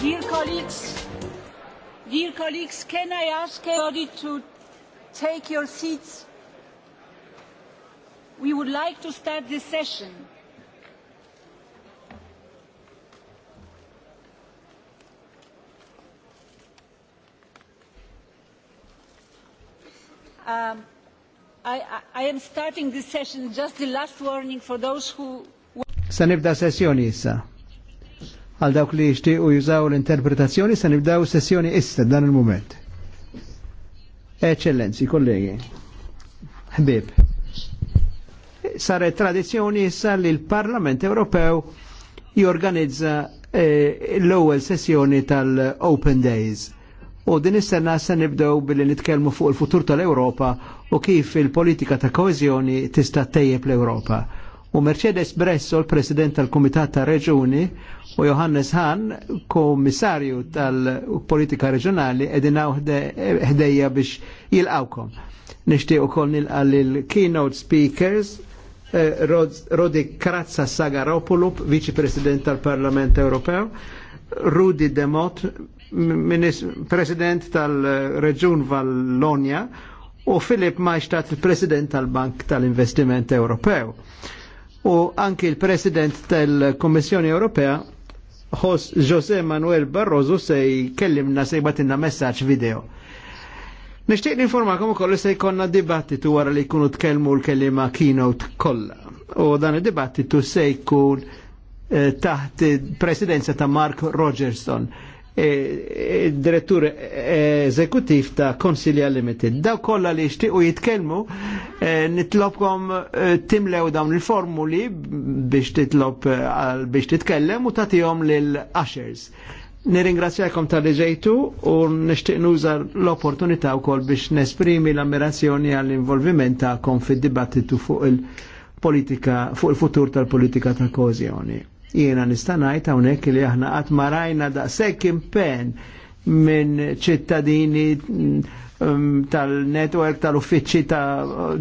Dear colleagues, dear colleagues, can I ask everybody to take your seats? We would like to start this session. Um, I, I am starting this session, just the last warning for those who... Se nibda sessjoni issa għal dawk li jixtiequ jużaw l-interpretazzjoni se nibdaw sessjoni issa dan il-moment. Eccellenzi, kollegi, ħbib. Saret tradizjoni issa li l-Parlament Ewropew jorganizza eh, l-ewwel sessjoni tal-Open Days. U din is-sena se nibdew billi nitkellmu fuq il-futur tal-Ewropa u kif il-politika ta' koeżjoni tista' tejjeb l-Ewropa u Mercedes Bresso, l-President tal-Kumitat ta' Reġuni, u Johannes Hahn, Komissarju tal-Politika Reġjonali, edina ħdejja biex jilqawkom. u ukoll nilqa' lill-keynote speakers eh, Rodi Krazza Sagaropulup, Vice President tal-Parlament Ewropew, Rudi Demot, President tal-Reġun Vallonia, u Filip Majstat, president tal-Bank tal-Investiment Ewropew u anki l-President tal-Kommissjoni Ewropea Jose Manuel Barroso se jkellimna se jbatinna messaċ video. Nishtiq u kollu se jkonna dibattitu wara li kunu tkellmu l-kellima keynote kolla. U dan il dibattitu se jkun eh, taħt presidenza ta' Mark Rogerson E, e, direttur eżekutiv ta' Consilia Limited. Daw kollha li xtiequ jitkellmu e, nitlobkom timlew dawn il-formuli biex titlob biex titkellem u tagħtihom lil ashers Nirringrazzjakom tal ġejtu u nixtieq nuża l-opportunità wkoll biex nesprimi l-ammirazzjoni għall-involviment tagħkom fid-dibattitu fuq il-politika fuq il-futur tal-politika ta' kożjoni. Jiena nistanajt hawnhekk li aħna qatt ma rajna daqshekk impenn minn ċittadini mm, tal-network tal-uffiċċji ta'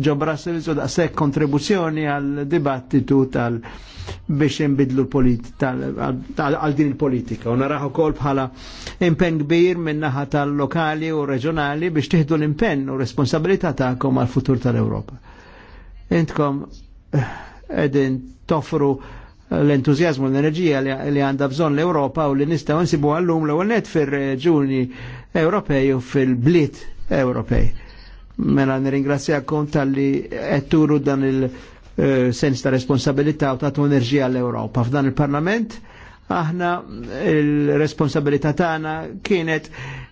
ġobra u daqshekk kontribuzzjoni għal dibattitu tal- biex nbidlu għal din il-politika. U naraħu kol bħala impenn kbir minnaħa tal-lokali u reġjonali biex tiħdu l-impenn u responsabilità tagħkom għal futur tal-Ewropa. Intkom eh, edin toffru l-entuzjazmu l-enerġija li għanda bżon l-Europa u li nistaw nsibu għallum l net fil-reġuni Ewropej u fil-blit Ewropej. Mela nirringrazzjakom tal-li għetturu dan il-sens eh, ta' responsabilità u tatu enerġija l-Europa. F'dan il-Parlament aħna il-responsabilità tagħna kienet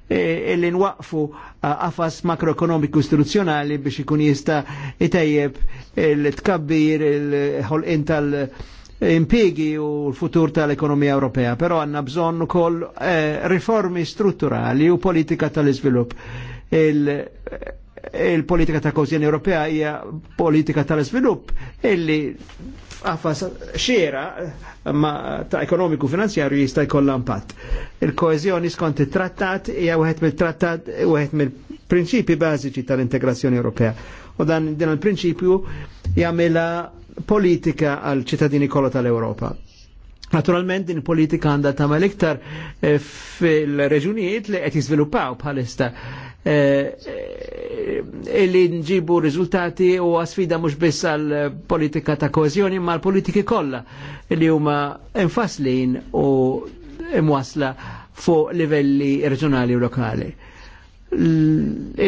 eh, illi nwaqfu għafas eh, makroekonomiku istituzzjonali biex ikun jista' itejjeb il-tkabbir, il-ħolqin tal- impiegi u l-futur tal-ekonomija Ewropea, però għanna bżonn ukoll eh, riformi strutturali u politika tal-iżvilupp. Eh, il-politika il ta' kozjoni Ewropea hija politika tal-iżvilupp illi għafas xiera eh, ma ta' ekonomiku finanzjarju jista' jkollha impatt. il koezjoni skont it-trattat hija wieħed mill-trattat wieħed mill-prinċipi bażiċi tal-integrazzjoni Ewropea. U dan din il-prinċipju jagħmilha politika għal ċittadini kollha tal-Ewropa. Naturalment din politika għandha tagħmel iktar eh, fil-reġunijiet li qed jiżviluppaw bħalista eh, eh, illi nġibu riżultati u sfida mhux biss għal politika ta' koeżjoni ma' l-politiki kollha li huma infaslin u imwasla fuq livelli reġjonali u lokali.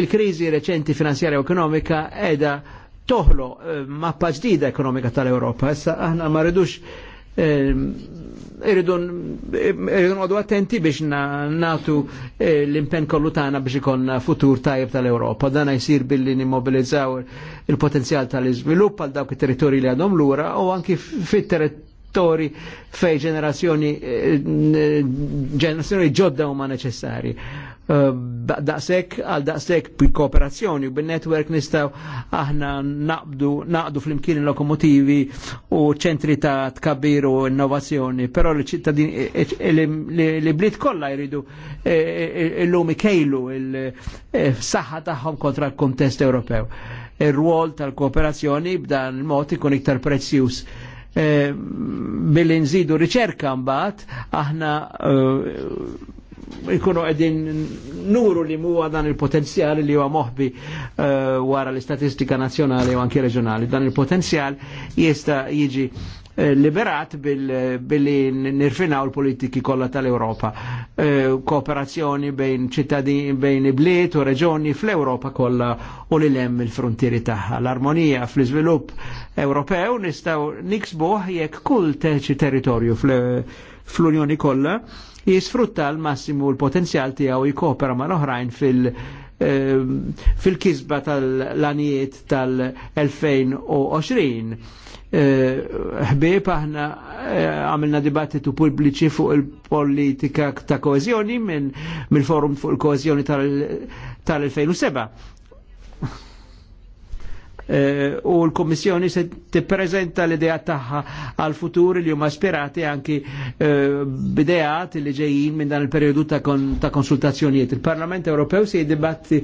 Il-kriżi reċenti finanzjarja u ekonomika edha toħlo eh, mappa ġdida ekonomika tal-Europa. Issa aħna ma rridux eh, irridu għadu eh, attenti biex natu l-impen kollu tagħna biex ikon futur tajjeb tal-Europa. Dan jsir billi nimmobilizzaw il-potenzjal tal-iżvilupp għal dawk it-territorji li għadhom lura u anki fit-territorji attori fej ġenerazzjoni ġenerazzjoni ġodda huma neċessari. Eh, daqsek għal daqsek bi kooperazzjoni u bil network nistaw aħna naqbdu naqdu fl-imkien lokomotivi u ċentri ta' tkabbir u innovazzjoni, però li ċittadini e- e- e- li blit kollha jridu illum ikejlu il-saħħa tagħhom kontra l-kontest Ewropew. Ir-rwol tal-kooperazzjoni b'dan il-mod ikun iktar prezzjuż eh, billi nżidu riċerka mbagħad aħna eh, jkunu għedin nuru li muwa dan il-potenzjal li huwa moħbi uh, wara l-istatistika nazjonali u anki reġjonali. Dan il-potenzjal jista jiġi eh, liberat billi bil nirfinaw l-politiki kollha tal-Europa. E, kooperazzjoni bejn ċittadini, bejn bliet u reġoni fl-Europa kollha u li lem il-frontieri tagħha. L-armonija fl-iżvilupp Ewropew nistgħu niksbuh jekk kull teċi territorju fl-Unjoni kollha jisfrutta l-massimu l-potenzjal tiegħu jkopera mal-oħrajn fil- eh, fil-kisba tal-lanijiet tal-2020. Eh, Ħbib aħna eh, għamilna dibattitu pubbliċi fuq il-politika ta' koezjoni minn forum fuq il-koezjoni tal-2007. Eh, u l-Kommissjoni se tippreżenta l-idea tagħha għal futur li huma sperati anki eh, b'idejat li ġejjin minn dan il-perjodu ta' konsultazzjonijiet. Il-Parlament Ewropew se jiddibatti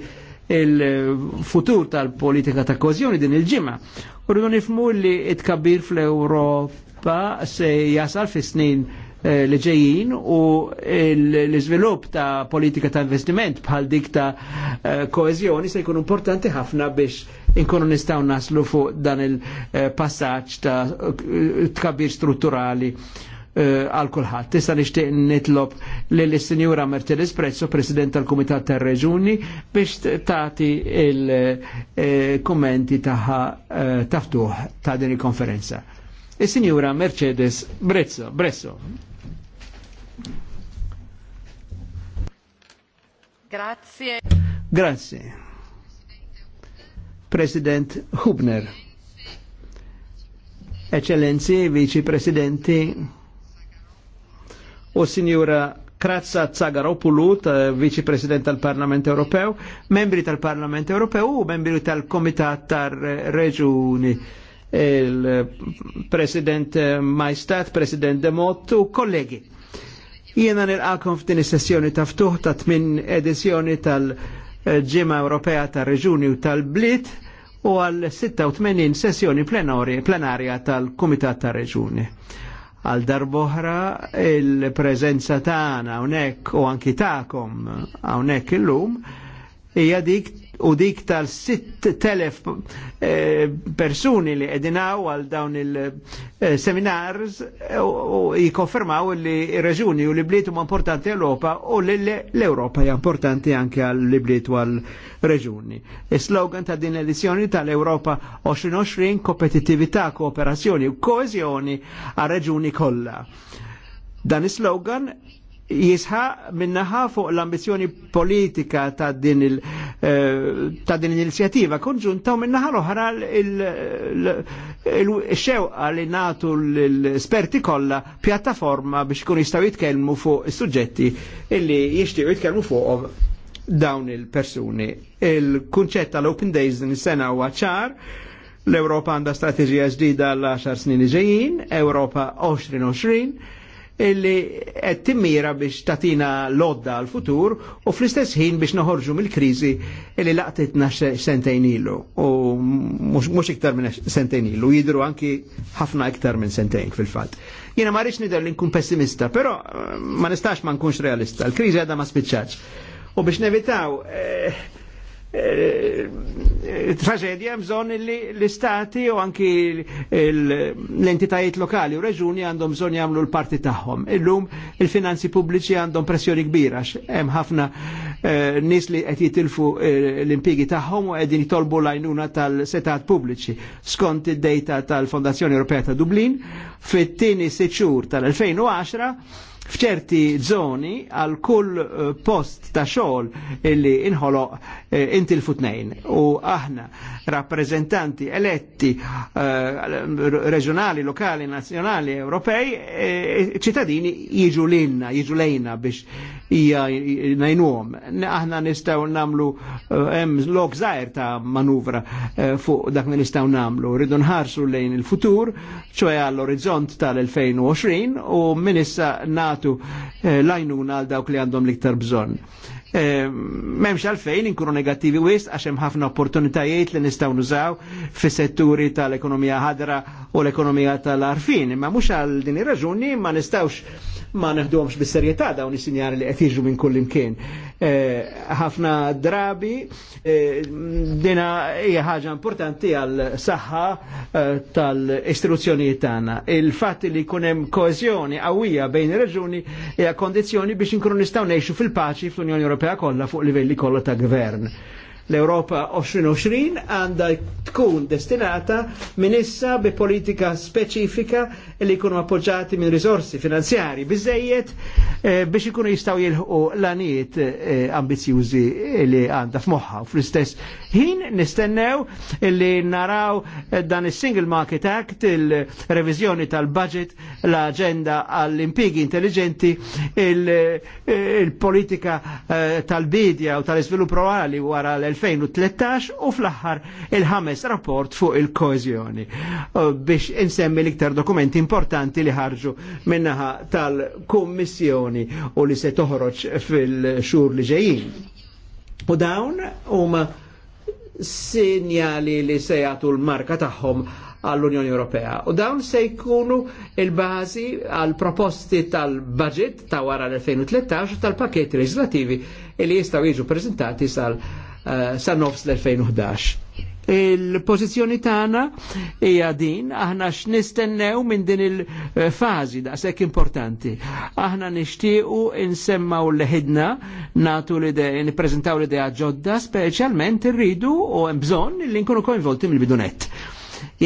il-futur tal-politika ta' kozjoni din il-ġimma. U rridu nifmu li it-kabir fl-Europa se jasal fi snin Eh, li ġejjin u l izvilup ta' politika ta' investiment bħal dik ta' eh, koezjoni se jkun importanti ħafna biex inkunu nistaw naslu fuq dan il-passaġġ eh, ta' tkabbir strutturali għal kulħadd. Tista' nixtieq nitlob lil sinjura Mercedes Prezzo, President tal-Kumitat tar-Reġuni, biex tagħti il-kummenti tagħha taftuħ ta' din il-konferenza. Is-Sinjura Mercedes Brezzo, Brezzo. Grazie. Grazie. President Hubner. Eccellenzi, vicepresidenti, o signora Krazza Zagaropoulou, vicepresidente del Parlamento Europeo, membri del Parlamento europeo, membri del Comitato Regioni, reġuni il Presidente Maestat, presidente Motto, colleghi. Jiena nilqakom f'din is-sessjoni ta' ftuħ ta' tmin edizzjoni tal-Ġimgħa Ewropea tar-Reġuni u tal blied u għal 86 sessjoni plenarja tal-Kumitat tar-Reġuni għal darboħra il-prezenza tagħna hawnhekk u anki tagħkom hawnhekk illum hija dik u dik tal-6.000 eh, persuni li edinaw għal dawn il-seminars eh, u jikonfermaw li reġuni u li bliet huma importanti għall-Europa u li l-Europa hija importanti anke għall bliet u għall-reġuni. il slogan ta' din l-edizzjoni tal-Europa 2020 kompetitività, kooperazzjoni u koezjoni għal-reġuni kollha. Dan is-slogan jisħa minnaħa fuq l-ambizjoni politika eh, ta' din l-inizjativa konġunta u minnaħa l-oħra l xewqa li natu l-esperti kolla pjattaforma biex kun jistaw jitkelmu fuq il-sujġetti illi jixtiequ jitkelmu fuq dawn il-persuni. Il-kunċett tal-Open Days din sena u għacċar l europa għanda strategija ġdida l-10 snin iġejjin, Europa 2020, illi qed timmira biex tatina lodda għal futur u fl-istess ħin biex noħorġu mill-kriżi illi laqtitna sentejn ilu u mhux iktar minn sentejn ilu jidru anki ħafna iktar minn sentejn fil-fatt. Jiena ma rridx nidher li nkun pessimista, però eh, ma nistax ma nkunx realista. L-kriżi għadha ma spiċċax. U biex nevitaw eh, Eh, eh, traġedja bżon li l-istati u anki l-entitajiet lokali u reġuni għandhom bżon jagħmlu l-parti tagħhom. Illum il-finanzi pubbliċi għandhom pressjoni kbira hemm ħafna eh, nis li qed jitilfu l impigi tagħhom u qegħdin jitolbu l-għajnuna tal-setat pubbliċi. Skont id-dejta tal-Fondazzjoni Ewropea ta' Dublin, fit-tieni siċur tal-2010 fċerti zoni għal kull post ta' xogħol illi inħoloq Eh, inti l-futnejn u aħna rappresentanti eletti eh, reġjonali, lokali, nazjonali, europei, eh, ċittadini jiġu lilna, jiġu lejna biex najnuhom. Aħna nistgħu namlu hemm lok żgħir ta' manuvra fuq dak li nistgħu namlu. Rridu nħarsu lejn il-futur, ċoe għall-orizzont tal-2020 u minissa natu lajnuna għal dawk li għandhom l-iktar bżonn Eh, memx għalfejn inkunu negattivi wis għax hemm ħafna opportunitajiet li nistgħu nużaw fis-setturi tal-ekonomija ħadra u l-ekonomija tal-arfin, imma mhux għal din ir-raġuni ma nistgħux ma neħdomx bis-serjetà dawn is-sinjali li qed jiġu minn kull imkien. Eh, ħafna drabi e, dina hija ħaġa importanti għall saħħa eh, tal-istruzzjonijiet tagħna. Il-fatt li jkun hemm koeżjoni qawwija bejn ir-reġuni hija kondizzjoni biex inkunu nistgħu ngħixu fil-paċi fl-Unjoni Ewropea kollha fuq livelli kollha ta' gvern. L-Europa 2020 għandha tkun destinata minn issa bi politika specifika li jkunu appoġġati minn risorsi finanzjari bizzejiet eh, biex ikunu jistgħu jilħu l-anijiet eh, ambizjużi li għandha f'moħħa. Fl-istess ħin nistennew li naraw eh, dan is-Single Market Act, il revizjoni tal-budget, l agenda għall-impigi intelligenti, eh, il-politika il eh, tal-bidja u tal-iżvilupp rurali wara l 2013 u fl-aħħar il-ħames rapport fuq il-koezjoni uh, biex insemmi l-iktar dokumenti importanti li ħarġu minnaħa tal-Kummissjoni u li se toħroġ fil-xhur li ġejjin. U dawn huma sinjali li se jagħtu l-marka tagħhom għall-Unjoni Ewropea. U dawn se jkunu il bażi għal proposti tal-budget ta' wara l-2013 tal-pakket legislativi li jistgħu jiġu prezentati sal-2014 Eh, sa' nofs l-2011. Il-pozizjoni tagħna hija din, aħna x'nistennew minn din il-fażi daqshekk importanti. Aħna nixtiequ insemmaw l-ħidna natu nippreżentaw l-idea ġodda, speċjalment irridu u hemm bżonn li nkunu koinvolti mill-bidunet.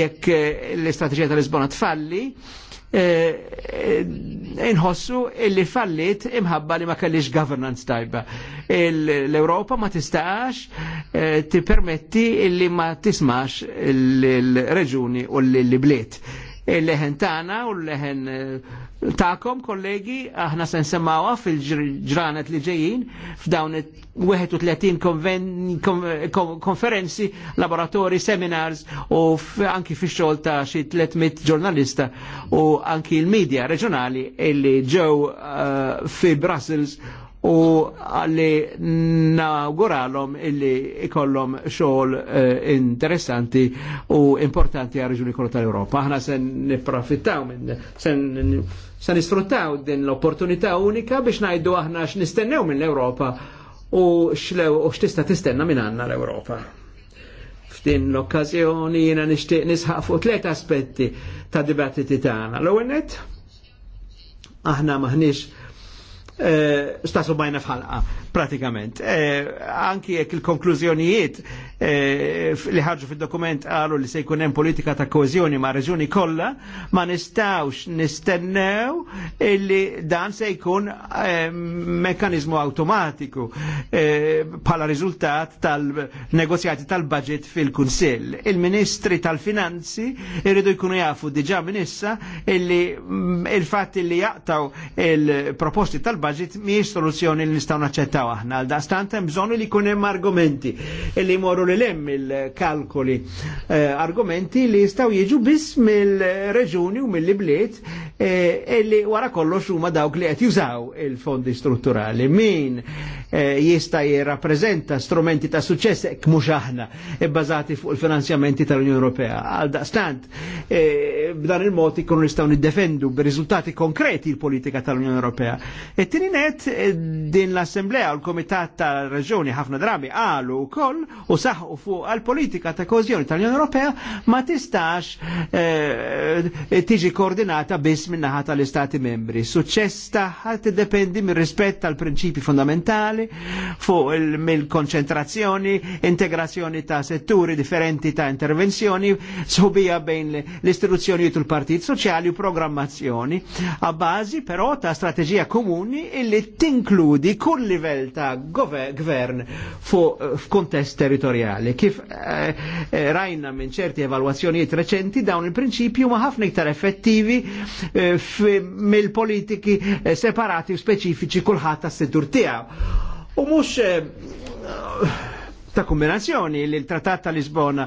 Jekk eh, l-istrateġija tal-Lisbona tfalli, Eh, eh, inħossu illi fallit imħabba li ma kellix governance tajba. L-Europa ma tistax eh, ti permetti illi ma tismax l-reġuni u l libliet il-leħen tana u l-leħen eh, ta'kom kollegi aħna sen semmawa fil-ġranet li ġejjin f'dawn 31 konferenzi, laboratori, seminars u anki fi xogħol ta' xi 300 ġurnalista u anki l-medja reġjonali illi ġew eh, fi Brussels u għalli nawguralhom illi ikollhom xogħol uh, interessanti u importanti għal reġuni kollu tal-Europa. Aħna se nipprofittaw minn se nisfruttaw din l-opportunità unika biex ngħidu aħna x'nistennew mill-Ewropa u x'lew u x'tista' tistenna minn għandna l-Ewropa. F'din l-okkażjoni jiena nixtieq nisħaq fuq tliet aspetti ta' dibattiti tagħna. L-ewwel aħna maħniex Eh, stasu bajna fħalqa pratikament. E, anki jekk il-konklużjonijiet e, li ħarġu fil-dokument għalu li se jkun hemm politika ta' koezjoni ma' reġuni kollha, ma nistawx nistennew illi dan se jkun mekkanizmu mekanizmu automatiku e, bħala riżultat tal-negozjati tal-budget fil-Kunsill. Il-Ministri tal-Finanzi irridu jkunu jafu diġà minn issa illi mm, il-fatt illi jaqtaw il-proposti tal-budget mhijiex soluzzjoni li nistgħu naċċettaw nindirizzaw aħna għal dastant hemm bżonn li jkun hemm argumenti li moru li lem il-kalkoli. Eh, argumenti li jistaw jiġu biss mill-reġuni u mill-ibliet Eh, li wara kollox huma dawk li qed jużaw il-fondi strutturali. Min eh, jista' jirrappreżenta strumenti ta' suċċess hekk mhux aħna eh, bbażati fuq il-finanzjamenti tal-Unjoni Ewropea. Għal daqstant b'dan il-mod ikunu nistgħu niddefendu b'riżultati konkreti l-politika tal-Unjoni Ewropea. It-tieni e net din l-Assemblea u l-Komitat tal-Reġuni ħafna drabi qalu wkoll u saħħu fuq għal-politika ta' kożjoni tal-Unjoni Ewropea ma tistax tiġi koordinata biss minnaħa tal-Istati membri. Suċċess tagħha tiddependi mir rispett tal prinċipi fondamentali fuq il konċentrazzjoni integrazzjoni ta' setturi differenti ta' intervenzjoni, sħubija bejn l istituzzjoni u l-Partit Soċjali u programmazzjoni, a bażi però ta' strateġija komuni illi tinkludi kull livell ta' gvern fuq f'kuntest territorjali. Kif eh, eh, rajna minn ċerti evalwazzjonijiet reċenti dawn il-prinċipju ma ħafna iktar effettivi eh, Eh, mill-politiki eh, separati u speċifiċi kulħadd tas-settur tiegħu. U mhux eh, ta' kombinazzjoni li l-Trattat ta' Lisbona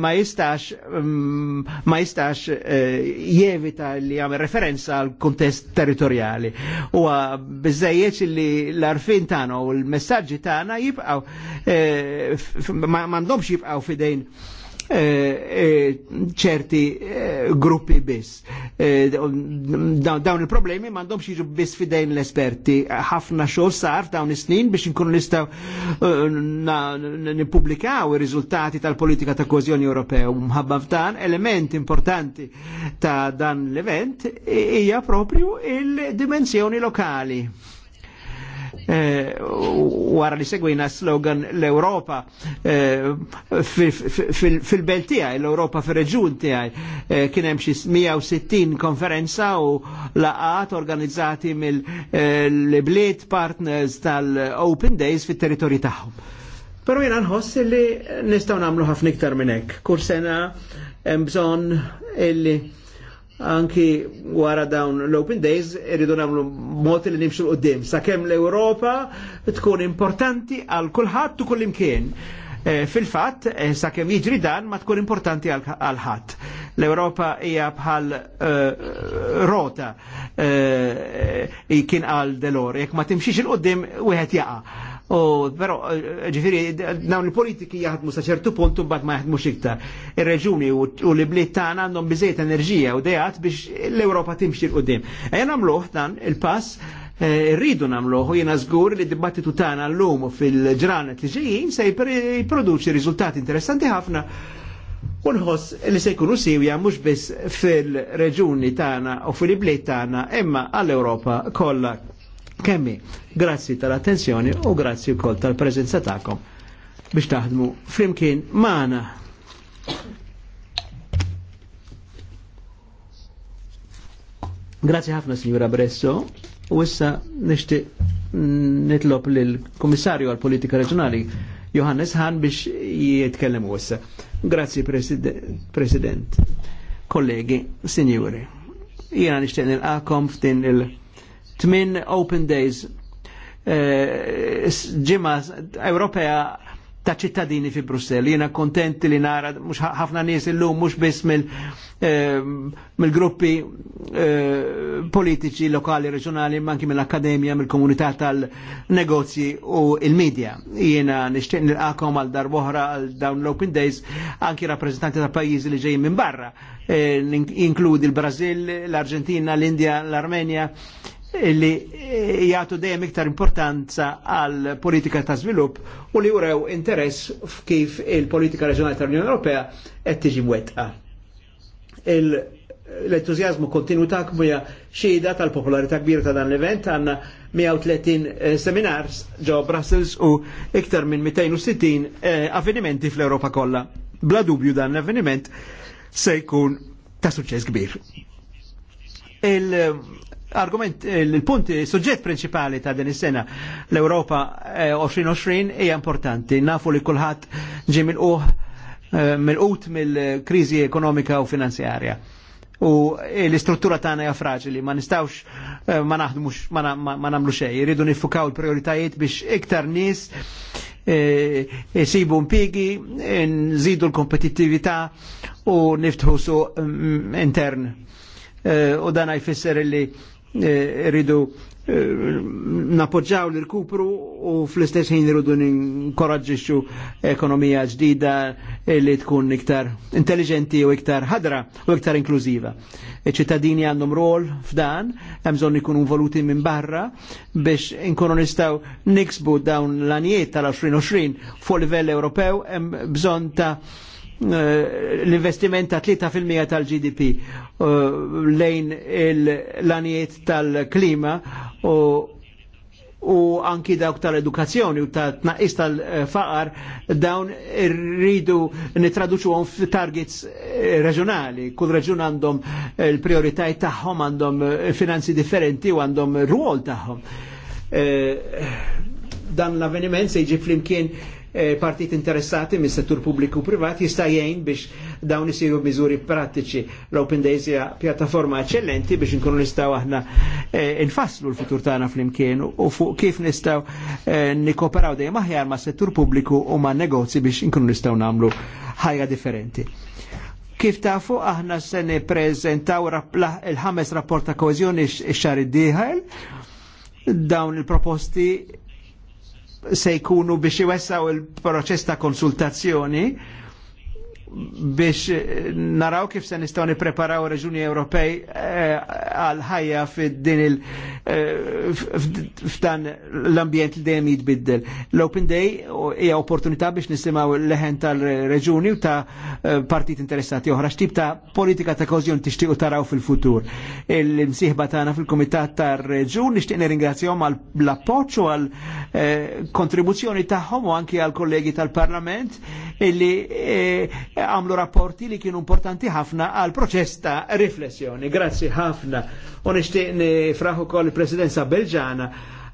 ma jistax mm, ma jistax jevita li għamil referenza għal kontest territoriali. U bizzejjeċ li l-arfin tagħna u l-messagġi tagħna jibqaw eh, mandomx jibqaw fidejn Eh, eh, ċerti eh, gruppi biss. Dawn il-problemi mandom xieġu biss fidejn l-esperti. ħafna xogħol sarf dawn is-snin biex nkunu nistgħu nipublikaw ir rizultati tal-politika ta' kozjoni Ewropew. Mħabbaftan element importanti ta' dan l-event hija propju il-dimensjoni lokali Eh, wara li segwina slogan l-Europa eh, fil-belt tiegħi, l-Europa fir-reġun tiegħi. Eh, kien hemm xi 160 konferenza u laqat organizzati mill-bliet partners tal-Open Days fit-territorju tagħhom. Pero jena nħoss li nistaw namlu ħafna iktar minn hekk. Kull sena hemm bżonn illi anki wara dawn l-Open Days irridu nagħmlu mod li nimxu l-qoddim. Sakemm l-Ewropa tkun importanti għal kulħadd u kullimkien. E, fil-fatt, e, sakemm jiġri dan ma tkun importanti għal ħadd. L-Ewropa hija bħal e, rota kien għal delor, jekk ma timxiex il-qoddim wieħed jaqa' U però ġifiri, dawn il-politiki jaħdmu sa ċertu punt u ma jaħdmux iktar. Ir-reġuni u l-ibliet tagħna għandhom biżejt enerġija u dejat biex l-Ewropa timxi l-qudiem. Ejja nagħmluh dan il-pass eh, rridu u jena zgur li dibattitu tagħna l-lum fil-ġranet li ġejjin se jipproduċi riżultati interessanti ħafna Unħoss li se jkunu siwja mhux biss fil-reġuni tagħna u fil-ibliet tagħna imma għall-Ewropa kollha kemmi. Grazzi tal-attenzjoni u grazzi wkoll tal prezenza tagħkom biex taħdmu flimkien maħna. Grazzi ħafna, Signora Bresso, u issa nishti nitlob l komissarju għal politika reġjonali Johannes Hahn biex jitkellem u issa. Grazzi President, kollegi, Signori. Jiena nixtieq nilqakom f'din il- tmin open days eh, ġimma Ewropea ta' ċittadini fi Brussell. Jena kontent li nara, mux ħafna nies illum, mux biss eh, mill-gruppi eh, politiċi lokali, reġjonali, manki mill-akademija, mill-komunità tal-negozji u il-medja. Jena nishtiq nil akom għal darboħra għal dawn l-Open Days, anki rappresentanti ta' pajizi li ġejjin minn barra, inkludi l-Brazil, l-Argentina, l-India, l-Armenja li jgħatu dejjem iktar importanza għal politika ta' svilupp u li jurew interess f'kif il-politika reġjonali tal-Unjoni Ewropea qed tiġi wetqa. L-entużjażmu kontinu ta' kmuja xhieda tal-popolarità kbira ta' dan l-event għandna 130 eh, seminars ġo Brussels u iktar minn 260 eh, avvenimenti fl-Ewropa kollha. Bla dubju dan l-avveniment se jkun ta' suċċess kbir argument il-punt eh, eh, suġġett principali ta' din is-sena l-Ewropa 2020 eh, hija importanti. Nafu li kulħadd ġie mill-uħ mill-qut mill-kriżi ekonomika u finanzjarja. U l-istruttura tagħna hija fraġili, ma nistgħux ma naħdmux ma nagħmlu xejn, iridu nifukaw il-prioritajiet biex iktar nies jisibu impiegi, nżidu l-kompetittività u niftħu su mm, intern. U dan jfisser li Eh, rridu eh, napoġġaw l-irkupru u fl-istess ħin irridu ninkoraġġixxu ekonomija ġdida li tkun iktar intelligenti u iktar ħadra u iktar inklużiva. Iċ-ċittadini għandhom rol f'dan, hemm bżonn ikunu voluti minn barra biex inkunu nistgħu niksbu dawn l-anijiet tal-2020 fuq livell Ewropew hemm bżonn ta' Eh, l-investiment ta' 3% tal-GDP eh, lejn l-anijiet tal-klima u anki dawk tal-edukazzjoni u ta' tnaqis tal-faqar dawn rridu nitraduċu għom f-targets eh, reġjonali. Kull reġjun għandhom il-prioritaj tagħhom, għandhom finanzi differenti u għandhom ruol tagħhom. Dan l-avveniment se jġi flimkien E, partit interessati mis settur pubbliku privat jista' jgħin biex dawn isiru miżuri prattiċi. L-Open Days hija pjattaforma eċċellenti biex inkunu nistgħu aħna infasslu e, l-futur tagħna flimkien u fuq kif nistgħu e, nikoperaw dejjem aħjar ma' settur pubbliku u ma' negozji biex inkunu nistgħu nagħmlu ħajja differenti. Kif tafu aħna se nippreżentaw il-ħames rapport ta' koeżjoni x-xar id-dieħel dawn il-proposti se jkunu biex jwessaw il-proċess ta' konsultazzjoni biex naraw kif se nistgħu nippreparaw reġuni Ewropej eh, għal ħajja f'din il eh, f'dan l-ambjent li dejjem jitbiddel. L-Open Day hija opportunità biex nisimgħu leħen tal-reġuni u ta' eh, partit interessati oħra x'tip ta' politika ta' kożjon tixtiequ taraw fil-futur. Il-msieħba tagħna fil-Kumitat tar-Reġun nixtieq nirringrazzjahom għall-appoġġ u għall kontribuzzjoni tagħhom u anke għall kollegi tal-Parlament illi għamlu rapporti li kienu importanti ħafna għal proċess ta' riflessjoni. Grazzi ħafna. Unishtiq nixtieq fraħu kol il-Presidenza Belġana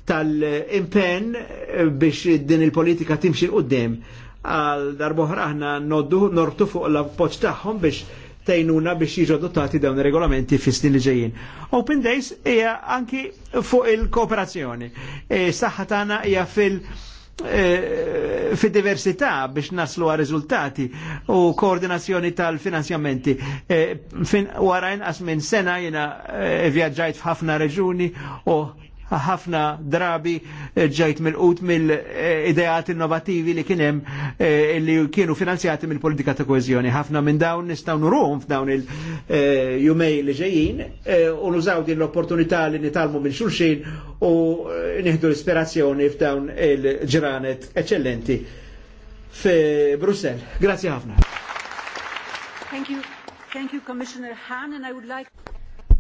tal-impen eh, biex din il-politika timxi l-qoddim għal darboħra noddu nortu fuq l poċ tagħhom biex tejnuna biex jiġu adottati dawn regolamenti fi snin li ġejjin. Open Days hija anki fuq il-kooperazzjoni. Eh, Saħħa tagħna hija fil- Eh, fi diversità biex naslu għal rizultati u koordinazzjoni tal-finanzjamenti. Eh, fin warajn as minn sena jina e, eh, vjaġġajt f'ħafna reġuni u ħafna drabi ġajt mill-qut mill-ideat innovativi li kienem eh, li kienu finanzjati mill-politika ta' koezjoni. ħafna minn dawn nistaw nurum f'dawn il-jumej eh, li ġejjin eh, u nużaw din l-opportunità li nitalmu minn xulxin u nieħdu l-ispirazzjoni f'dawn il-ġranet eccellenti fi Brussel. Grazie ħafna. Thank you. Thank you, Commissioner Hahn, and I would like...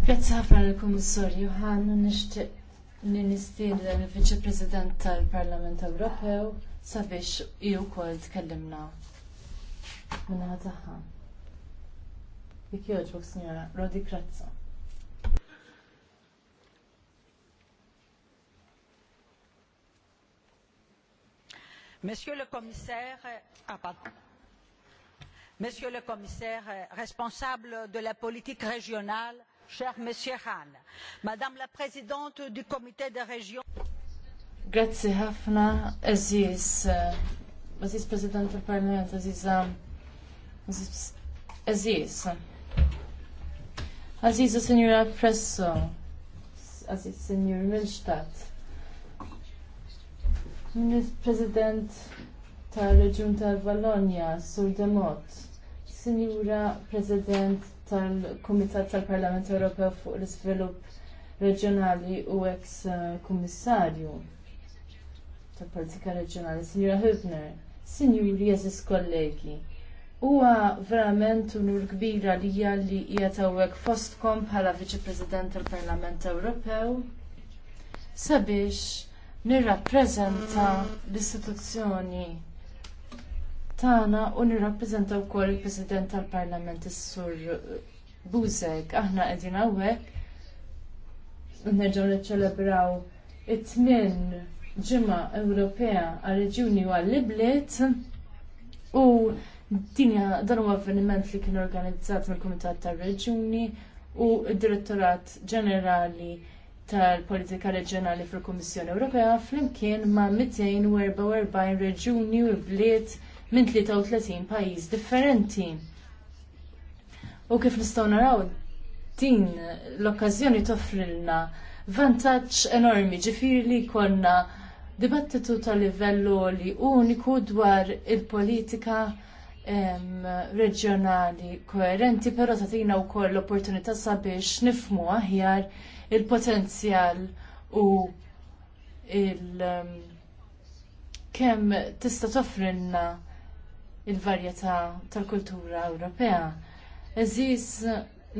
Grazie ħafna l-Kommissarju Hahn, nishtiq Ninistil viċi President tal-Parlament Ewropew sabiex ju kol tkellimna minna għataħħa. Jek joġbuk, signora, Rodi Kratza. Monsieur le commissaire, ah, pardon. Monsieur le commissaire responsable de la politique régionale, cher Monsieur Hahn, Madame la Présidente du Comité des Régions. Grazzi ħafna, eżiz, eżiz uh, President tal-Parlament, eżiz, eżiz, um, eżiz, Signora Presso, eżiz, Signor Milstadt, President tal-Reġun tal-Vallonja, Sur Demot, Signora President tal-Kumitat tal-Parlament Ewropew fuq l-Iżvilupp Reġjonali u ex kummissarju tal-Politika Reġjonali, Sinjura Hübner, Sinjuri Jesus kollegi. Huwa verament unur kbira li li hija hawnhekk fostkom bħala Viċi President tal-Parlament Ewropew sabiex nirrappreżenta l-istituzzjoni tagħna u nirrappreżenta wkoll il-President tal-Parlament is-Sur Buzek. Aħna qegħdin hawnhekk nerġgħu niċċelebraw it-tmien ġimgħa Ewropea għar-reġjuni u għall-ibliet u dinja dan huwa avveniment li kien organizzat mill-Kumitat tar-Reġjuni u d-Direttorat Ġenerali tal-politika reġjonali fil-Kummissjoni Ewropea flimkien ma' 244 reġuni u bliet minn 33 pajjiż differenti. U kif nistgħu naraw din l-okkażjoni toffrilna vantaġġ enormi ġifieri li jkollna dibattitu ta' livellu li uniku dwar il-politika reġjonali koerenti, però tagħtina wkoll l-opportunità sabiex nifmu aħjar il-potenzjal u il- kem tista toffrilna il-varjetà tal-kultura Ewropea. Eżis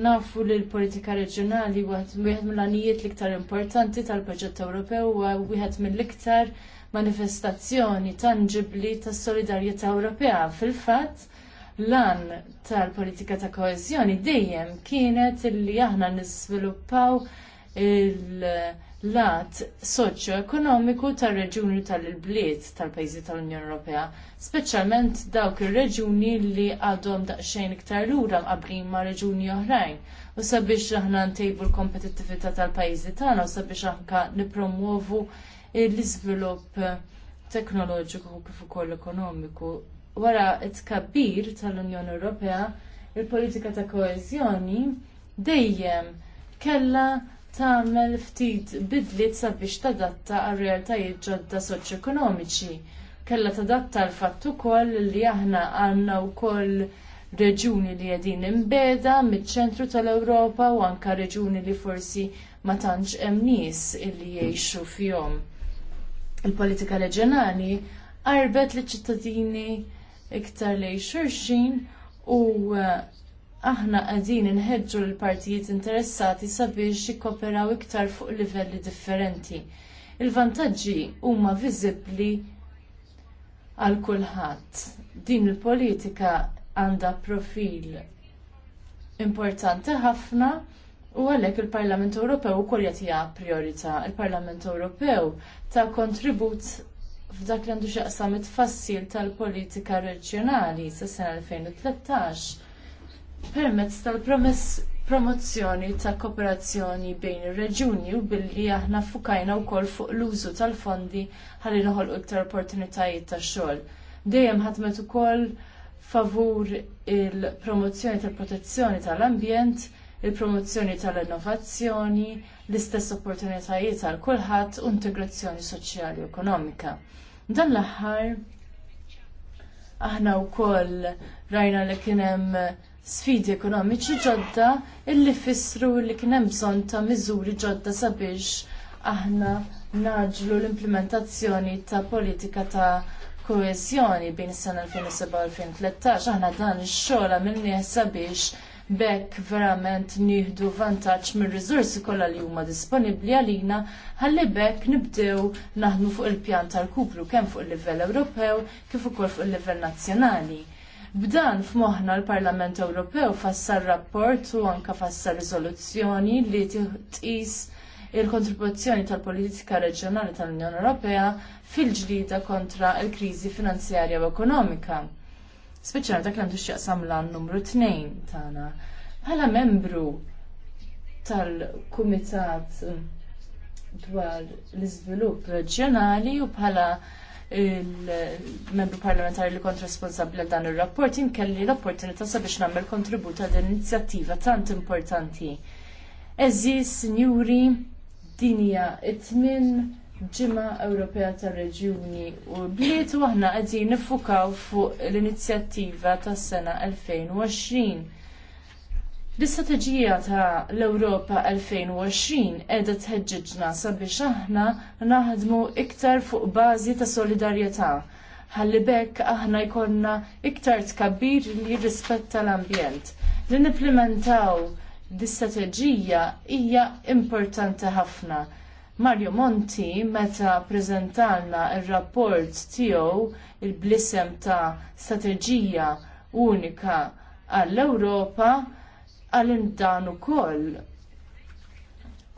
nafu li l-politika reġjonali wieħed mill-għanijiet l-iktar importanti tal-proġett Ewropew huwa wieħed mill-iktar manifestazzjoni tangibli tas solidarjetà Ewropea. Fil-fatt, lan tal-politika ta' koeżjoni dejjem kienet li aħna nisviluppaw il- lat soċjo-ekonomiku tar-reġjuni tal-bliet tal-pajjiżi tal-Unjoni Ewropea, speċjalment dawk ir-reġjuni li għadhom daqsxejn iktar lura mqabbrin ma' reġjuni oħrajn. U sabiex aħna ntejbu l-kompetittività tal-pajjiżi tagħna u sabiex aħna nippromuovu l-iżvilupp teknoloġiku kif ukoll ekonomiku. Wara t tkabbir tal-Unjoni Ewropea, il-politika ta' koeżjoni dejjem kellha tagħmel ftit bidliet sabiex tadatta għal realtajiet ġodda soċjoekonomiċi. Kellha tadatta l fatt ukoll li aħna għandna wkoll reġuni li qegħdin imbeda miċ-ċentru tal-Ewropa u anke reġuni li forsi ma tantx hemm nies illi jgħixu fihom. Il-politika reġjonali qarbet liċ ċittadini iktar lejn xulxin u aħna qegħdin inħeġġu l-partijiet interessati sabiex jikkoperaw iktar fuq livelli differenti. Il-vantaġġi huma viżibbli għal kulħadd. Din il-politika għandha profil importanti ħafna U għalhekk il-Parlament Ewropew ukoll qed hija prijorità Il-Parlament Ewropew ta' kontribut f'dak li għandu xaqsam it-fassil tal-politika reġjonali sa' sena 2013 permezz tal-promess promozzjoni ta' kooperazzjoni bejn ir-reġuni u billi aħna fukajna wkoll fuq l-użu tal-fondi ħalli noħolqu iktar opportunitajiet ta' xogħol. Dejjem ħadmet ukoll favur il-promozzjoni tal-protezzjoni tal-ambjent, il-promozzjoni tal-innovazzjoni, l-istess opportunitajiet għal kulħadd u integrazzjoni soċjali u ekonomika. Dan l-aħħar aħna wkoll rajna li kien hemm sfidi ekonomiċi ġodda illi fissru li kien hemm bżonn ta' miżuri ġodda sabiex aħna naġlu l-implementazzjoni ta' politika ta' koeżjoni bejn is-sena 2007-2013 aħna dan ix-xogħol għamilnieh sabiex bekk verament nieħdu vantaġġ mir-riżorsi kollha li huma disponibbli għalina ħalli bekk nibdew naħdmu fuq il-pjan tal-kupru kemm fuq il-livell Ewropew kif ukoll fuq il-livell nazzjonali. B'dan f'moħħna l-Parlament Ewropew fassar rapport u anke fassar riżoluzzjoni li tqis il-kontribuzzjoni tal-politika reġjonali tal-Unjoni Ewropea fil-ġlida kontra l kriżi finanzjarja u ekonomika. Speċjalment dak li għandu x'jaqsam lan numru 2 tagħna. Bħala membru tal-Kumitat dwar l-iżvilupp reġjonali u bħala il-membru parlamentari li kont responsabbli għal dan ir-rapport jinkelli l-opportunità sabiex nagħmel kontribut għal din l-inizjattiva tant importanti. Eżis, sinjuri, dinja it-tmin ġimma Ewropea tar reġjuni u bliet u aħna qegħdin nifukaw fuq l-inizjattiva tas-sena 2020 L-istrateġija ta' l-Europa 2020 edha tħeġġiġna sabiex aħna naħdmu iktar fuq bażi ta' solidarjetà. Ħalli bekk aħna jkollna iktar tkabbir li jirrispetta l-ambjent. Li nipplementaw l-istrateġija hija importanti ħafna. Mario Monti meta ppreżentalna r rapport tiegħu il-blisem ta' strateġija unika għall-Ewropa Għalim dan u koll.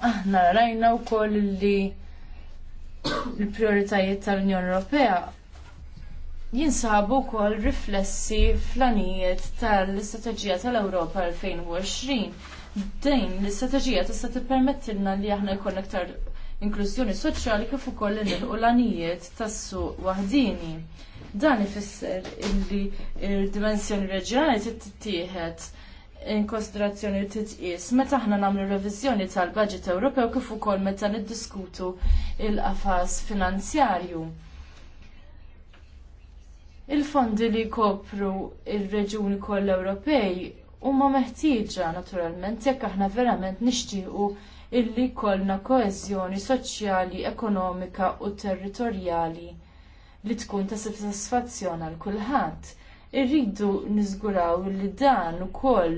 Aħna rajna u koll li l-prioritajiet tal-Unjoni Ewropea jinsabu koll riflessi flanijiet tal-istrateġija tal-Europa 2020. Dejn l-istrateġija tista' tippermettilna li aħna jkun iktar inklużjoni soċjali kif ukoll nilqu l-anijiet tas-suq waħdini. Dan ifisser illi d dimensjoni reġjonali tittieħed in konsiderazzjoni li titqis. Meta aħna nagħmlu reviżjoni tal-Baġit Ewropew kif ukoll meta niddiskutu il-qafas finanzjarju. Il-fondi li jkopru il reġuni kollha Ewropej huma meħtieġa naturalment jekk aħna verament nixtiequ illi kollna koeżjoni soċjali, ekonomika u territorjali li tkun ta' sodisfazzjon għal kulħadd irridu niżguraw li dan ukoll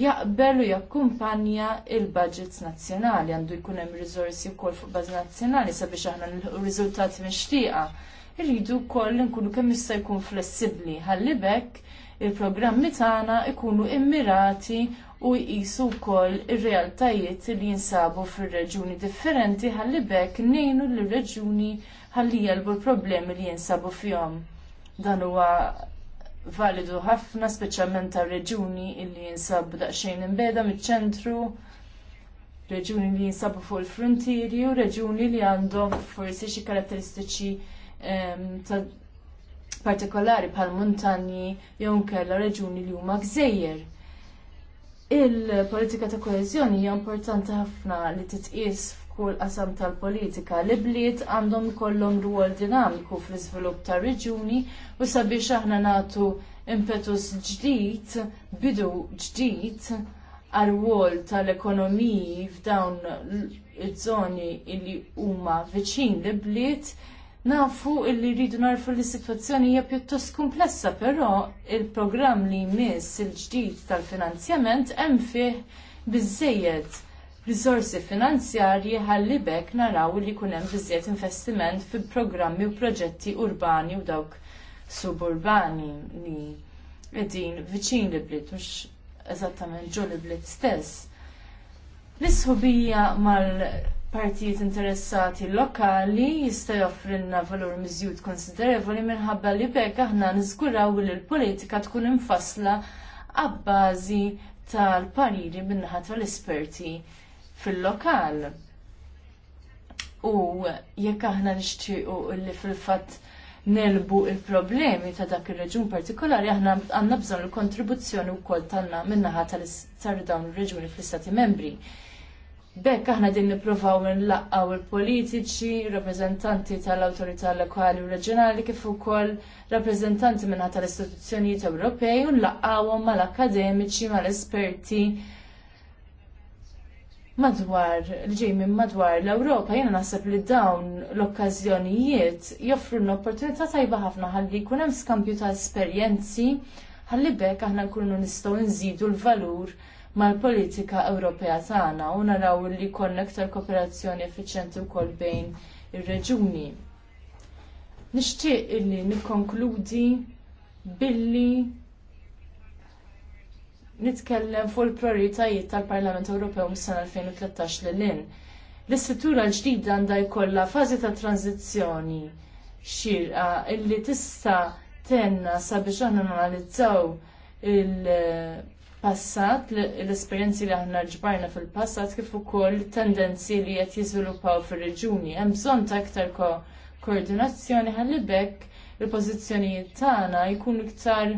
jaqbel u jakkumpanja il-budgets nazzjonali, għandu jkun hemm u wkoll fuq bażi nazzjonali sabiex aħna l riżultati mixtieqa. Irridu wkoll nkunu kemm jista' jkun flessibbli ħallibek il-programmi tagħna ikunu immirati u jqisu wkoll ir-realtajiet li jinsabu fir-reġuni differenti ħalli bekk ngħinu reġuni ħalli jelbu l-problemi li jinsabu fihom. Dan huwa validu ħafna, speċjalment ta' reġuni illi jinsabu daqsxejn imbeda miċ-ċentru, reġuni li jinsabu fuq il-frontieri u reġuni li għandhom forsi xi karatteristiċi ehm, ta' partikolari bħal montanji jew nkella reġuni li huma gżejjer. Il-politika ta' koeżjoni hija importanti ħafna li titqies u l-qasam tal-politika. Li bliet għandhom kollom rwol dinamiku fl-iżvilupp tar reġuni u sabiex aħna nagħtu impetus ġdid, bidu ġdid għal ruol tal-ekonomiji f'dawn iż-żoni li huma viċin li bliet nafu illi rridu narfu li situazzjoni hija pjuttost komplessa, però il-programm li jmiss il-ġdid tal-finanzjament hemm fih biżejjed risorsi finanzjarji ħalli bekk naraw li jkun hemm biżjed investiment fi programmi u proġetti urbani u dawk suburbani li qegħdin viċin li blit mhux eżattament ġol li blit stess. L-isħubija mal partijiet interessati lokali jista' joffrilna valur miżjud konsiderevoli minħabba li bekk aħna niżguraw li l-politika tkun infassla għabbażi tal-pariri min tal-esperti fil-lokal. U jekk aħna nixtiequ li fil-fatt nelbu il-problemi ta' dak ir-reġun partikolari aħna għandna bżonn il-kontribuzzjoni wkoll tagħna min-naħa tal dawn ir-reġuni fl-Istati Membri. Bekk aħna din nippruvaw nlaqgħu il-politiċi, rappreżentanti tal-awtorità lokali u reġjonali kif ukoll rappreżentanti min-naħa tal-istituzzjonijiet Ewropej u nlaqgħuhom mal-akademiċi, mal-esperti, mal akademiċi mal esperti madwar li ġej minn madwar l-Ewropa, jiena naħseb li dawn l-okkażjonijiet joffru l-opportunità tajba ħafna ħalli jkun hemm skambju ta' esperjenzi ħalli bekk aħna nkunu nistgħu nżidu l-valur mal-politika Ewropea tagħna u naraw li jkollna aktar kooperazzjoni effiċjenti wkoll bejn ir-reġuni. Nixtieq illi nikkonkludi billi nitkellem fuq il-prioritajiet tal-Parlament Ewropew mis-sena 2013 lil lin. L-istruttura l-ġdida għandha jkollha fażi ta' tranzizzjoni xirqa illi tista' tenna sabiex aħna analizzaw il-passat, l-esperjenzi li aħna ġbarna fil-passat kif ukoll tendenzi li qed jiżviluppaw fir-reġuni. Hemm bżonn ta' iktar ko koordinazzjoni ħalli bekk il-pożizzjonijiet tagħna jkunu iktar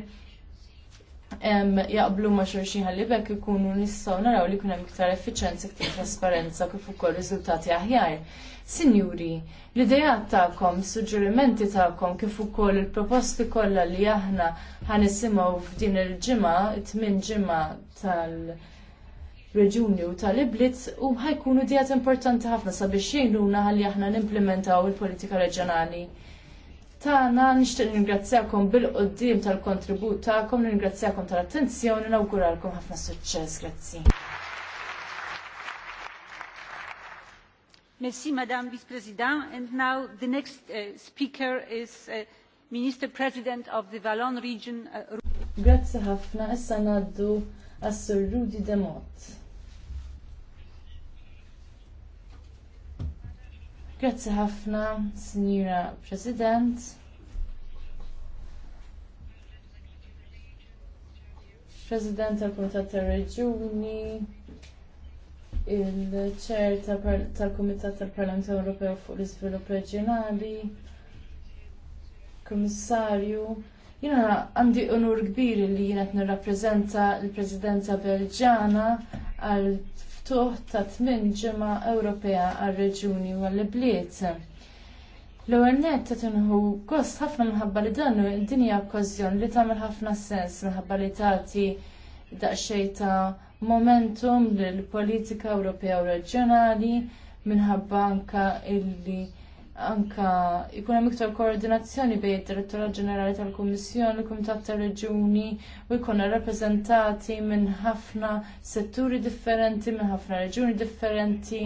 jaqblu ma xorxin ħalli bekk ikunu nistgħu naraw li jkun hemm iktar effiċenza, iktar trasparenza kif ukoll riżultati aħjar. Signori, l ideja tagħkom, suġġerimenti tagħkom kif ukoll il-proposti kollha li aħna ħanisimgħu f'din il-ġimgħa, it-tmien ġimgħa tal- reġuni u tal-ibliet u ħajkunu dijat importanti ħafna sabiex jgħinuna ħalli aħna nimplementaw il-politika reġjonali tagħna nixtieq ningrazzjakom bil-qoddim tal-kontribut tagħkom, ningrazzjakom tal-attenzjoni, nawguralkom ħafna suċċess, grazzi. Merci Madame Vice-President and now the next uh, speaker is uh, Minister President of the Vallon region. Uh, Grazie Hafna. issa naddu għas Rudi Demot. Grazzi ħafna, Signora President. President tal-Komitat tal-Reġuni, il chair tal-Komitat tal-Parlament Ewropew fuq l-Iżvilupp Reġjonali, Kummissarju, jiena għandi onur kbir li jiena qed nirrappreżenta l-Presidenza Belġana għal miftuħ ta' tmien ġimgħa Ewropea għar-reġuni u għall-bliet. L-ewwel nett ta' tinħu gost ħafna minħabba li dan din hija okkożjon li tagħmel ħafna sens minħabba li tagħti daqsxejn ta' momentum lill politika Ewropea u reġjonali minħabba anke illi anka ikun hemm iktar koordinazzjoni bejn id-Direttura Ġenerali tal-Kummissjoni, il-Kumitat tar-Reġuni u jkun rappreżentati minn ħafna setturi differenti, minn ħafna reġuni differenti,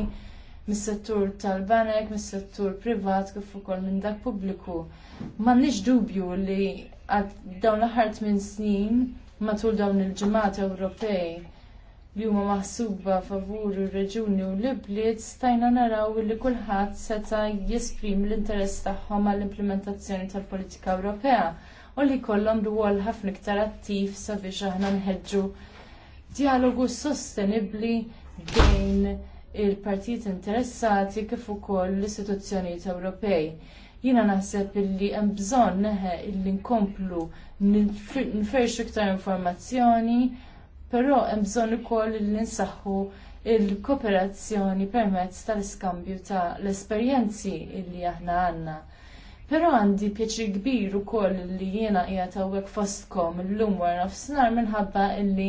mis-settur tal-banek, mis-settur privat kif ukoll minn dak pubbliku. M'għandniex dubju li għad dawn l-aħħar tmien snin matul dawn il ġimat Ewropej li huma maħsuba favur ir-reġuni u l-ibliet stajna naraw li kulħadd seta' jesprim l-interess tagħhom għall-implementazzjoni tal-politika Ewropea u li jkollhom rwol ħafna iktar attiv sabiex aħna nħeġġu dialogu sostenibbli bejn il-partijiet interessati kif ukoll l-istituzzjonijiet Ewropej. Jiena naħseb illi hemm bżonn neħe illi nkomplu nferxu iktar informazzjoni però hemm bżonn ukoll li nsaħħu l kooperazzjoni permezz tal-iskambju ta' l-esperjenzi li aħna għandna. Però għandi pjaċir kbir ukoll li jiena qiegħed hawnhekk fostkom illum wara nofsinhar minħabba li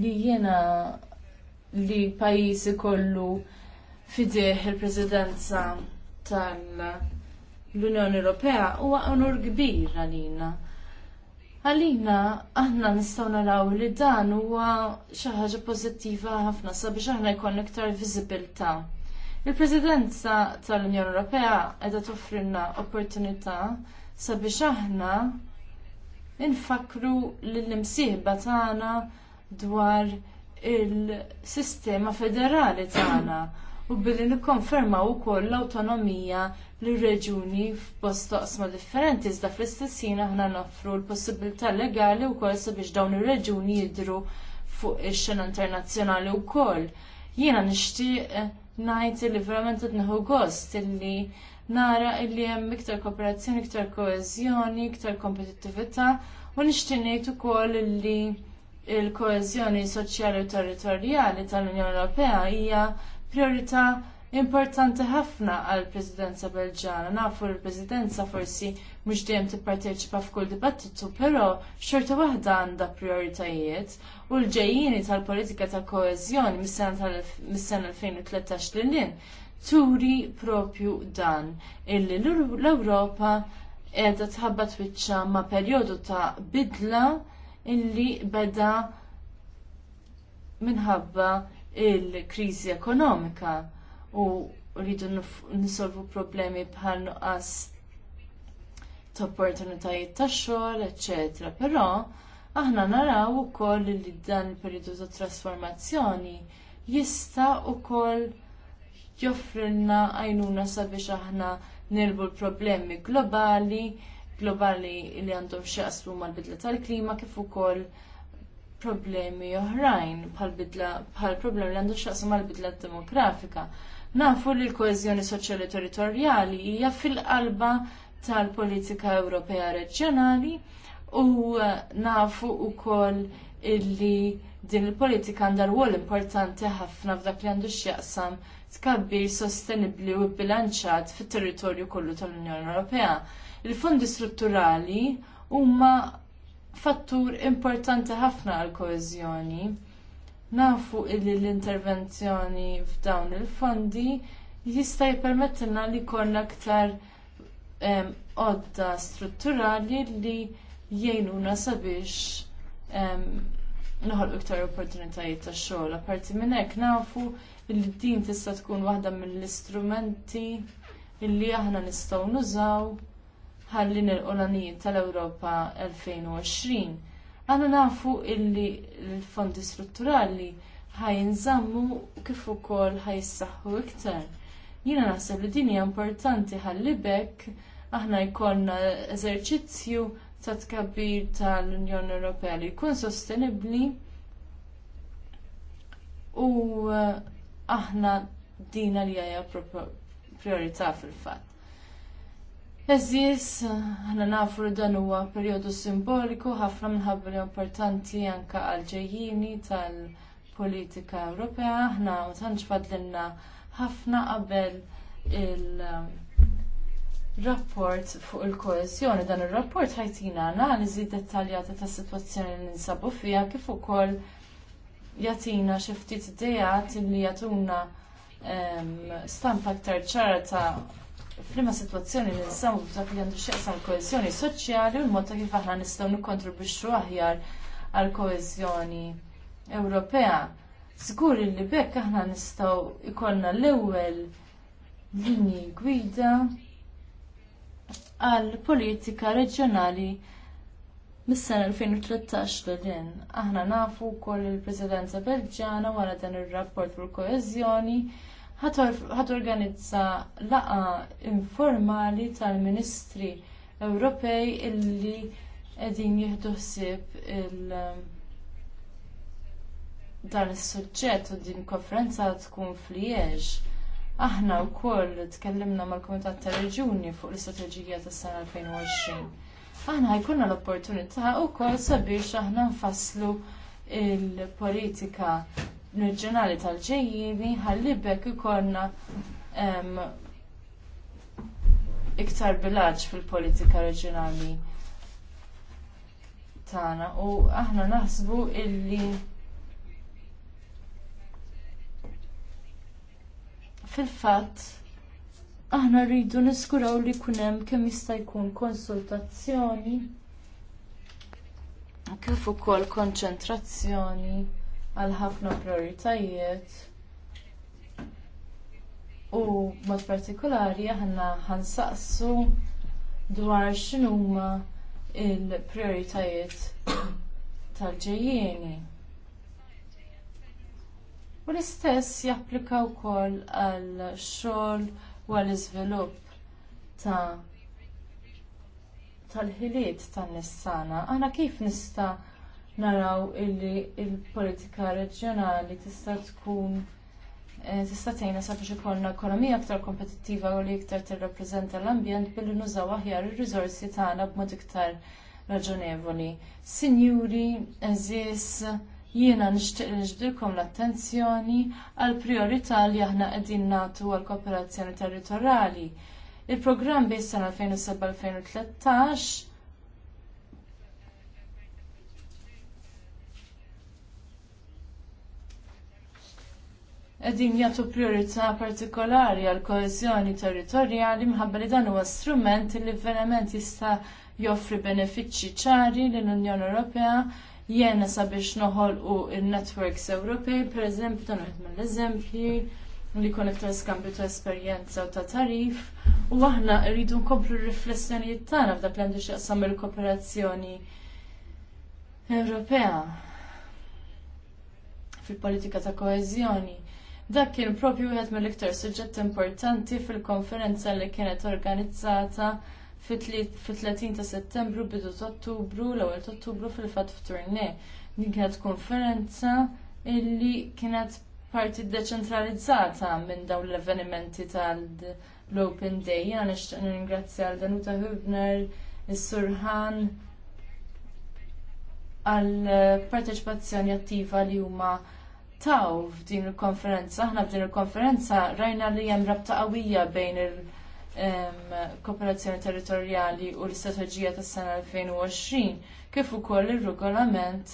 li jiena li pajjiżi kollu fideh il-presidenza tal- unjoni Ewropea huwa onur kbir għalina. Għalina, aħna nistgħu naraw li dan huwa xi ħaġa pożittiva ħafna sabiex aħna jkun iktar viżibilità. Il-Presidenza tal-Unjoni Ewropea qiegħda toffrilna opportunità sabiex aħna infakru lill-imsieħba tagħna dwar il-sistema federali tagħna u billi nikkonfermaw ukoll l-awtonomija l-reġuni f'bosta qasma differenti, iżda fl-istess jien aħna noffru l-possibilità legali wkoll sabiex dawn ir-reġuni jidhru fuq ix-xena internazzjonali wkoll. Jiena nixtieq ngħid li verament qed neħu gost illi nara illi hemm iktar kooperazzjoni, iktar koeżjoni, iktar kompetittività u nixtieq ngħid ukoll illi l koeżjoni soċjali u territorjali tal-Unjoni Ewropea hija priorità importanti ħafna għall presidenza Belġana. Nafu l-Presidenza forsi mhux dejjem tipparteċipa f'kull dibattitu, però xorta waħda għandha prioritajiet u l-ġejjini tal-politika ta' koeżjoni mis-sena 2013 lil lin turi propju dan illi l-Ewropa qiegħda tħabba twitċa ma' perjodu ta' bidla illi beda minħabba il-kriżi ekonomika u rridu nisolvu problemi bħal nuqqas ta' opportunitajiet tax xogħol, eċetera. Però aħna naraw ukoll li dan il-perjodu ta' trasformazzjoni jista' ukoll joffrilna għajnuna sabiex aħna nirbu l-problemi globali, globali li għandhom xaqsmu mal-bidla tal-klima kif ukoll problemi oħrajn bħal problemi li għandhom xaqsmu mal-bidla demografika. Nafu li l-koezjoni soċjali territorjali hija fil-qalba tal-politika Ewropea reġjonali u eh, nafu wkoll illi din il-politika għandha rwol importanti ħafna f'dak li għandu x'jaqsam tkabbir sostenibbli u bilanċat fit-territorju kollu tal-Unjoni Ewropea. Il-fondi strutturali huma fattur importanti ħafna għall koeżjoni nafu illi l-intervenzjoni f'dawn il-fondi jista' jippermettilna li jkollna aktar għodda strutturali li jgħinuna sabiex noħolqu iktar opportunitajiet tax xogħol. Apparti minn hekk nafu li din tista' tkun waħda mill-istrumenti illi aħna nistgħu nużaw ħalli nilqu l-għanijiet tal-Ewropa 2020 għanna nafu illi l-fondi strutturali ħajnżammu kif ukoll ħajsaħħu iktar. Jiena naħseb li din hija importanti ħallibek aħna jkollna eżerċizzju ta' tkabbir tal-Unjoni Ewropea li jkun sostenibbli u eh, aħna dina li hija priorità fil-fatt. Eżis, ħana nafu li dan huwa perjodu simboliku ħafna minħabba li importanti anke għal-ġejjini tal-politika Ewropea, ħna ma tantx fadlinna ħafna qabel il- rapport fuq il-koesjoni. Dan ir rapport ħajtina analiżi dettaljata tas sitwazzjoni li ninsabu fiha kif ukoll jagħtina xi ftit idejat li jagħtuna ehm, stampa aktar ċara ta' prima situazzjoni li nsamu b'tak li għandu xieqsam koezjoni soċjali u l-mod ta' kif aħna nistgħu nikkontribwixxu aħjar għal koezjoni Ewropea. Sigur li bekk aħna nistgħu ikollna l-ewwel linji gwida għal politika reġjonali mis sen 2013 l-din, aħna nafu wkoll il-Presidenza Belġana wara dan ir rapport fil koeżjoni organizza laqa informali tal-Ministri Ewropej illi qegħdin jieħdu ħsieb il- dan is-suġġett u din konferenza tkun f'Liège. Aħna wkoll tkellimna mal-Kumitat tar-Reġuni fuq l-istrateġija tas-sena 2020. Aħna jkunna l-opportunità wkoll sabiex aħna nfasslu l politika reġjonali tal-ġejjini ħalli bekk ikollna iktar bilanċ fil-politika reġjonali tagħna u aħna naħsbu illi fil-fatt aħna rridu niskuraw li jkun hemm kemm jista' jkun konsultazzjoni kif ukoll konċentrazzjoni għal ħafna prioritajiet. U mod partikolari aħna ħansaqsu dwar x'inhuma l prioritajiet tal-ġejjieni. U l-istess japplika wkoll għal xogħol u għal iżvilupp ta' tal-ħiliet tan-nissana. Aħna kif nista' naraw illi il-politika reġjonali tista' tkun eh, tista' tgħinna sabiex ikollna ekonomija aktar kompetittiva u li iktar tirrappreżenta l-ambjent billi nużaw aħjar ir-riżorsi tagħna b'mod iktar raġunevoli. Sinjuri, eżis, jiena nixtieq nixbdilkom l-attenzjoni għal priorità li aħna qegħdin nagħtu għal kooperazzjoni territorjali. Il-programm biss sena 2007-2013 qegħdin jagħtu priorità partikolari għal koeżjoni territorjali minħabba li dan huwa strument li verament jista' joffri benefiċċji ċari lill unjoni Ewropea jena sabiex noħolqu il-networks Ewropej, pereżempju dan wieħed mill-eżempji li kon iktar skambju ta' esperjenza u ta' tarif u aħna rridu nkomplu riflessjonijiet tagħna f'dak li għandu x'jaqsam il-kooperazzjoni Ewropea fil-politika ta' koezjoni. Dak kien propju wieħed mill-iktar suġġett importanti fil-konferenza li kienet organizzata fit-30 ta' settembru bidu ta' ottubru l-ewwel ta' ottubru fil-fatt f'Turnej. Din kienet konferenza illi kienet parti deċentralizzata minn dawn l-avvenimenti tal-Open Day. Jena nixtieq ningrazzja għal Danuta Hübner, is-Surħan, għal parteċipazzjoni attiva li huma taw f'din il-konferenza, aħna f'din il-konferenza rajna li hemm rabta qawwija bejn il-kooperazzjoni territorjali u l-istrateġija tas-sena 2020 kif ukoll ir-regolament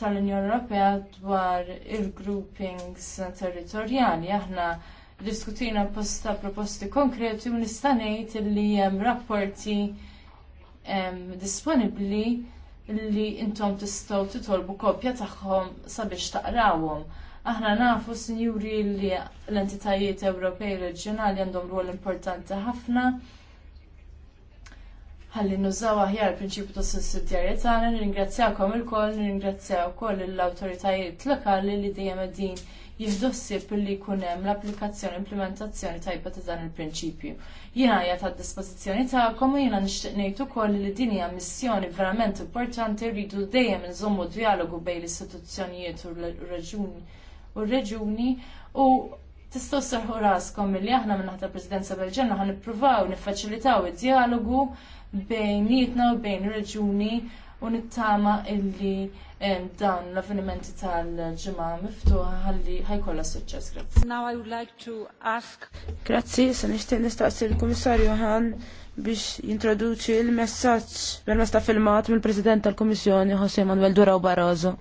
tal-Unjoni Ewropea dwar il-groupings territorjali. Aħna diskutina posta proposti konkreti u nista' ngħid li hemm rapporti disponibbli li intom tistgħu titolbu kopja tagħhom sabiex taqrawhom. Aħna nafu sinjuri li l-entitajiet Ewropej reġjonali għandhom rol importanti ħafna. Ħalli nużaw aħjar prinċipju ta' sussidjarjetà, nirringrazzjakom ilkoll, nirringrazzjaw ukoll l-awtoritajiet lokali li dejjem din jihdossib billi jkun hemm l-applikazzjoni implementazzjoni tajba ta' dan il-prinċipju. Jiena hija għad dispożizzjoni tagħkom u jiena nixtieq ngħid ukoll li din hija missjoni verament importanti rridu dejjem inżommu dialogu bejn l-istituzzjonijiet u r-reġuni u reġuni u tistgħu serħu raskom li aħna minn l Presidenza Belġenna ħan nippruvaw niffaċilitaw id-dialogu bejn nietna u bejn ir-reġuni u nittama illi dan l-avvenimenti tal-ġimgħa miftuħa ħalli ħajkollha suċċess. Grazzi. Now I would like to ask Grazzi, se nixtieq nistaqsi l-Kummissarju Han biex jintroduċi l-messaġġ permezz sta filmat mill-President tal-Kummissjoni José Manuel Durao Barroso.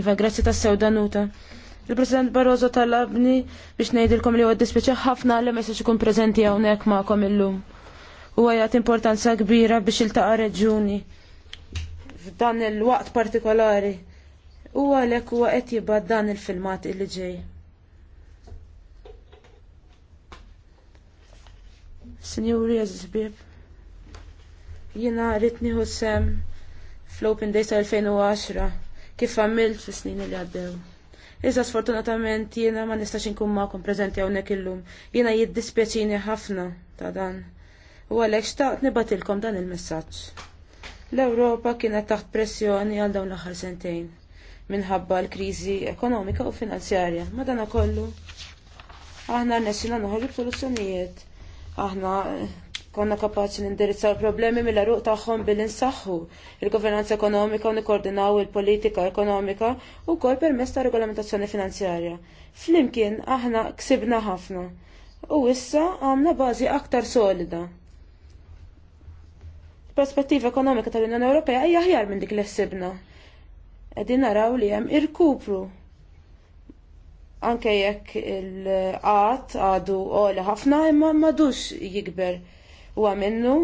Iva, grazzi tas sew danuta. Il-President Barroso talabni biex ngħidilkom li huwa dispiċa ħafna li ma jistax ikun preżenti hawnhekk magħkom illum. Huwa jagħti importanza kbira biex iltaqa' reġuni f'dan il-waqt partikolari u għalhekk huwa qed jibgħat dan il-filmat illi ġej. Sinjuri Azizbib, jiena rrid hu sem fl-Open Days 2010 kif għamilt fis-snin li għaddew. Iżda sfortunatament jiena ma nistax inkun magħkom preżenti hawnhekk illum. Jiena jiddispjaċini ħafna ta' dan. U għalhekk xtaqt nibatilkom dan il-messaġġ. L-Ewropa kienet taħt pressjoni għal dawn l-aħħar sentejn minħabba l-kriżi ekonomika u finanzjarja. Madana kollu, aħna rnexxina noħorġu soluzzjonijiet. Aħna eh, konna kapaċi nindirizzaw problemi mill-aruq tagħhom billi nsaħħu il-governanza ekonomika u nikkoordinaw il-politika ekonomika u kol permess ta' regolamentazzjoni finanzjarja. Flimkien aħna ksibna ħafna u issa għamna bażi aktar solida perspettiva ekonomika tal-Unjoni Ewropea hija aħjar minn dik li ħsibna. Qegħdin naraw li hemm irkupru. Anke jekk il-qat għadu għola ħafna imma madux jikber u minnu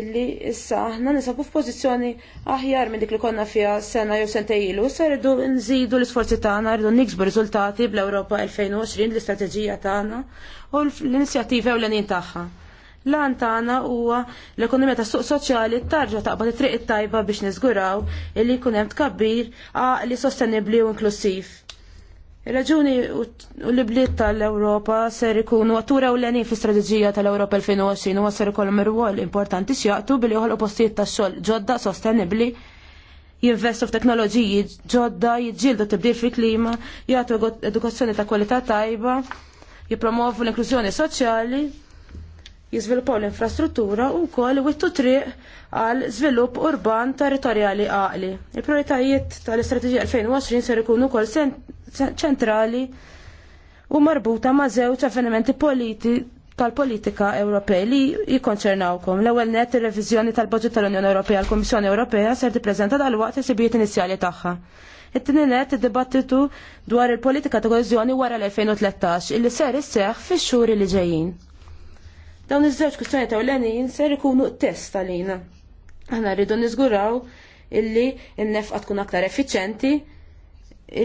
illi issa aħna nisabu f'pożizzjoni aħjar minn dik li konna fiha sena jew sentej ilu. Issa rridu nżidu l-isforzi tagħna, rridu niksbu riżultati bl-Ewropa 2020 l-istrateġija tagħna u l-inizjattiva ewlenin tagħha. Lan tagħna huwa l-ekonomija tas suq soċjali tarġa taqbad it-triq it-tajba biex niżguraw illi jkun hemm tkabbir għaqli sostenibbli u inklusiv. Ir-raġuni u l-ibliet tal-Ewropa ser ikunu għattura u l-għanin fl-istrateġija tal europa 2020 u ser ikollhom ir-rwol importanti x'jaqtu billi joħolqu postijiet tax-xogħol ġodda sostenibbli jinvestu f'teknoloġiji ġodda, jiġġieldu tibdil fil-klima, jagħtu edukazzjoni ta' kwalità tajba, jippromovu l-inklużjoni soċjali jiżviluppaw l-infrastruttura u wkoll wittu triq għal żvilupp urban territorjali għaqli. Il-prioritajiet tal-Istrateġija 2020 ser ikunu wkoll ċentrali u marbuta ma' żewġ avvenimenti politi tal-politika Ewropej li jikkonċernawkom. L-ewwel net ir-reviżjoni tal-Budget tal-Unjoni Ewropea għall-Kummissjoni Ewropea ser tippreżenta dal-waqt is-sibijiet inizjali tagħha it-tini net id-dibattitu dwar il-politika ta' koezjoni wara l-2013 illi ser isseħħ fix-xhur li ġejjin. Dawn iż-żewġ kwistjoni ta' ulenin ser ikunu test għalina. Aħna rridu niżguraw illi n-nefqa tkun aktar effiċenti,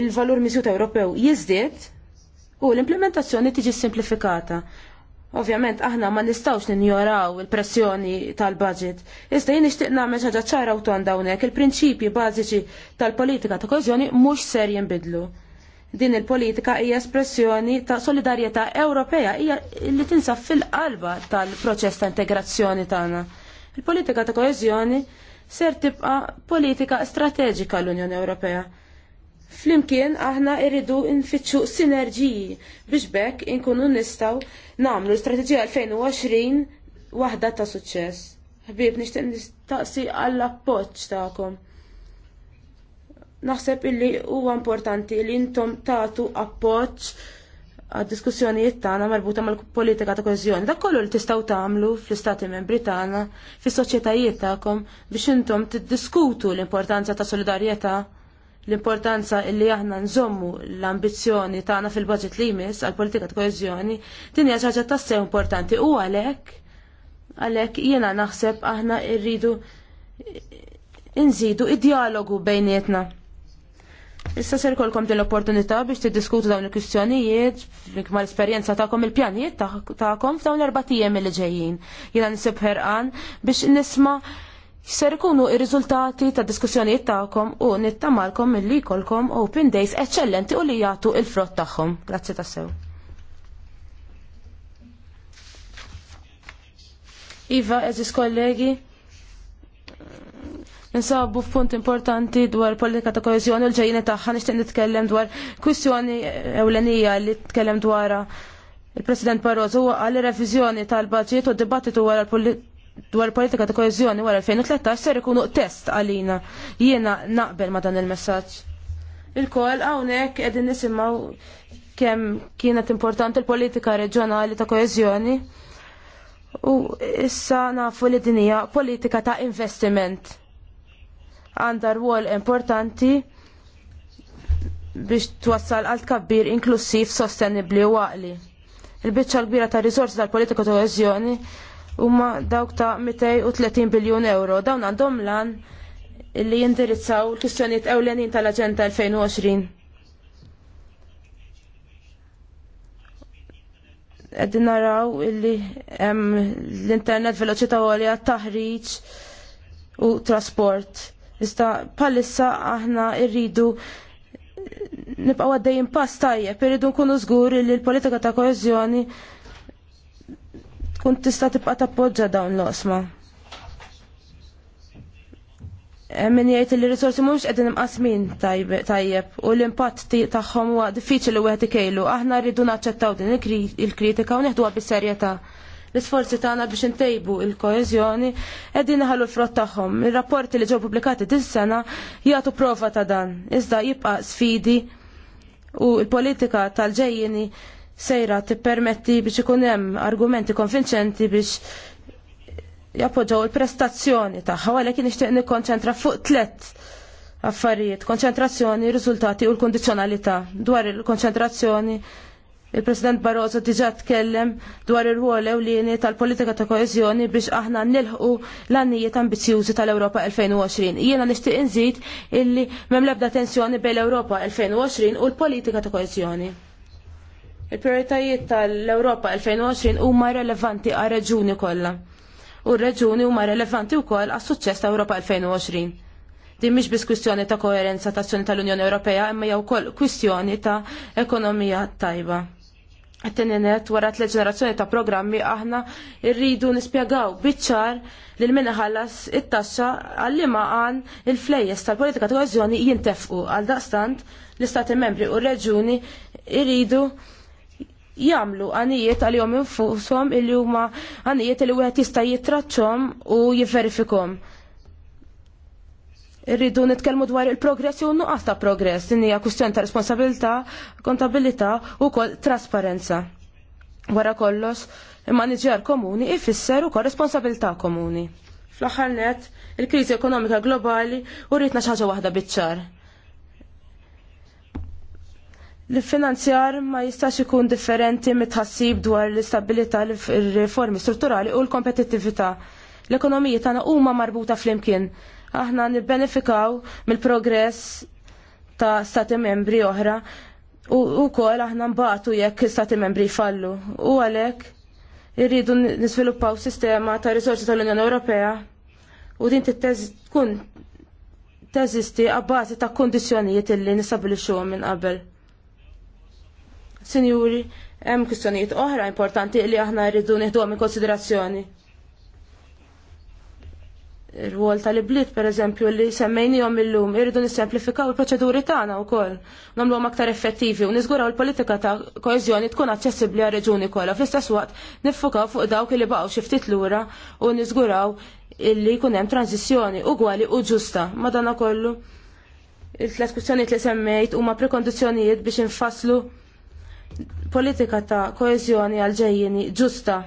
il-valur miżjut Ewropew jiżdied u l-implementazzjoni tiġi simplifikata. Ovvjament aħna ma nistawx ninjoraw il-pressjoni tal-budget. Iżda jien nixtieq nagħmel ħaġa ċara u ton hawnhekk il-prinċipji bażiċi tal-politika ta' kożjoni mhux ser jinbidlu din il-politika hija espressjoni ta' solidarjetà Ewropea hija li tinsab fil-qalba tal-proċess ta' integrazzjoni tagħna. Il-politika ta' koeżjoni ser tibqa' politika strateġika l-Unjoni Ewropea. Flimkien aħna irridu nfittxu sinerġiji biex bekk inkunu nistgħu nagħmlu strateġija 2020 waħda ta' suċċess. Ħbieb nixtieq nistaqsi għall-appoġġ tagħkom Naħseb illi huwa importanti li intom tagħtu appoġġ għad diskussjonijiet tagħna marbuta mal-politika ta' koeżjoni. Dak kollu li tistgħu tagħmlu fl-Istati Membri tagħna, fis-soċjetajiet tagħkom biex intom tiddiskutu l-importanza ta' solidarjetà, l-importanza li aħna nżommu l-ambizzjoni tagħna fil-budget li jmiss għall-politika ta' koeżjoni, din hija xi ħaġa tassew importanti u għalhekk għalhekk jiena naħseb aħna rridu inżidu id-dialogu bejnietna. Issa ser kolkom din l-opportunità biex tiddiskutu dawn il-kwistjonijiet ma l-esperjenza tagħkom il-pjanijiet tagħkom f'dawn l-erba' tiem li ġejjin. Jiena nisib ħerqan biex nisma' ser ikunu r riżultati ta' diskussjonijiet tagħkom u nittamalkom milli jkollkom open days eċċellenti u li jagħtu il-frott tagħhom. Grazzi tassew. Iva, eżis kollegi, Nsabu f'punt importanti dwar politika ta' koezjoni u l ġejjina tagħha nixtieq nitkellem dwar kwistjoni ewlenija li tkellem dwar il-President Barroso huwa għal reviżjoni tal baġit u dibattitu wara dwar politika ta' koezjoni wara 2013 ser ikunu test għalina. Jiena naqbel ma' dan il-messaġġ. il koll hawnhekk qegħdin nisimgħu kemm kienet importanti l-politika reġjonali ta' koeżjoni. U issa nafu li dinija politika ta' investiment għandha rwol importanti biex twassal għal tkabbir inklusiv, sostenibli u għaqli. Il-biċċa l-kbira ta' risorsi tal-politika ta' eżjoni huma dawk ta' 230 biljun euro. Dawn għandhom lan li jindirizzaw l-kwistjonijiet ewlenin tal-Aġenda 2020. Qegħdin naraw illi l-internet veloċità għolja taħriġ u trasport Iżda palissa aħna rridu nibqa' għaddejjin pass tajjeb, irridu nkunu żguri li l-politika ta' koeżjoni tkun tista' tibqa' tappoġġa dawn l-osma. Eh, min jgħid li risorsi mhumiex qegħdin imqasmin tajjeb u l-impatt tagħhom huwa diffiċli wieħed ikejlu. Aħna rridu naċċettaw din il-kritika u neħduha bis-serjetà l-isforzi tagħna biex intejbu il-koeżjoni qegħdin naħallu l-frott tagħhom. Ir-rapporti li ġew pubblikati dis-sena jagħtu prova ta' dan. Iżda jibqa' sfidi u l-politika tal-ġejjini sejra tippermetti biex ikun hemm argumenti konvinċenti biex jappoġġaw il-prestazzjoni tagħha, għalhekk nixtieq nikkonċentra fuq tlett affarijiet, konċentrazzjoni, riżultati u l-kondizjonalità. Dwar il-konċentrazzjoni Il-President Barroso diġa tkellem dwar ir-ruol ewlieni tal-politika ta' koeżjoni biex aħna nilħqu l-annijiet ambizjużi tal-Ewropa 2020. Jiena nixtieq inżid illi m'hemm l-ebda tensjoni bejn l-Ewropa 2020 u l-politika ta' koeżjoni. Il-prioritajiet tal-Ewropa 2020 huma relevanti għar reġuni kollha. U r-reġuni huma relevanti wkoll għas-suċċess ta' Ewropa 2020. Din mhix biss kwistjoni ta' koerenza azzjoni tal-Unjoni Ewropea imma jew ukoll kwistjoni ta' ekonomija tajba. Għattenenet, wara tliet ġenerazzjoni ta' programmi aħna rridu nispjegaw biċċar lil min ħallas it-taxxa għalli ma għan il-flejjes tal-politika ta' għazjoni jintefqu għal daqstant l-istati membri u reġuni rridu jamlu għanijiet għal-jom infusom il-li huma għanijiet li wieħed jista' jitraċċhom u jifferifikhom. Irridu nitkellmu dwar il-progress u nuqqas ta' progress, din hija kwistjoni ta' responsabilità, kontabilità u kol trasparenza. Wara kollox, il-manager komuni ifisser ukoll responsabilità komuni. Fl-aħħar net, il-kriżi ekonomika globali u rritna xi ħaġa waħda biċ-ċar. L-finanzjar ma jistax ikun differenti mitħassib dwar l-istabilità, l-riformi strutturali u l-kompetittività. L-ekonomija tagħna huma marbuta flimkien aħna nibbenefikaw mill-progress ta' stati membri oħra u, kol aħna nbatu jekk stati membri fallu u għalek irridu nisviluppaw sistema ta' risorsi tal-Unjoni Ewropea u din tkun teżisti għabbażi ta' kondizjonijiet illi nistabilixu minn qabel. Sinjuri, hemm kwistjonijiet oħra importanti li aħna rridu nieħduhom in konsiderazzjoni ir-rwol tal-ibliet pereżempju li il illum irridu nissemplifikaw il-proċeduri tagħna wkoll nagħmluhom aktar effettivi u niżguraw il-politika ta' koeżjoni tkun aċċessibbli għal reġuni kollha. Fl-istess waqt niffokaw fuq dawk li baqgħu xi ftit lura u niżguraw illi jkun hemm tranzizzjoni ugwali u ġusta. kollu il-tlet kwistjonijiet li semmejt huma prekondizzjonijiet biex infasslu politika ta' koeżjoni għal ġejjini ġusta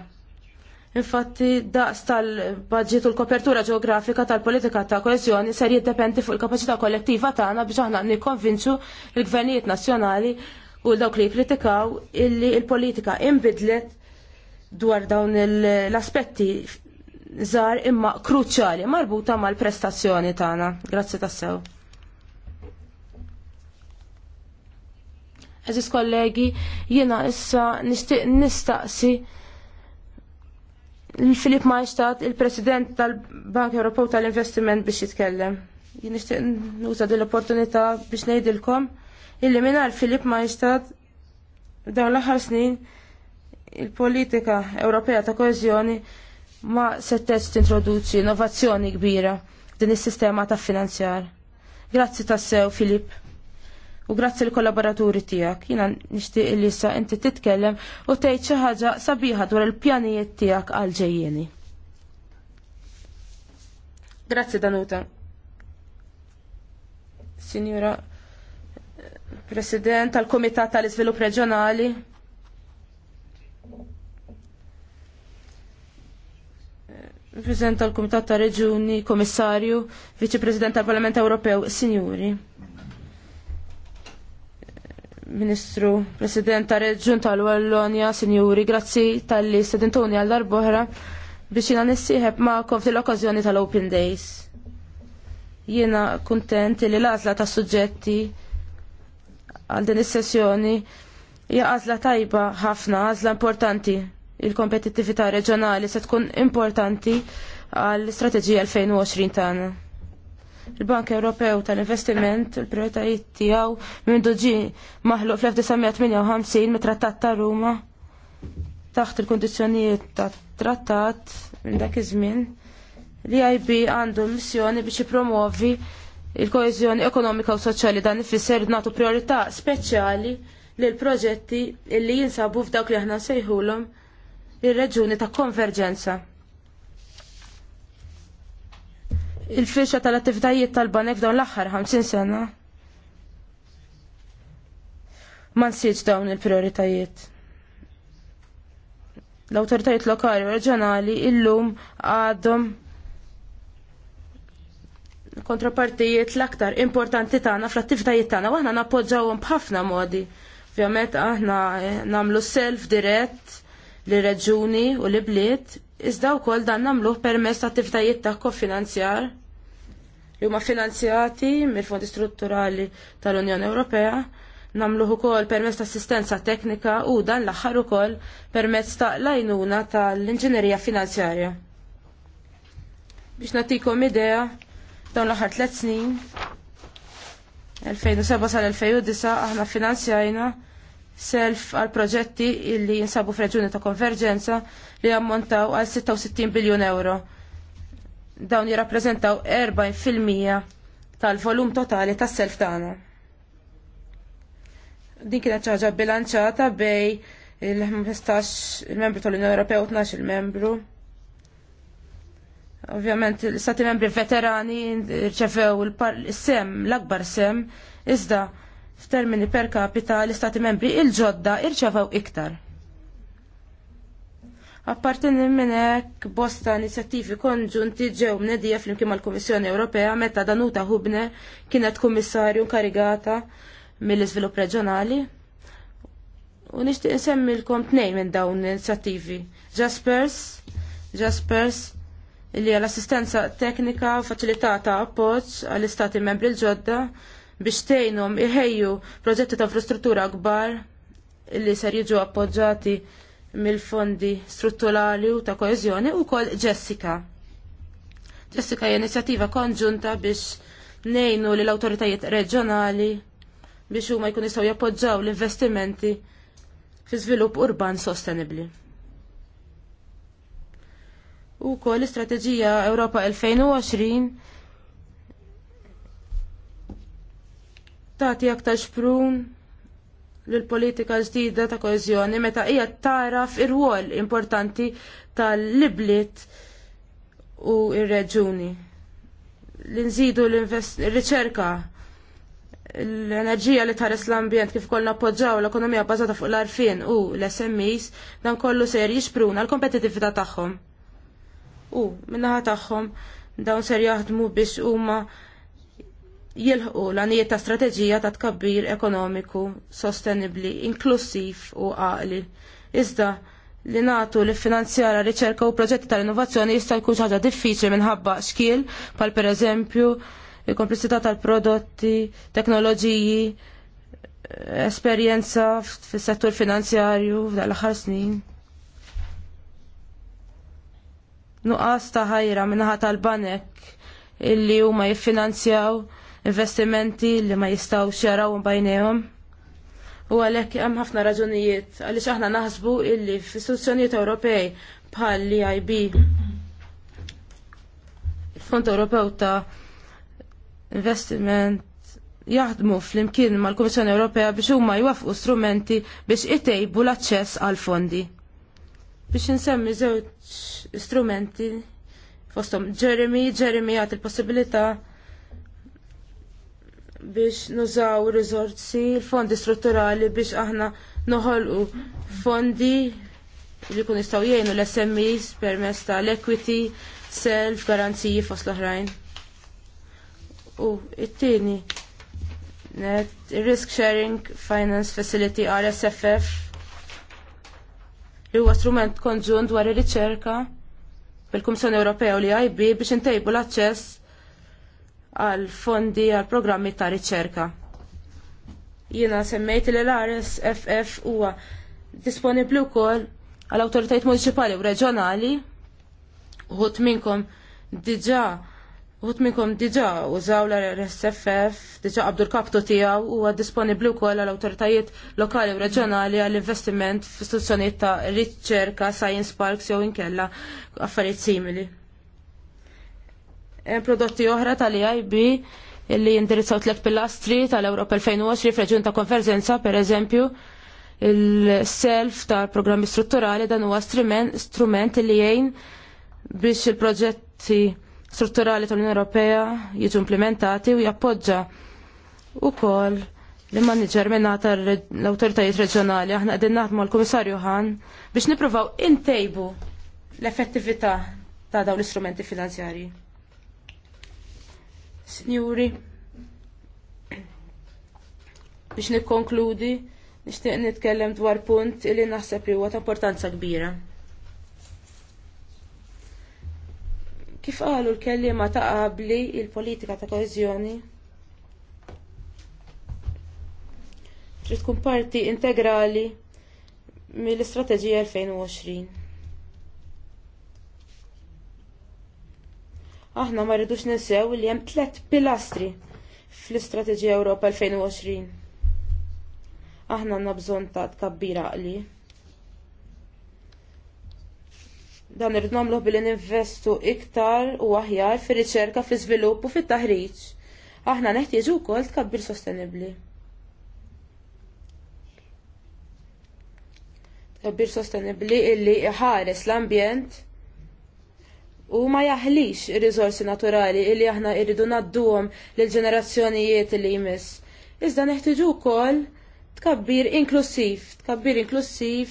Infatti, daqs tal-budget u l-kopertura ġeografika tal-politika ta' koesjoni ser jiddependi fuq il-kapacità kollettiva tagħna biex aħna nikkonvinċu l-gvernijiet nazzjonali u dawk li jikkritikaw illi il-politika inbidlet dwar dawn l-aspetti żgħar imma kruċjali marbuta mal-prestazzjoni tagħna. Grazzi tassew. Eżis kollegi, jiena issa nistaqsi Filip Majstad, il-President tal-Bank Ewropew tal-Investiment biex jitkellem. Jien nixtieq nuża din l-opportunità biex ngħidilkom illi mingħajr Filip Majstad dawn l-aħħar snin il-politika Ewropea ta' koeżjoni ma settex tintroduċi innovazzjoni kbira din is-sistema ta' finanzjar. Grazzi tassew Filip u grazzi l-kollaboraturi tiegħek. Jiena nixtieq il issa inti titkellem u tgħid xi ħaġa sabiħa dwar il-pjanijiet tiegħek għal ġejjieni. Grazzi Danuta. Signora eh, President tal-Komitat tal-Iżvilupp Reġjonali. Eh, President tal-Komitat tal-Reġuni, Komissarju, Viċi President tal-Parlament Ewropew, Signori. Ministru, President ta' Reġun tal-Wallonja, Sinjuri, grazzi tal-li sedintuni għall-darbohra biex jina nissiħeb ma'kom fil-okkazjoni tal-Open Days. Jiena kontent li l-għazla ta' suġġetti għal din is-sessjoni hija għazla tajba ħafna, għazla importanti. Il-kompetittività reġjonali se tkun importanti għall-Strateġija 2020 tagħna il-Bank Ewropew tal-Investiment, il-prioritajiet tiegħu minn doġi maħluq fl-1958 mit-Trattat ta' Ruma taħt il kondizjonijiet ta' trattat minn dak iż-żmien li IB għandu missjoni biex jipromovi il-koeżjoni ekonomika u soċjali dan ifisser nagħtu priorità speċjali lil proġetti li jinsabu f'dawk li aħna nsejħulhom ir-reġuni ta' konverġenza. il-firxa tal-attivitajiet tal-banek dawn l-aħħar 50 sena. Ma nsirx dawn il-prioritajiet. L-autoritajiet lokali u reġjonali illum għadhom kontrapartijiet l-aktar importanti tagħna fl-attivitajiet tagħna u aħna nappoġġawhom b'ħafna modi. Ovvjament aħna eh, nagħmlu self dirett li reġuni u li bliet, iżda wkoll dan nagħmluh permezz ta' attivitajiet ta' kofinanzjar li huma finanzjati mill-Fondi Strutturali tal-Unjoni Ewropea nagħmluh ukoll permezz ta' assistenza teknika u dan l aħħar ukoll permezz ta' lajnuna tal-inġinerija finanzjarja. Biex nagħtikom idea dawn l aħħar tliet snin 2007 sal-2009 aħna finanzjajna self għal proġetti illi jinsabu f'reġuni ta' konverġenza li ammontaw għal 66 biljun euro dawn jirrappreżentaw 40% tal-volum totali tas-self tagħna. Din kienet ċaġa bilanċata bej il-15 il-membru tal-Unjoni Ewropea u 12 il-membru. Ovvjament l-istati membri veterani rċevew il-sem, l-akbar sem, iżda f'termini per capita l-istati membri il-ġodda irċevew iktar. Appartenni minn hekk bosta inizjattivi konġunti ġew mnedija flimkien mal-Kummissjoni Ewropea meta Danuta Hubne kienet kummissarju karigata mill-iżvilupp reġjonali. U nixtieq insemmilkom tnejn minn dawn l-inizjattivi. Jaspers, Jaspers li għal assistenza teknika faċilitata appoġġ għall istati membri l-ġodda biex tgħinhom iħejju proġetti ta' infrastruttura kbar li ser jiġu appoġġati mill-fondi strutturali u ta' koezjoni u kol Jessica. Jessica hija inizjattiva konġunta biex nejnu l awtoritajiet reġjonali biex huma jkun jistgħu jappoġġaw l-investimenti fi żvilupp urban sostenibbli. U kol l-istrateġija Ewropa 2020 tagħti aktar xprun l-politika ġdida ta' koezjoni meta hija taraf ir-rwol importanti tal-libliet u ir-reġuni. Li nżidu l-riċerka, l-enerġija li tħares l-ambjent kif kollna appoġġaw l-ekonomija bbażata fuq l-arfin u l-SMEs dan kollu ser jixpruna l-kompetitività tagħhom. U minnaħa tagħhom dawn ser jaħdmu biex huma jilħqu l-għanijiet ta' strateġija ta' tkabbir ekonomiku sostenibli, inklusiv u għaqli. Iżda li natu li finanzjara riċerka u proġetti tal-innovazzjoni jista' jkun xi ħaġa diffiċli minħabba xkiel pal pereżempju il-komplessità tal-prodotti, teknoloġiji, esperjenza fis-settur finanzjarju f'dan aħħar snin. Nuqqas ta' ħajra min-naħa tal-banek illi huma jiffinanzjaw investimenti li ma jistaw jaraw bajnejhom. U għalhekk hemm ħafna raġunijiet għaliex aħna naħsbu illi f'istituzzjonijiet Ewropej bħal l e IB il-Fond Ewropew ta' Investiment jaħdmu fl-imkien mal-Kummissjoni Ewropea biex huma jwafqu strumenti biex itejbu l-aċċess għal fondi. Biex insemmi żewġ strumenti fostom Jeremy, Jeremy għat il-possibilità biex nużaw rizorsi, fondi strutturali biex aħna noħolqu fondi li kun jistgħu jgħinu l-SMEs permess tal-equity, self, garanziji fost l-oħrajn. U it-tieni net risk sharing finance facility RSFF li huwa strument konġunt dwar ir-riċerka bil kummissjoni Ewropea u li IB biex intejbu l-aċċess għal fondi għal programmi ta' riċerka. Jiena semmejt li l-RSFF huwa disponibbli wkoll għal awtoritajiet municipali u reġjonali uħut minnkom diġà uħut minnkom diġà użaw l-RSFF diġà qabdu l-kaptu tiegħu huwa disponibbli wkoll għal awtoritajiet lokali u reġjonali għall investiment f'istituzzjonijiet ta' riċerka, science parks jew inkella affarijiet simili. Eh, prodotti oħra tal iib illi jindirizzaw tlet pilastri tal-Europa 2020 fil-reġjun ta' konverzenza, per eżempju, il-self tal-programmi strutturali dan huwa strument li jgħin biex il-proġetti strutturali tal-Unjoni Ewropea jiġu implementati u jappoġġa wkoll li manager minna l-autoritajiet reġjonali aħna qegħdin naħdmu l-Kummissarju Han biex nippruvaw intejbu l-effettività ta' dawn l-istrumenti finanzjarji. Signuri, biex nikkonkludi, nixtieq nitkellem dwar punt li naħseb li huwa ta' importanza kbira. Kif qalu l kelliema ta' qabli il-politika ta' koeżjoni trid tkun parti integrali mill-istrateġija 2020. aħna ma rridux ninsew li hemm tliet pilastri fl-Istrateġija Ewropa 2020. Aħna għandna bżonn ta' tkabbir għaqli. Dan irrid nagħmlu billi ninvestu iktar u aħjar fir-riċerka, fl-iżvilupp u fit-taħriġ. Aħna neħtieġu wkoll tkabbir sostenibbli. Tkabbir sostenibbli illi iħares l-ambjent u ma jaħlix ir rizorsi naturali illi aħna irridu nadduhom lill ġenerazzjonijiet li jmiss. Iżda neħtiġu wkoll tkabbir inklusiv, tkabbir inklusiv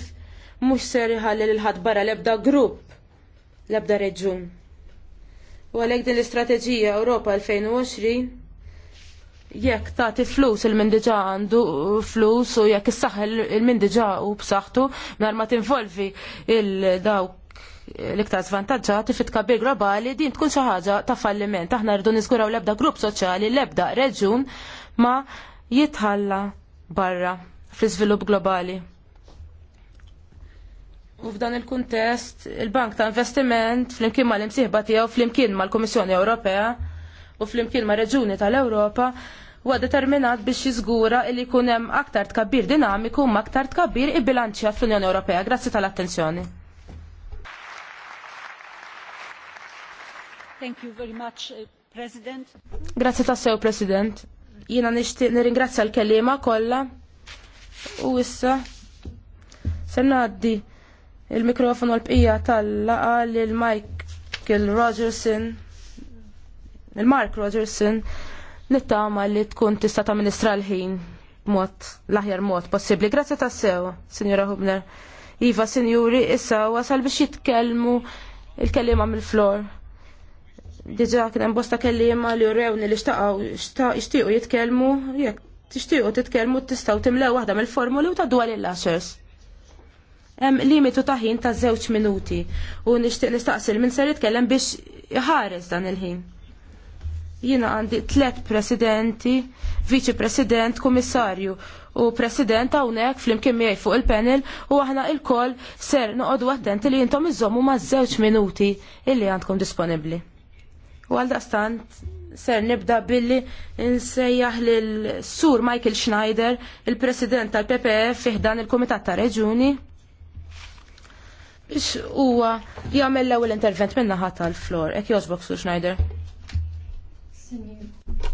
mhux ser jħalli lil ħadd barra l-ebda grupp, l-ebda reġun. U għalhekk din l-istrateġija Ewropa 2020 jekk tagħti flus il-min diġà għandu flus u jekk issaħħel il mindiġa diġà u b'saħħtu nar ma tinvolvi il-dawk l-iktar svantagġati fit kabir globali din tkun xi ħaġa ta' falliment. Aħna rridu niżguraw l-ebda grupp soċjali, l-ebda reġun ma jitħalla barra fl-iżvilupp globali. U f'dan il-kuntest, il-Bank ta' Investiment fl-imkien mal imsieħba tiegħu fl-imkien mal-Kummissjoni Ewropea u fl-imkien ma' reġuni tal-Ewropa huwa determinat biex jiżgura li jkun hemm aktar tkabbir dinamiku ma' aktar tkabbir ibbilanċja fl-Unjoni Ewropea. Grazzi tal-attenzjoni. Thank you very much, uh, President. Grazie tassew, President. Jina nishtiq nirringrazzja l-kellima kollha u issa se ngħaddi il-mikrofonu l-bqija tal-laqa lil Michael Rogerson il-Mark Rogerson nittama li tkun tista' tamministra l-ħin mod l-aħjar mod possibbli. Grazzi tassew, Sinjora Hubner. Iva, Sinjuri, issa wasal biex jitkellmu il kelliema mill-flor. Diġa kien hemm bosta kelliema li urewni li xtaqgħu jixtiequ jitkellmu, jekk tixtiequ titkellmu tistgħu timlew waħda mill-formuli u ta' dwar il laxers Hemm limitu ta' ħin ta' żewġ minuti u nixtieq nistaqsil minn ser jitkellem biex ħares dan il-ħin. Jiena għandi tlet presidenti, viċi president, kummissarju u president hawnhekk flimkien miegħi fuq il-panel u aħna lkoll ser noqogħdu attenti li intom iżommu ma' żewġ minuti illi għandkom disponibbli. U għaldaqstant ser nibda billi nsejjaħ lil sur Michael Schneider, il-president tal-PPF fiħdan il-Komitat ta' Reġuni. Biex huwa jagħmel l-ewwel intervent minn naħa tal-flor. Ek jogħġbok sur Schneider.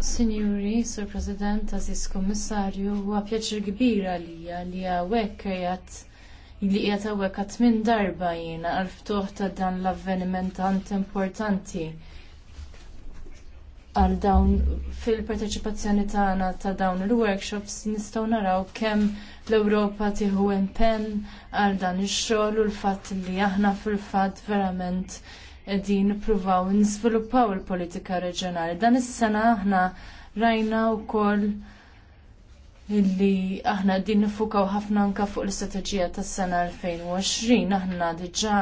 Sinjuri, Sur President, Aziz Kommissarju, huwa pjaċir kbira għalija li hawnhekk qiegħed li qiegħed hawnhekk minn darba jiena għal ta' dan l-avveniment tant importanti għal dawn fil-parteċipazzjoni tagħna ta' dawn il-workshops nistgħu naraw kemm l-Ewropa tieħu impenn għal dan ix-xogħol u l-fatt li aħna fil-fatt verament qegħdin nippruvaw nisviluppaw il-politika reġjonali. Dan is-sena aħna rajna wkoll illi aħna din nifukaw ħafna anka fuq l-istrateġija tas-sena 2020 aħna diġà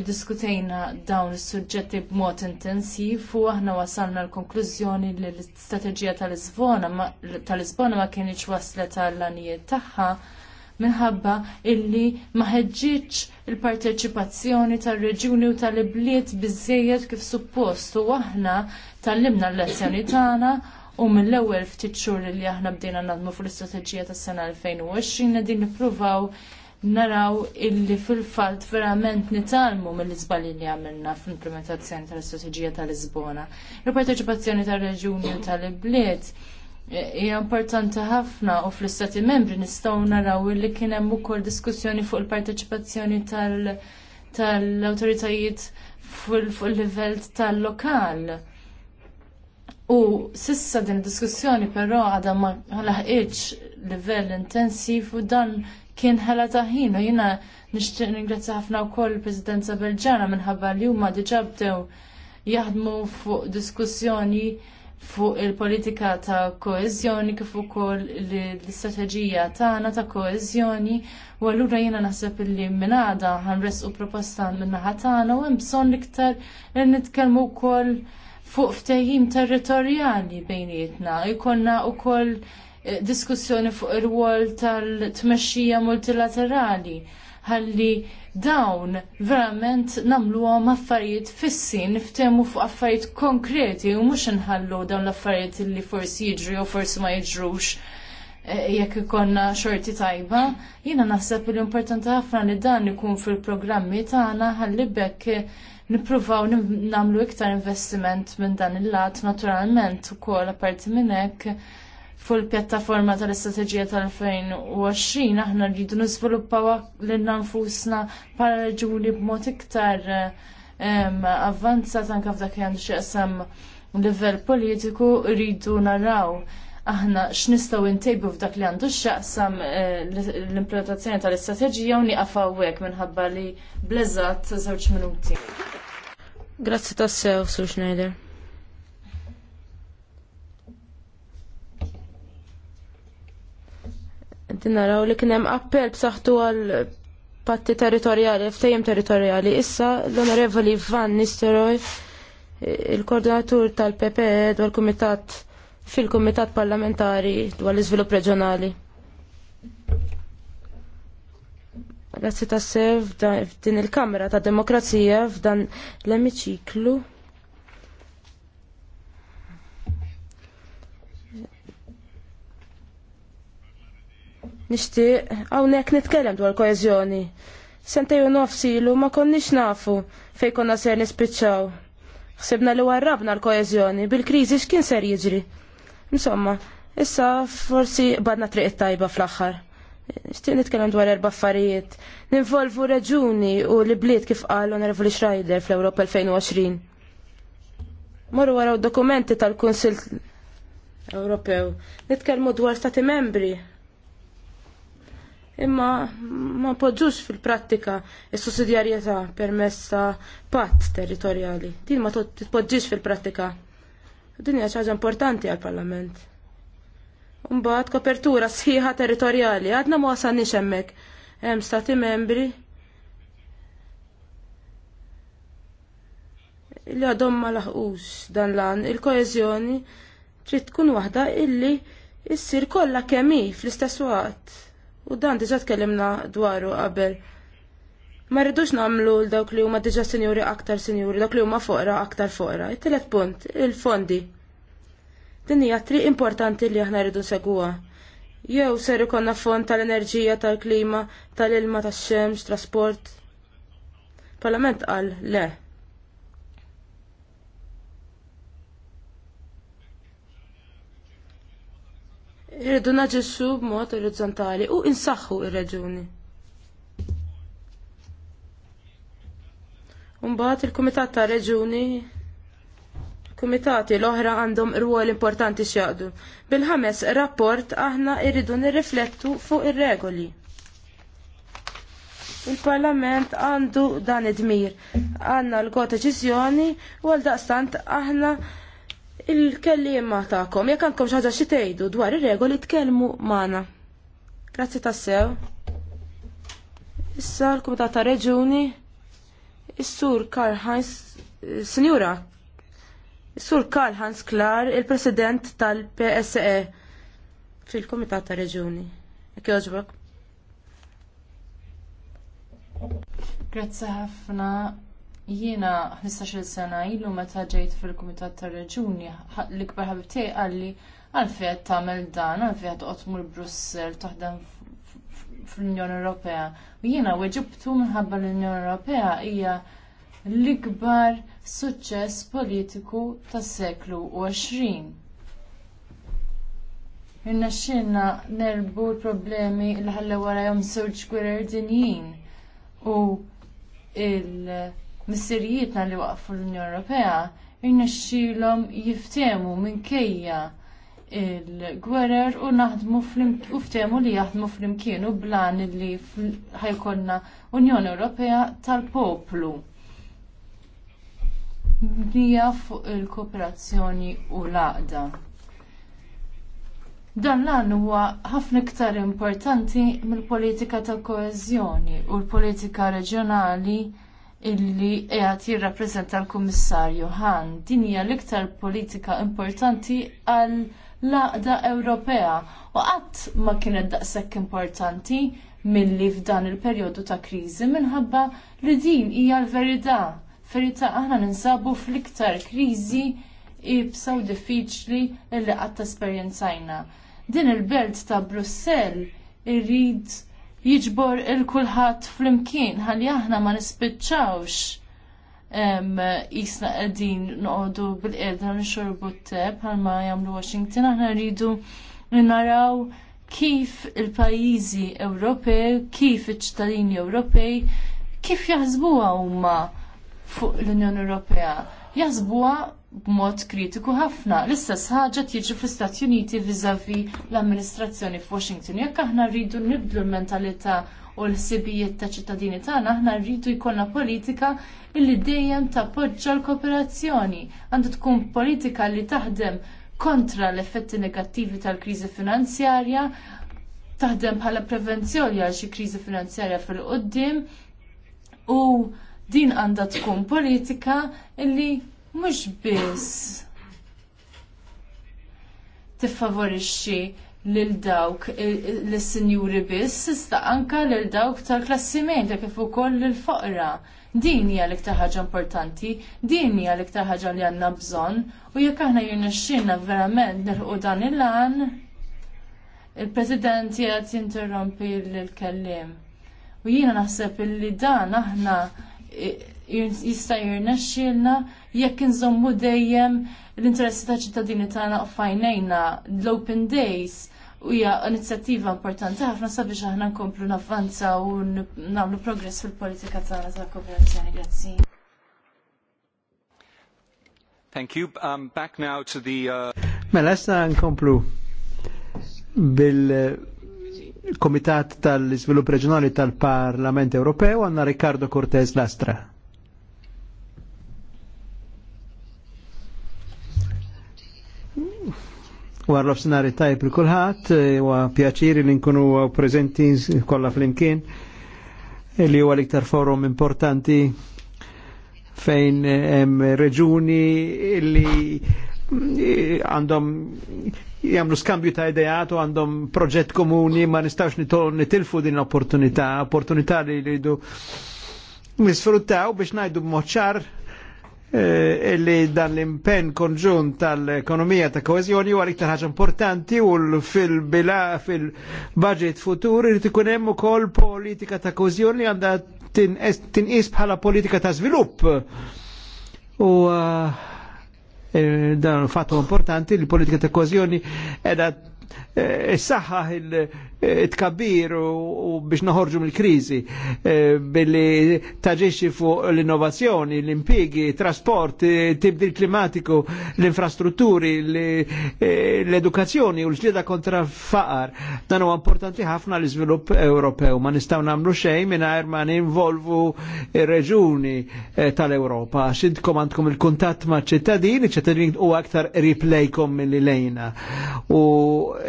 iddiskutejna dawn is-suġġetti b'mod intensiv u aħna wasalna l-konklużjoni li l-istrateġija tal-Lisbona tal-Lisbona ma kienx waslet għall-anijiet tagħha minħabba illi ma ħeġġitx il-parteċipazzjoni tar reġuni u tal-ibliet biżejjed kif suppost u aħna tallimna l-lezzjoni tagħna u mill-ewwel ftit xhur li aħna bdejna nadmu fl-istrateġija tas-sena 2020 qegħdin nippruvaw naraw illi fil-fatt verament nitalmu mill-iżbalji li għamilna fl-implementazzjoni tal-istrateġija tal-Lisbona. Il-parteċipazzjoni tal-reġuni u tal-ibliet eh, hija importanti ħafna u fl-istati membri nistgħu naraw illi kien hemm ukoll diskussjoni fuq il-parteċipazzjoni tal-awtoritajiet fuq il-livell tal-lokal. tal, tal lokal U sissa din diskussjoni però għadha ma laħqitx livell intensiv u dan kien ħela taħin u jiena nixtieq ningrazzja ħafna wkoll il-Presidenza Belġana minħabba li huma diġà bdew jaħdmu fuq diskussjoni fuq il-politika ta' koezjoni kif ukoll l-istrateġija tagħna ta' koezjoni u allura jiena naħseb illi minn għada ħanresqu proposta minn naħa tagħna u hemm bżonn iktar nitkellmu wkoll fuq ftehim territorjali bejnietna. Ikonna u koll eh, diskussjoni fuq ir wol tal-tmexxija multilaterali ħalli dawn verament nagħmluhom affarijiet fissin niftemu fuq affarijiet konkreti u mhux inħallu dawn l-affarijiet li forsi jiġri u forsi ma jiġrux eh, jekk ikonna xorti tajba. Jiena naħseb li importanti ħafna li dan ikun fil-programmi tagħna ħalli bekk nippruvaw nagħmlu iktar investiment minn dan il-lat naturalment ukoll apparti minn hekk fuq il-pjattaforma tal-istrateġija tal-2020 aħna rridu niżviluppaw lil nfusna bħala reġuni b'mod iktar avvanzat anke f'dak li għandu xi qasam livell politiku rridu naraw aħna x'nistgħu ntejbu f'dak li għandu x'jaqsam eh, l-implementazzjoni tal-istrateġija u nieqafa hawnhekk minħabba li bleżat żewġ minuti. Grazzi tassew, Sur Schneider. Din naraw li kien hemm appell b'saħħtu għal patti territorjali, ftejjem territorjali. Issa l-Onorevoli Van Nisteroj, il-koordinatur tal-PPE dwar kumitat fil-Kumitat Parlamentari dwar l-Iżvilupp Reġjonali. Grazzi ta' sew f'din il-Kamra ta' Demokrazija f'dan l-emiċiklu. Nixtieq hawnhekk nitkellem dwar l-koezjoni. Sentej u nofsilu ma konniex nafu fejn konna ser nispiċċaw. Xsebna li warrabna l-koeżjoni bil-kriżi x'kien ser jiġri. Insomma, issa forsi badna triq tajba fl-aħħar. Nixtieq nitkellem dwar erba' affarijiet. Ninvolvu reġuni u li bliet kif qal Onorevoli Schreider fl-Ewropa 2020. Marru waraw dokumenti tal-Kunsil Ewropew. Nitkellmu dwar stati membri imma ma poġġux fil-prattika is-sussidjarjetà permessa ta' patt territorjali. Din ma titpoġġix fil-prattika. Din hija ħaġa importanti għall-Parlament. Umbat, kopertura sħiħa territorjali għadna ma wasalniex hemmhekk. Hemm stati membri Illi għadhom ma laħqux dan lan il-koeżjoni trid tkun waħda illi issir kollha kemm hi fl-istess waqt. U dan diġà tkellimna dwaru qabel. Ma rridux namlu l-dawk li huma diġa sinjuri aktar sinjuri, dawk li huma foqra aktar foqra. It-telet punt, il-fondi. Din hija triq importanti li aħna rridu segwa. Jew ser ikonna fond tal-enerġija, tal-klima, tal-ilma, tax-xemx, trasport. Parlament qal le. Irridu naġixxu b'mod orizzontali u insaħħu ir-reġuni. Mbagħad il-Kumitat ta' Reġuni Kumitati l-oħra għandhom ruol importanti x'jaqdu. Bil-ħames rapport aħna irridu nirriflettu fuq ir-regoli. Il-Parlament għandu dan id-dmir. Għanna l deċizjoni u għal daqstant aħna il-kellima ta'kom. Jek għandkom xaġa xi tgħidu dwar ir-regoli tkellmu magħna. Grazzi tassew. Issa l-Kumitat ta' Reġuni Is-sur Karl Heinz, Sinjura, is-sur Karl Heinz Klar, il-President tal-PSE fil-Komitat ta' Reġuni. Ekki oġbok. Grazzi ħafna. Jiena 15-il sena ilu meta ġejt fil-Kumitat tar Reġuni l-ikbar ħabib tiegħi għalli għalfejn tagħmel dan, għalfejn toqgħod mur Brussel taħdem fl-Unjoni Ewropea. U jiena weġibtu minħabba l-Unjoni Ewropea hija l-ikbar suċċess politiku tas-seklu 20. Irna xinna nerbu l-problemi l ħalla wara jom sewġ gwerer dinjin u il-missirijietna li waqfu l unjoni Ewropea irna xilom jiftemu minn kejja il-gwerer u naħdmu u ftemu li jaħdmu flimkien u blan li ħajkonna Unjoni Ewropea tal-poplu. Bija fuq il-kooperazzjoni u l-aqda. Dan l-għan huwa ħafna iktar importanti mill-politika ta' koezjoni u l-politika reġjonali illi qiegħed jirrappreżenta l-Kummissarju Han. Din hija l-iktar politika importanti għal laqda Ewropea u qatt ma kienet daqshekk importanti milli f'dan il-perjodu ta' kriżi minħabba li din hija l-verità. Verità aħna ninsabu fl-iktar kriżi ibsaw diffiċli li qatt esperjenzajna. Din il-belt ta' Brussell irrid jiġbor il kulħadd flimkien ħalli aħna ma nispiċċawx jisna qegħdin noqogħdu bil-qiegħda nixorbu t teb għalma jagħmlu Washington aħna rridu naraw kif il-pajjiżi Ewropej, kif iċ-ċittadini Ewropej, kif jaħsbuha huma fuq l-Unjoni Ewropea jaħsbuha b'mod kritiku ħafna. L-istess ħaġa tiġi fl-Istati Uniti viżavi l-amministrazzjoni f'Washington. Jekk aħna rridu nibdlu l-mentalità u l-ħsibijiet ta' ċittadini tagħna aħna rridu jkollna politika illi dejjem tappoġġa l-kooperazzjoni. Għandu tkun politika li taħdem kontra l-effetti negattivi tal-kriżi finanzjarja, taħdem bħala prevenzjoni għal xi kriżi finanzjarja fil-qoddim u din għandha tkun politika illi mhux biss tiffavorixxi lil dawk eh, eh, lis-sinjuri biss, iżda anka lil dawk tal-klassi medja kif ukoll lil foqra. Din hija l-iktar ħaġa importanti, din hija l-iktar ħaġa li għandna bżonn u jekk aħna jirnexxinna verament nilħu dan il-lan, il-President jgħid jinterrompi l-kellim. U jiena naħseb li dan aħna eh, jista' jirnexxilna jekk inżommu dejjem l-interessi ta' ċittadini tagħna fajnejna l-open days hija inizjattiva importanti ħafna sabiex aħna nkomplu navvanza u nagħmlu progress fil-politika tagħna ta' kooperazzjoni. Grazzi. Thank you. Um, back now to the uh, Mela issa nkomplu bil-Komitat tal-Iżvilupp Reġjonali tal-Parlament Ewropew għandna Riccardo Cortez Lastra. Warra snari tajb li kulħadd e, huwa pjaċiri li nkunu e, preżenti kollha flimkien e, li huwa l-iktar forum importanti fejn hemm reġuni li għandhom jamlu skambju ta' idejat u għandhom proġett komuni ma nistax nitilfu din l-opportunità, opportunità li du nisfruttaw biex ngħidu moċar. Eh, li dan l-impen konġun tal-ekonomija ta' koezjoni huwa iktar ħaġa importanti u fil-bila fil-budget futur irid ikun hemm ukoll politika ta' koezjoni li għandha tinqis bħala politika ta' żvilupp. U eh, eh, dan fattu importanti li politika ta' koezjoni edha il- Eh, tkabbir u biex naħorġu mill-krizi eh, billi taġiexi fuq l-innovazzjoni, l-impigi, trasport, eh, tibdil klimatiku, l-infrastrutturi, l-edukazzjoni u l ġlida kontra faqar. Dan huwa importanti ħafna l-iżvilupp Ewropew. Ma nistgħu nagħmlu xejn mingħajr ma ninvolvu ir-reġuni tal-Ewropa. X'intkom għandkom il-kuntatt ma' ċittadini, ċittadini u aktar riplejkom mill-lejna. U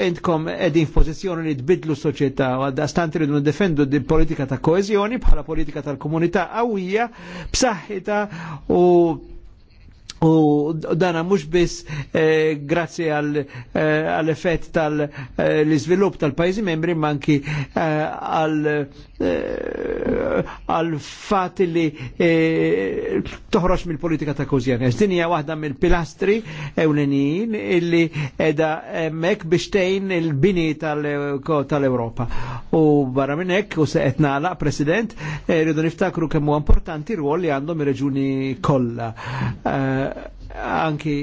intkom qegħdin f'pożizzjoni li nbidlu soċjetà u għadda stant irridu defendu di politika ta' koezjoni bħala politika tal-komunità qawwija b'saħħitha u U dana mux biss eh, grazzi għall-effett eh, tal-izvilup eh, tal-pajzi membri manki għal-fat li toħroġ mill-politika ta' kozjanes. Din hija waħda mill-pilastri ewlenin illi edha mek biex tejn il-bini tal europa u barra minn hekk u se qed nagħlaq President, rridu niftakru kemmu importanti rwol li għandhom ir-reġuni kolla anki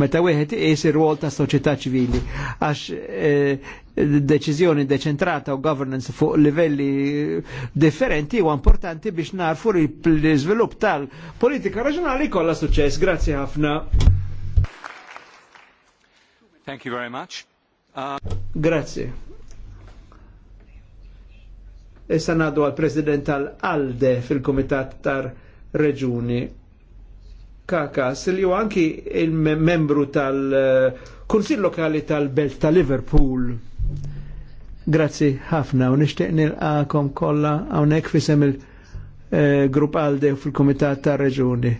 meta wieħed is ir-rwol ta' soċjetà ċivili għax eh, deċiżjoni deċentrata u governance fuq livelli differenti huwa importanti biex narfu l-iżvilupp tal-politika raġjonali kollha suċċess. Grazzi ħafna. Thank you very much. Uh, Grazzi. Issa nadu għal-President tal-ALDE fil kumitat tar-Reġuni Kakas li ju anki il-membru tal-Kunsil Lokali tal-Belt ta' Liverpool. Grazzi ħafna u nishtiq nilqakom kollha hawnhekk fisem il-Grupp eh, Alde fil-Kumitat tar-Reġuni.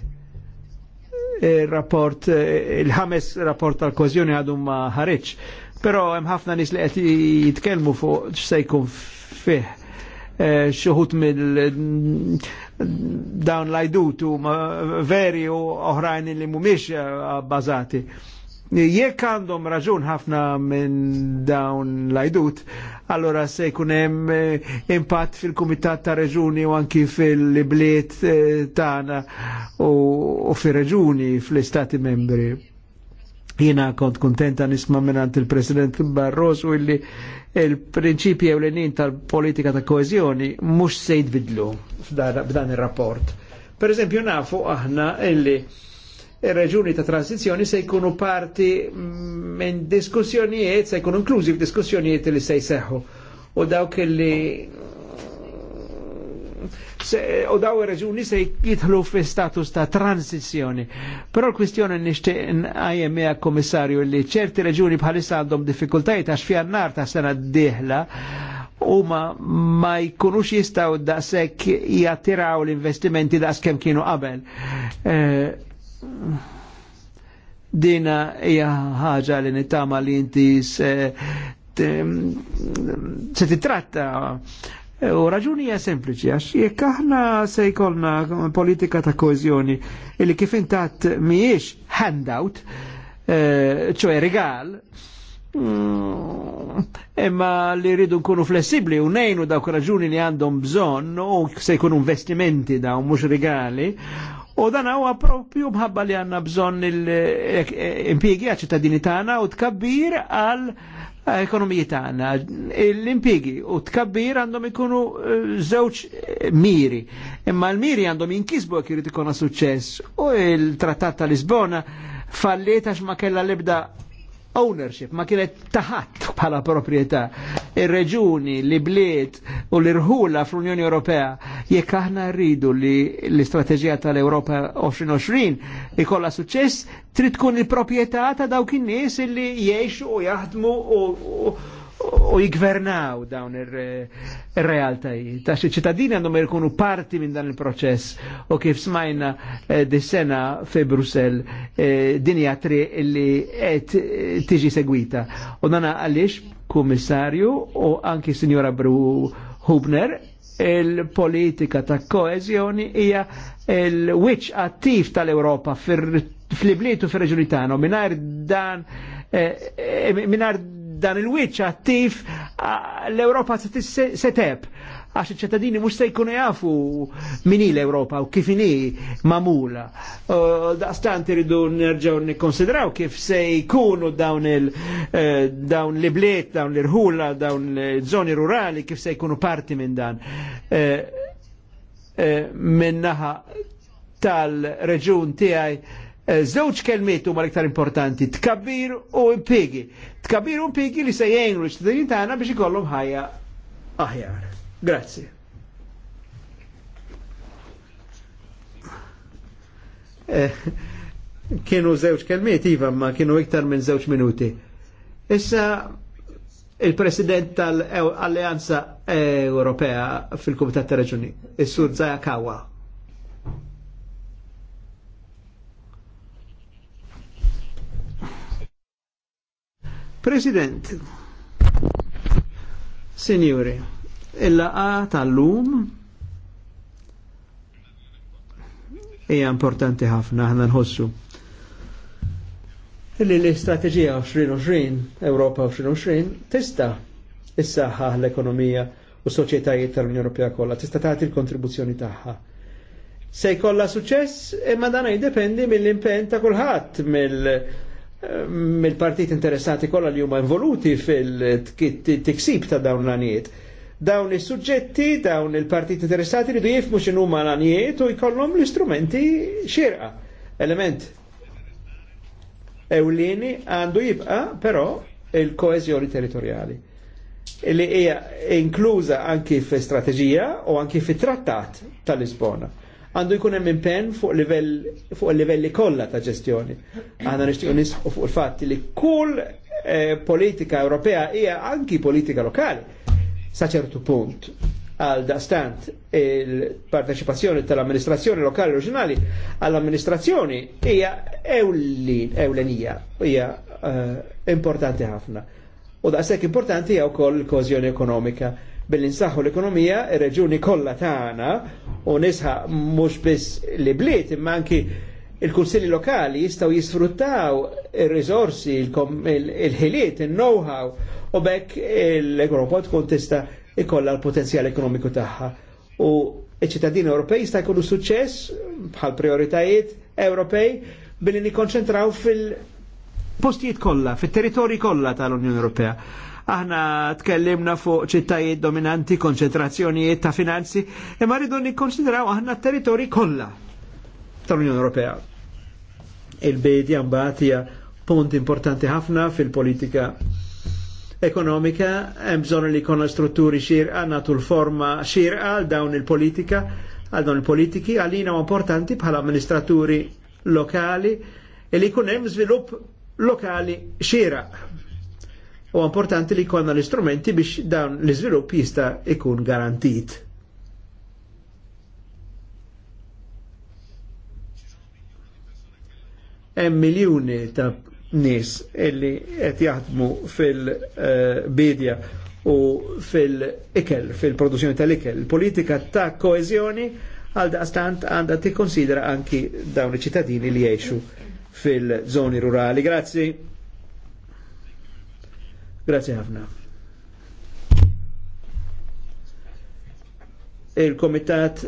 Il-rapport, eh, il-ħames rapport tal-kozjoni għadu ma ħareġ, però hemm ħafna nies li qed jitkellmu fuq x'se jkun fih eh, xuħut mill dawn lajdut u veri u oħrajn li mumiex eh, bazati. Jekk għandhom raġun ħafna minn dawn lajdut, allora se jkun hemm eh, impatt fil-Kumitat ta' Reġuni u anki fil-bliet eh, tana u fil reġuni fl-Istati Membri Jena kont kontenta nisma minnant il-President Barros u illi il-prinċipi ewlenin tal-politika ta' koezjoni mux sejt bidlu f'dan il-rapport. Per eżempju, nafu aħna illi il-reġuni ta' transizjoni se jkunu parti minn diskussjonijiet, se jkunu inklużi f'diskussjonijiet li se jseħu. U dawk illi u daw raġuni se jitħlu fi status ta' transizjoni. Però l-kwistjoni nixtieq n-ajem miegħek komissarju li ċerti raġuni bħalissa għandhom diffikultajiet għax fi għannar ta' sena d-dieħla huma ma jkunux jistgħu sekk jattiraw l-investimenti skem kienu qabel. Eh, dina hija ħaġa li nittama li inti se titratta U raġuni hija sempliċi, għax jekk aħna se jkollna politika ta' koezjoni illi kif intat mhijiex handout, eh, ċoe regal, mm, imma mm, li rridu nkunu flessibli u nejnu dawk raġuni li għandhom bżonn u se jkunu investimenti daw mhux regali, U dan huwa propju mħabba li għanna bżonn il-impjegi eh, għal ċittadini tagħna u tkabbir għal Ah, ekonomiji tagħna. L-impigi u tkabbir għandhom ikunu eh, żewġ eh, miri. Imma l-miri għandhom jinkisbu jekk irid ikun suċċess u l-Trattat ta' Lisbona falliet għax ma kellha l-ebda ownership, ma kienet taħat bħala proprjetà. Ir-reġuni, li bliet u l-irħula fl-Unjoni Ewropea jekk aħna rridu li l-istrateġija tal-Ewropa 2020 ikolla suċċess, trid tkun il-proprjetà ta' dawk in-nies li jgħixu u jaħdmu u, u u jgvernaw dawn ir-realtajiet. Eh, ta' xi ċittadini għandhom jkunu parti minn dan il-proċess u kif smajna eh, di sena fi Brussel eh, dinja tri li qed eh, tiġi segwita. U nana għaliex kummissarju u anki Sinjora Bru Hubner il-politika ta' koezjoni hija il-wiċ attiv tal-Europa fil-bliet u fil reġunitano minar dan eh, mingħajr dan il-wiċċ attiv l-Ewropa setep. għax iċ-ċittadini mhux se jkunu jafu mini l-Ewropa u kif ini mamula. Daqstant iridu nerġgħu nikkonsidraw kif se jkunu dawn il eh, dawn li bliet, dawn l-irħula, dawn l-żoni rurali, kif se jkunu parti minn dan. Eh, eh, minnaħa tal-reġun tiegħi Zewċ eh, kelmiet huma l-iktar importanti, tkabbir u impigi. Tkabbir u impigi li se jgħinu l-ċittadini tagħna biex ikollhom ħajja aħjar. Grazzi. Eh, kienu żewġ kelmiet iva ma kienu iktar minn żewġ minuti. Issa il-President tal-Alleanza Ewropea fil-Kumitat ta' Raġuni, is-Sur Zajakawa. President, Signori, il A tal-lum hija importanti ħafna ħna nħossu. Illi l-istrateġija 2020, Europa 2020, tista' issaħħa l-ekonomija u soċjetajiet tal-Unjoni Ewropea kollha tista' tagħti l-kontribuzzjoni tagħha. Se jkollha suċess, imma dan jiddependi mill-impenn ta' kulħadd mill mill-partit interessati kollha li huma involuti fil-tiksib ta' dawn l-anijiet. Dawn is-suġġetti, dawn il-partit interessati li jifmu xinu ma l-anijiet u jkollhom l-istrumenti xirqa. Element Ewlini għandu jibqa' però il koezjoni territoriali. li hija inkluża anki fi strateġija u anki fi trattat tal-Lisbona għandu jkun hemm impenn fuq livell fuq livelli kollha ta' ġestjoni. Aħna nixtiequ nisqu fuq il-fatt li kull eh, politika Ewropea hija anki politika lokali sa ċertu punt għal dastant il-parteċipazzjoni tal-amministrazzjoni lokali reġjonali għall-amministrazzjoni hija ewlin ewlenija, hija eh, importanti ħafna. U daqshekk importanti hija wkoll il-kożjoni ekonomika billi nsaħħu l-ekonomija ir-reġuni kollha tagħna u nisħa mhux biss li bliet imma anki il-kunsilli lokali jistgħu jisfruttaw ir-riżorsi, il-ħiliet, il-know-how u bekk l-Ewropa tkun tista' ikollha l-potenzjal ekonomiku tagħha. U iċ-ċittadini Ewropej jista' jkunu suċċess bħal prioritajiet Ewropej billi nikkonċentraw fil- postijiet kollha, fit-territorji kollha tal-Unjoni Ewropea. Aħna tkellimna fuq ċittajiet dominanti, konċentrazzjonijiet ta' finanzi, imma rridu nikkonsidraw aħna territori kollha tal-Unjoni Ewropea. Il-bejdi mbagħad hija punt importanti ħafna fil-politika ekonomika, hemm bżonn li jkollna strutturi xirqa nagħtu l-forma xirqa għal dawn il-politika, għal dawn il-politiki għalina importanti bħala amministraturi lokali e li jkun hemm żvilupp lokali xieraq u importanti li jkollna l-istrumenti biex dawn l-iżvilupp jista' ikun garantit. Hemm miljuni ta' nies illi qed jaħdmu fil-bidja u fil-ikel, fil-produzzjoni tal-ikel. il Politika ta' koezjoni għal daqstant għandha tikkonsidra anki dawn iċ-ċittadini li jgħixu fil-żoni rurali. Grazzi. Grazie ħafna. Il-Komitat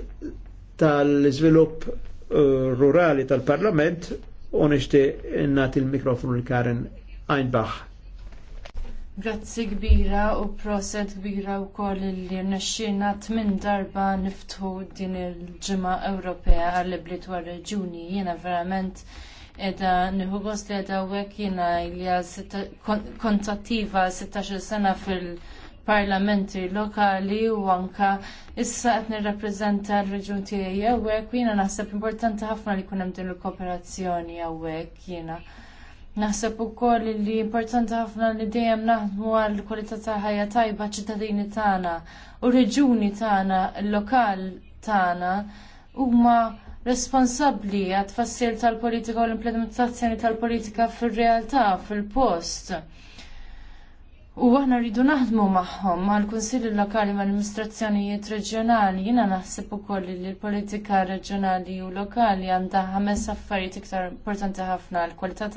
tal-Izvilupp eh, Rurali tal-Parlament unishti nati il-mikrofonu l-Karen Einbach. Grazzi kbira u proset kbira u koll li nesċina t-min darba niftħu din il ġima Ewropea għall-bliet għal reġuni. Jena verament edha nħu gost li edha għek jina li kontattiva 16 sena fil-parlamenti lokali u anka issa għetni nirrapprezenta l-reġun tijaj għawek jina naħseb importanti ħafna li kunem din l-kooperazzjoni għawek jina. Naħseb ukoll li importanti ħafna li dejjem naħdmu għal kwalità ta' ħajja tajba ċittadini tagħna u reġuni tagħna, l lokal tagħna huma responsabbli għat tfassir tal-politika u l-implementazzjoni tal-politika fil-realtà, fil-post. U aħna rridu naħdmu magħhom mal kunsilli lokali mal amministrazzjonijiet reġjonali, jiena naħseb ukoll li l-politika reġjonali u lokali għandha ħames affarijiet iktar importanti ħafna l-kwalità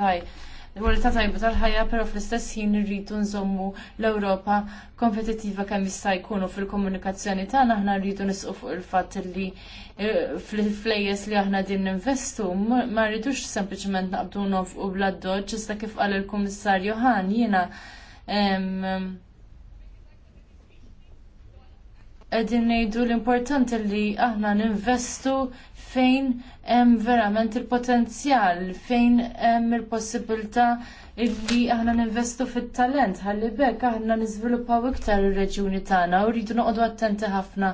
l-kwalità tajba tal-ħajja, però fl-istess ħin irridu nżommu l-Ewropa kompetittiva kemm jista' jkunu fil-komunikazzjoni tagħna aħna rridu nisqu fuq il-fatt li eh, fl-flejjes li aħna din ninvestu ma rridux sempliċement naqbdu nofqu bla doġġ iżda kif qal il-Kummissarju Ħan jiena Qegħdin ngħidu l-importanti li aħna ninvestu fejn hemm verament il-potenzjal, fejn hemm il-possibilità illi aħna ninvestu fit-talent, ħalli bekk aħna niżviluppaw iktar ir-reġjuni tagħna u rridu noqogħdu attenti ħafna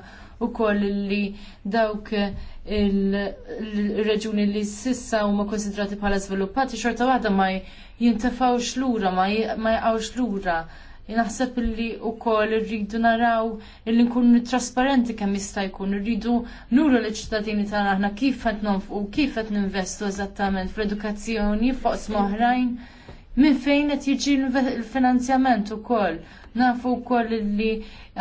ukoll illi dawk il-reġjuni li sissa huma konsidrati bħala żviluppati xorta waħda ma jintefawx lura, ma jqawx lura. Naħseb u wkoll irridu naraw illi nkunu trasparenti kemm jista' jkun, irridu nuru l-ċittadini tagħna aħna kif qed nonfqu, kif qed ninvestu eżattament fl-edukazzjoni fuq smoħrajn. Minn fejn qed jiġi l-finanzjament ukoll. Nafu wkoll illi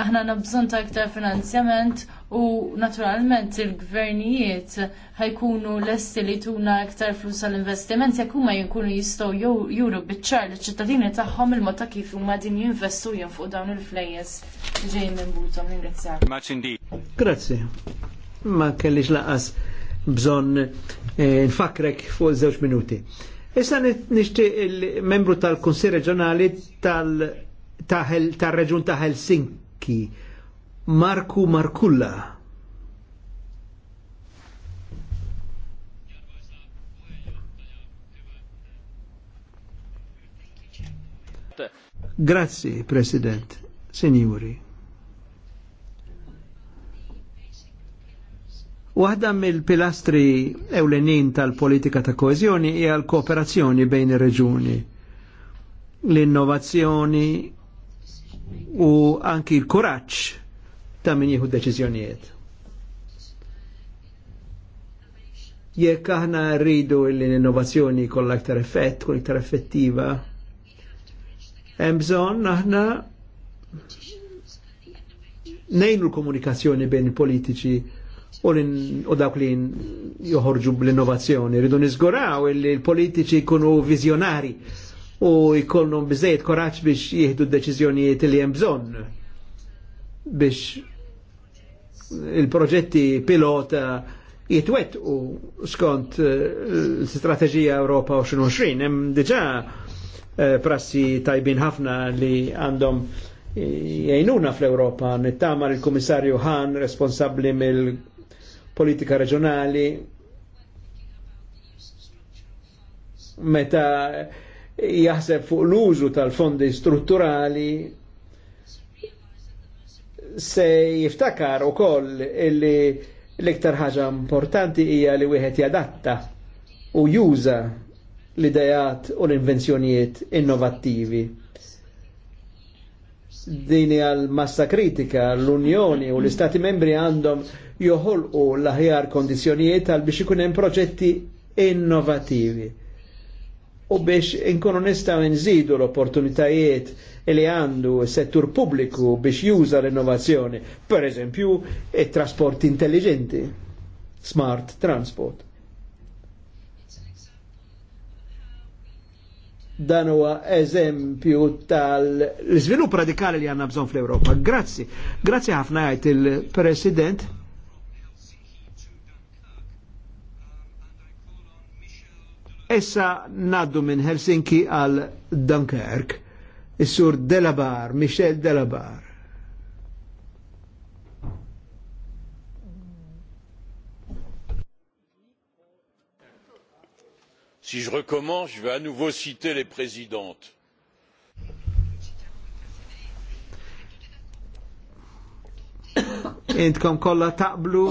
aħna nabżon ta' iktar finanzjament u naturalment il-gvernijiet ħajkunu lesti li tuna iktar flus għall-investiment jekk huma jkunu jistgħu juru biċ-ċar ċittadini tagħhom il-mod ta' kif huma din jinvestu fuq dawn il-flejjes ġejjin minn butom ringrazzjak. Grazzi. Ma kellix laqas bżonn nfakrek fuq żewġ minuti. Issa nixtieq il-membru tal-Kunsill Reġjonali tal reġjun ta' Helsinki Marku Markulla. Grazie, President, signori, Waħda mill-pilastri ewlenin tal-politika ta' koezjoni hija l-kooperazzjoni bejn ir-reġuni. L-innovazzjoni u anki l-kuraġġ ta' min jihud deċizjonijiet. Jekk aħna rridu l-innovazzjoni kollha aktar effett, kull aktar effettiva, hemm bżonn aħna nejnu l-komunikazzjoni bejn politiċi u dawk li joħorġu bl-innovazzjoni. Rridu niżguraw li l-politiċi jkunu vizjonari u jkollhom biżejjed koraġġ biex jieħdu d-deċiżjonijiet li hemm bżonn biex il-proġetti pilota eh, jitwet u skont eh, l-Strategija Europa 2020. Hemm diġa eh, prassi tajbin ħafna li għandhom jajnuna fl-Europa. nittamar il-Komissarju Han responsabli mill-politika reġjonali meta jaħseb fuq l-użu tal-fondi strutturali se jiftakar u koll illi l-iktar ħaġa importanti hija li wieħed jadatta u juża l-idejat u l-invenzjonijiet innovattivi. Din għal massa kritika l-Unjoni u l-Istati membri għandhom joħolqu l-aħjar kondizjonijiet għal biex ikun hemm proġetti innovativi u biex inkunu nistaw nżidu l-opportunitajiet li għandu settur pubbliku biex juża l-innovazzjoni, per eżempju, trasport intelligenti, smart transport. Dan huwa eżempju tal-iżvilupp radikali li għandna bżonn fl-Ewropa. Grazzi, grazzi ħafna għajt il-President. Essa naddu minn Helsinki għal Dunkirk, is-sur Delabar, Michel Delabar. Si je recommence, je vais à nouveau citer les présidentes. Intkom kolla taqblu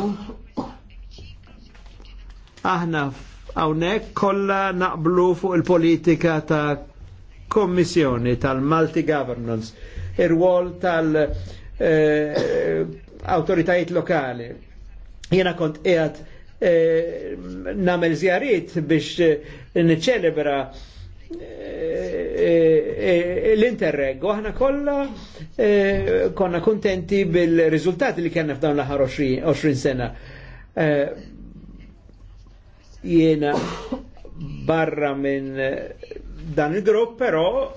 aħna hawnhekk kolla naqblu fuq il-politika ta' kommissjoni tal-multi governance, ir-wol tal-autoritajiet eh, lokali. Jiena kont qiegħed eh, namel zjarit biex eh, niċċelebra l-interreg, u aħna kollha konna kontenti bil-riżultati li kellna f'dawn l-aħħar 20 sena jiena barra minn eh, dan il-grupp, però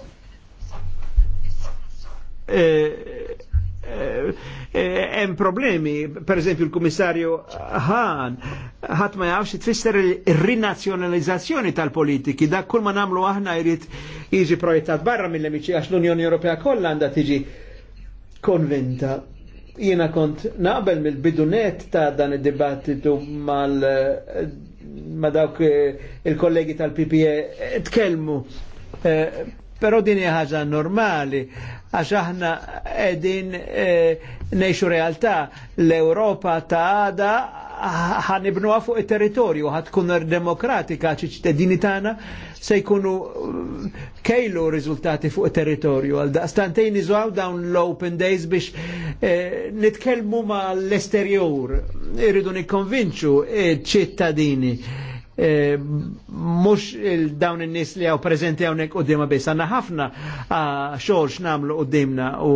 eh, eh, hemm problemi, per esempio il commissario Hahn ħat ma jafx tfisser il-rinazjonalizzazzjoni tal-politiki, da kull ma namlu aħna jrid jiġi projettat barra mill-emiċi għax l-Unjoni Ewropea kollha għandha tiġi konvinta. Jiena kont naqbel mill-bidunet ta' dan id-dibattitu mal- ma dawk eh, il-kollegi tal ppa eh, tkellmu. Eh, Però din hija ħaġa normali għax aħna qegħdin eh, nejxu realtà l-Ewropa ta' għada ħanibnuha fuq it-territorju, tkun demokratika ċittadini tagħna se jkunu eh, kejlu riżultati fuq it-territorju. Għal daqstantejn iżgħu dawn l-open days biex eh, nitkellmu ma l-esterjur, irridu nikkonvinċu ċittadini. Eh, mhux mux dawn in nies li għaw prezenti għawnek u dima bis. Għanna ħafna ah, xogħol x'namlu u dimna u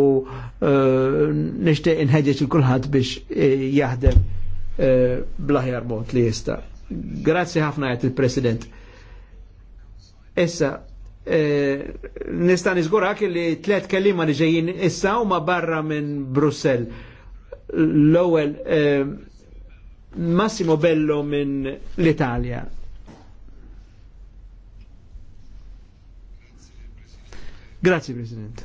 nishtiq inħeġġeġ il-kulħadd biex jaħdem Eh, blaħjar mod li jista. Grazzi ħafna għajt il-President. Issa, eh, nista għak li tlet kellima li ġejjin issa u ma barra minn Brussel. l ewel eh, Massimo Bello minn l-Italja. Grazzi, President.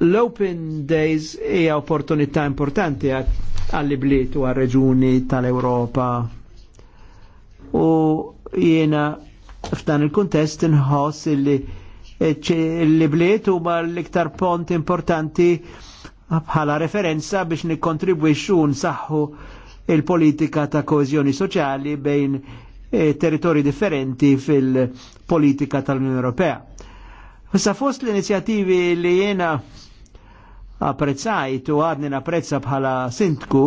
L-Open Days hija opportunità importanti għak għall-ibliet u għal-reġuni tal-Europa. U jiena f'dan il-kontest nħoss li l-ibliet u l-iktar pont importanti bħala referenza biex nikontribwixxu nsaħħu il-politika ta' koezjoni soċjali bejn e, territori differenti fil-politika tal-Unjoni Ewropea. Issa fost l inizjattivi li jena apprezzajt u għadni napprezza bħala sindku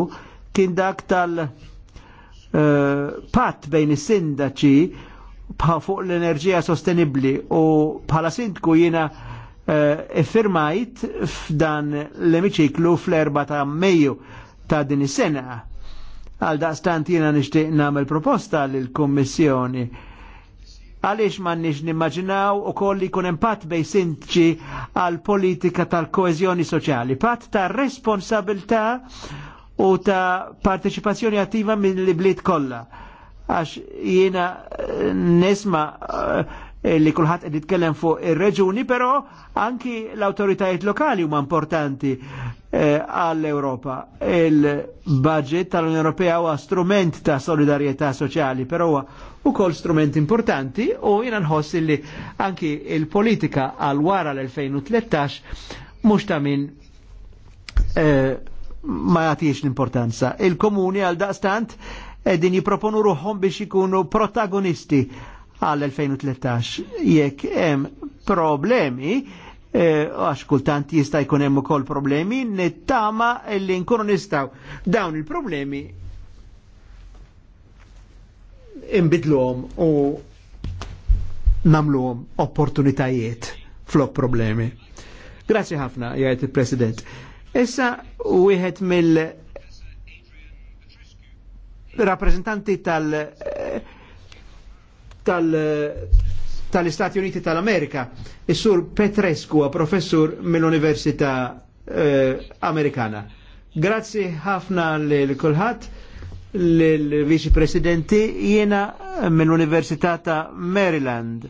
kien dak tal eh, pat bejn is-sindaċi fuq l-enerġija sostenibli u bħala sindku jiena eh, iffirmajt f'dan l-emiċiklu fl-4 ta' Mejju ta' din is-sena. Għal daqstant jiena nixtieq nagħmel proposta lill-Kummissjoni għaliex ma nix nimmaġinaw u koll li kunem pat bej sindċi għal politika tal-koezjoni soċjali, pat ta' responsabilta u ta' partecipazzjoni attiva minn li bliet kolla. Għax jiena eh, nisma eh, li kullħat qed jitkellem fuq ir-reġuni, pero anki l autoritajiet lokali huma importanti Eh, għall-Europa. Il-budget tal-Unjoni Ewropea huwa strument ta' solidarjetà soċjali, però huwa ukoll strument importanti u jiena nħoss li anki il-politika għal wara l-2013 mhux ta' min eh, ma jagħtix l-importanza. Il-komuni għal daqstant din jipproponu ruħhom biex ikunu protagonisti għall-2013. Jekk hemm problemi, E, għax kultant jista' jkun hemm ukoll problemi, nittama li nkunu nistgħu dawn il-problemi imbidluhom u namluhom opportunitajiet flok problemi. Grazzi ħafna, jgħid il-President. Issa wieħed mill rappresentanti tal eh, tal tal-Istati Uniti tal-Amerika. Is-sur Petrescu, professur mill-Università eh, Amerikana. Grazzi ħafna l-kulħat l-Vice Presidenti jiena mill-Università ta' Maryland.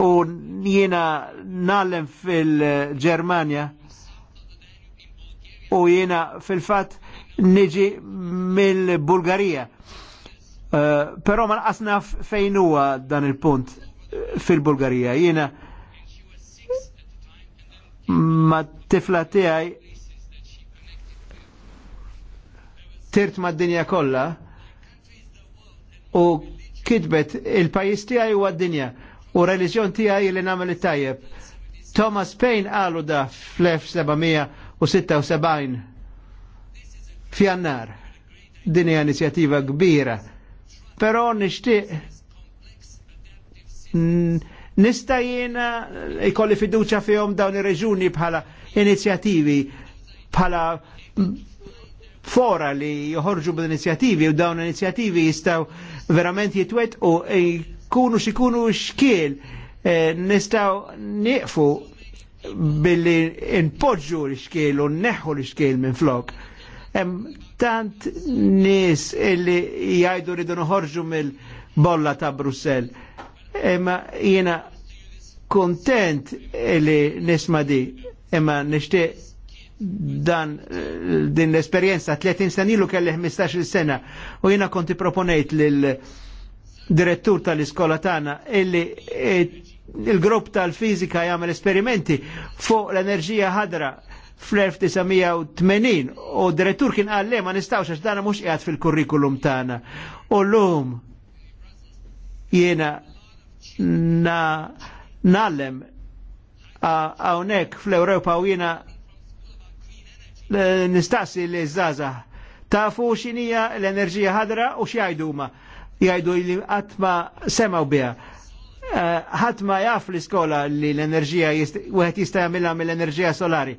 U jiena nallem fil-Germania u jiena fil-fat niġi mill-Bulgarija Eh, però ma naqasna fejn huwa dan il-punt eh, fil-Bulgarija. Jiena ma tifla tiegħi tirt ma d-dinja kollha u kitbet il-pajis tiegħi huwa d-dinja u reliġjon tiegħi li nagħmel it-tajjeb. Thomas Paine qalu da fl-1776 f'jannar. Din hija inizjattiva kbira però nishtiq nista' ikolli fiduċa fiduċja fihom dawn ir-reġuni bħala inizjattivi bħala fora li joħorġu b'inizjattivi u dawn inizjattivi jistaw verament jitwet u kunu xikunu xkiel e, nistaw nieqfu billi npoġġu l-xkiel u neħu l-xkiel minn flok. Hemm tant nies illi jgħidu ridu noħorġu mill-bolla ta' Brussell. Imma jiena kontent illi nisma di, imma nixtieq dan din l esperjenza 30 sen ilu kelli 15 sena u jiena konti proponejt lil direttur tal-iskola tagħna illi eh, il-grupp tal-fizika jagħmel esperimenti fuq l-enerġija ħadra fl-1980 u direttur kien għalle ma nistawx għax dana mux jgħat fil-kurrikulum tana. U l-lum jena na nallem għawnek fl-Europa u jena nistassi li zaza tafu xinija l-enerġija ħadra u xjajdu ma li għatma semaw bija eh, ħatma jaf l-iskola li l-enerġija u jista' jagħmilha mill-enerġija solari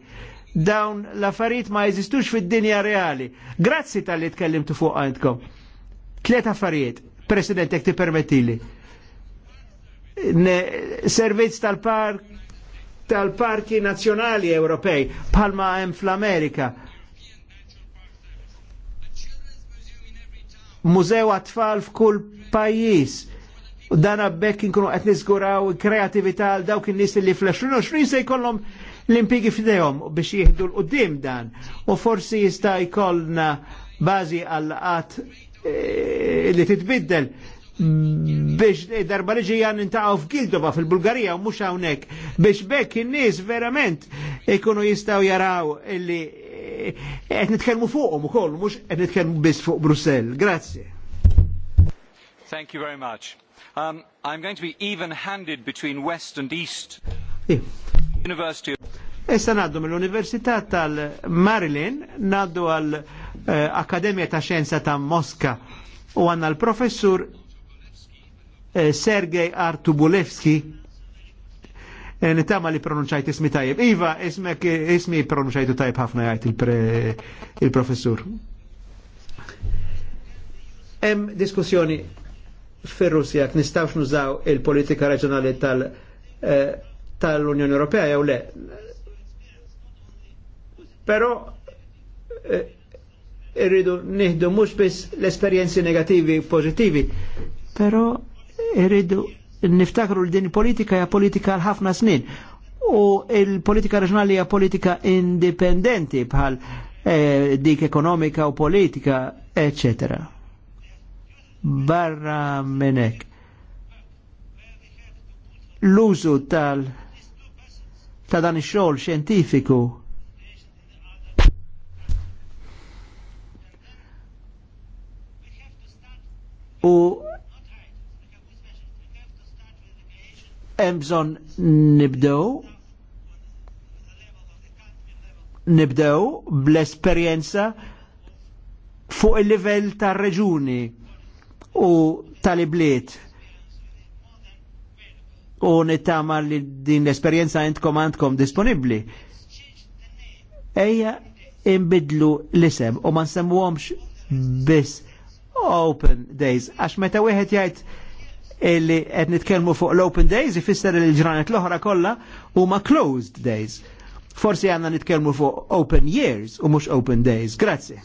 dawn l-affarijiet ma jeżistux fid-dinja reali. Grazzi tal-li tkellimtu fuq għandkom. Tliet affarijiet, President, jek ti permettili. Servizz tal-park tal-parki nazjonali Ewropej, palma hemm fl-Amerika. Mużew għatfall f'kull pajjiż. Dana bekk inkunu qed niżguraw kreatività għal dawk in-nies li fl-20 se jkollhom l-impigi f'idejhom biex jihdu l-qoddim dan u forsi jista' jkollna bażi għal qatt e, li titbiddel biex e, darba liġi għan nintaqaw f'Gildova fil-Bulgarija u mux hawnhekk biex bekk in-nies verament ikunu jistaw jaraw illi e, qed nitkellmu fuqhom ukoll mhux qed nitkellmu biss fuq Brussell. Grazzi. Thank you very much. Um, I'm going to be even-handed between West and East. Issa naddu mill-Università tal marilyn naddu għall-Akademija eh, ta' Xenza ta' Mosca u għanna l-professur eh, Sergej Artubulevski eh, Nitama li pronunċajt ismi tajib. Iva, ismek, ismi pronunċajtu tajib ħafna jgħajt il-professur. Il Hem diskussjoni fir-Russja k'nistawx nużaw il-politika reġjonali tal- eh, tal-Unjoni Ewropea jew le. Però eh, irridu nieħdu mhux biss l-esperjenzi negativi pożittivi, però irridu niftakru li din politika hija politika għal ħafna snin u il-politika reġjonali hija politika indipendenti bħal eh, dik ekonomika u politika, eccetera. Barra minnek. L-użu tal- ta' dan ix-xogħol xjentifiku. U hemm bżonn nibdew nibdew bl-esperjenza fuq il-livell tar-reġuni u tal-ibliet u nittama li din l-esperienza għandkom għandkom disponibli. Ejja imbidlu l-isem u ma nsemmuhomx biss open days. Għax meta wieħed jgħid illi qed nitkellmu fuq l-open days ifisser li l-ġranet l-oħra kollha huma closed days. Forsi għandna nitkellmu fuq open years u mhux open days. Grazzi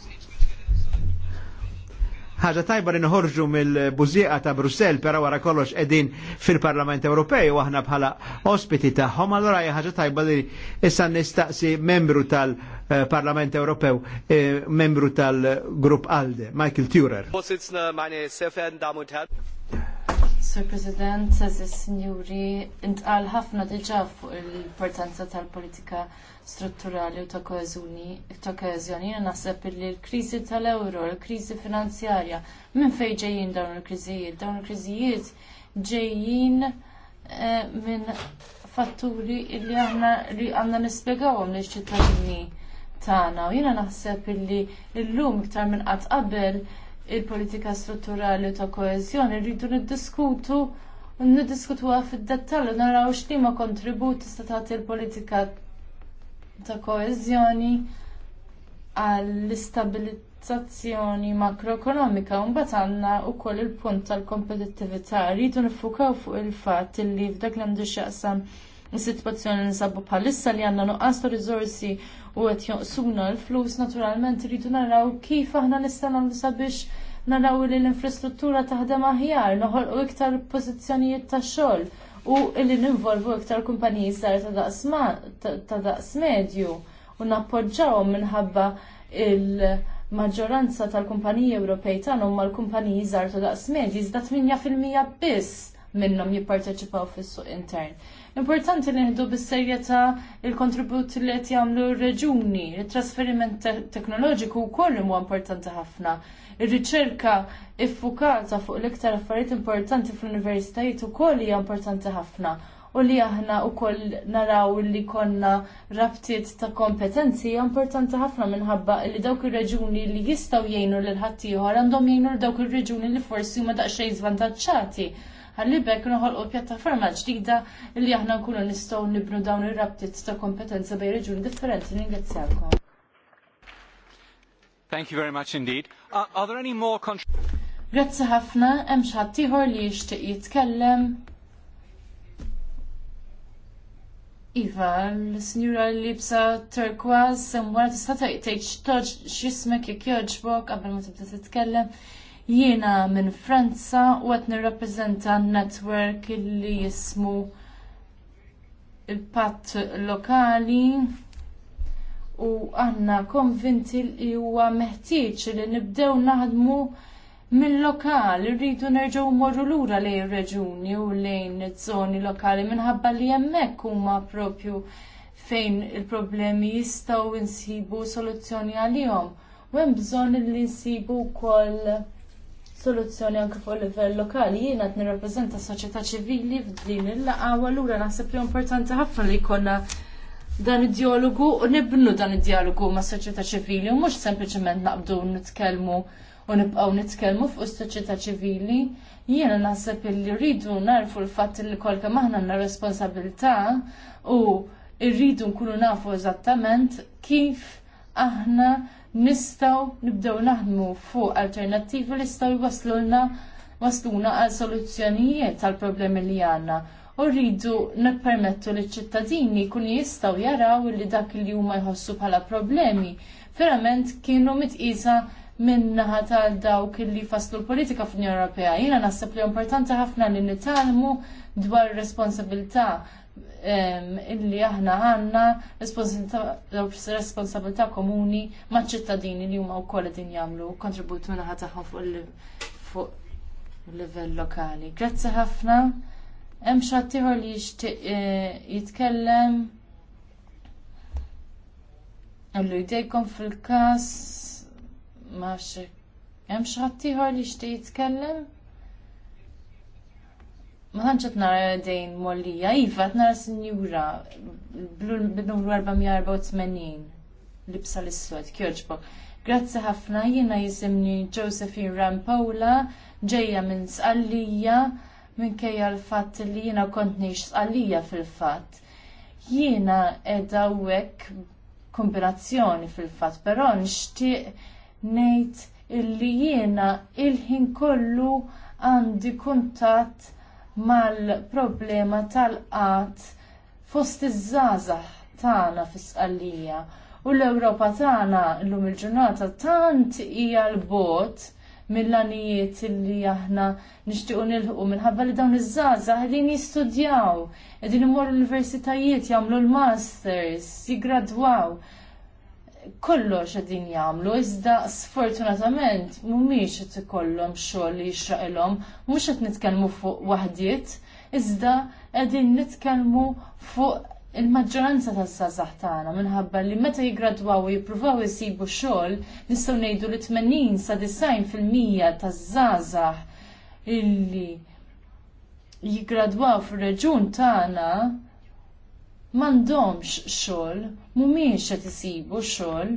ħaġa tajba li nħorġu mill-bużieqa ta' Brussel però wara kollox edin fil-Parlament Ewropej u aħna bħala ospiti tagħhom, allura hija ħaġa tajba li issa nistaqsi membru tal-Parlament Ewropew, eh, membru tal-Grupp ALDE, Michael Turer. Sir President, sażis signori, intqal ħafna diġa fuq il importanza tal-politika strutturali u ta' koezjoni, ta' koezjoni, jena naħseb li l-krizi tal ewro l-krizi finanzjarja, minn fejn ġejjin dawn il-kriżijiet? Dawn il-kriżijiet ġejjin eh, minn fatturi li għanna li għandna nispjegawhom liċ ċittadini tagħna u jiena naħseb illi llum iktar minn qatt qabel il-politika strutturali u ta' koeżjoni rridu niddiskutu niddiskutuha fid-dettall naraw x'liema kontribut tista' tagħti il politika ta' koeżjoni għall-istabilizzazzjoni makroekonomika u mbagħad għandna wkoll il-punt tal-kompetittività rridu niffukaw fuq il-fatt li f'dak li għandu xaqsam is-sitwazzjoni li nsabu bħalissa li għandna nuqqas ta' riżorsi u qed joqsuna l-flus naturalment rridu naraw kif aħna nista' nagħmlu sabiex naraw li l-infrastruttura taħdem aħjar, noħolqu iktar pożizzjonijiet ta' xogħol u illi ninvolvu iktar kumpaniji sar ta' daqs medju u nappoġġaw minħabba il-maġġoranza tal-kumpaniji Ewropej tagħhom mal-kumpaniji żgħar ta' daqs medji iżda 8% biss minnhom jipparteċipaw fis-suq intern. Importanti li nħdu bis-serjetà il-kontribut li qed jagħmlu r-reġuni, it trasferiment teknoloġiku wkoll huwa importanti ħafna ir-riċerka iffukata fuq l-iktar affarijiet importanti fl-universitajiet ukoll hija importanti ħafna u li aħna u koll naraw li konna rabtiet ta' kompetenzi hija importanti ħafna minħabba li dawk ir-reġuni li jistaw jgħinu l ħaddieħor għandhom jgħinu dawk ir-reġuni li forsi huma daqsxejn żvantaġġati. ħalli bekk noħolqu pjattaforma ġdida li aħna nkunu nistgħu nibnu dawn ir raftiet ta' kompetenza bejn reġuni differenti. Ningrazzjakom. Thank you very much indeed. Uh, are there any more Grazzi ħafna, hemm xi ħadd ieħor li jixtieq jitkellem. Iva, l-Sinjura Libsa Turkwaz, mwara tista' tgħid x'toġġ x'ismek jekk jogħġbok qabel ma tibda titkellem. Jiena minn Franza u qed nirrappreżenta netwerk li jismu il-patt lokali u għanna konvinti li huwa meħtieġ li nibdew naħdmu mill-lokal, rridu nerġgħu morru lura lejn reġuni u lejn iż-żoni lokali minħabba li hemmhekk huma propju fejn il-problemi jistgħu insibu soluzzjoni għalihom. U hemm bżonn li nsibu wkoll soluzzjoni anke fuq livell lokali. Jiena qed nirrappreżenta soċjetà ċivili f'din il-laqgħa u allura naħseb li importanti ħafna li jkollna dan id-dialogu u nibnu dan id-dialogu ma' soċjetà ċivili u mhux sempliċement naqbdu nitkellmu u nibqgħu nitkellmu fuq is-soċjetà ċivili. Jiena naħseb illi rridu narfu l-fatt li kolka maħna għandna responsabilità u rridu nkunu nafu eżattament kif aħna nistgħu nibdew naħdmu fuq alternattivi li jistgħu jwaslulna wasluna għal soluzzjonijiet tal problemi li għandna u rridu nippermettu li ċittadini kun jistaw jaraw li dak li huma jħossu bħala problemi verament kienu mitqisa minnaħa tal dawk li faslu l-politika fl-Unjoni Ewropea. Jiena naħseb li importanti ħafna li nitalmu dwar responsabilità illi aħna għanna responsabilità komuni ma' ċittadini li huma wkoll din jagħmlu kontribut minnaħa tagħhom fuq il-livell lokali. Grazzi ħafna. Hemm xattiħor li jixtieq eh, jitkellem Allu jdejkom fil-kas ma hemm xattiħor li jixtieq jitkellem? Ma tantx qed nara dejn mollija, iva qed nara sinjura bil-numru 484 libsa l-iswed, kjoġbok. Grazzi ħafna, jiena jisimni Josephine Rampola, ġejja minn Sqallija, minkejja l-fatt li jiena kont nix sqalija fil-fatt. Jiena edha hawnhekk kombinazzjoni fil-fatt, però nixtieq ngħid illi jiena il-ħin kollu għandi kuntatt mal-problema tal-qat fost iż-żgħażagħ tagħna fis qalija U l-Ewropa tagħna llum il-ġurnata tant hija l-bot mill li illi aħna nixtiequ nilħu minħabba li dawn iż-żgħażagħ qegħdin jistudjaw, qegħdin imorru l-universitajiet jagħmlu l-masters, jiggradwaw. Kollox qegħdin jagħmlu, iżda sfortunatament mhumiex qed ikollhom xogħol li jixraqilhom, mhux qed nitkellmu fuq waħdiet, iżda qegħdin nitkellmu fuq il-maġġoranza tas-sażaħ tagħna minħabba li meta jiggradwaw u jippruvaw isibu xogħol nistgħu ngħidu li 80 sa 90 fil-mija taż-żgħażagħ illi jiggradwaw fir-reġun tagħna m'għandhomx xogħol, mhumiex qed isibu xogħol,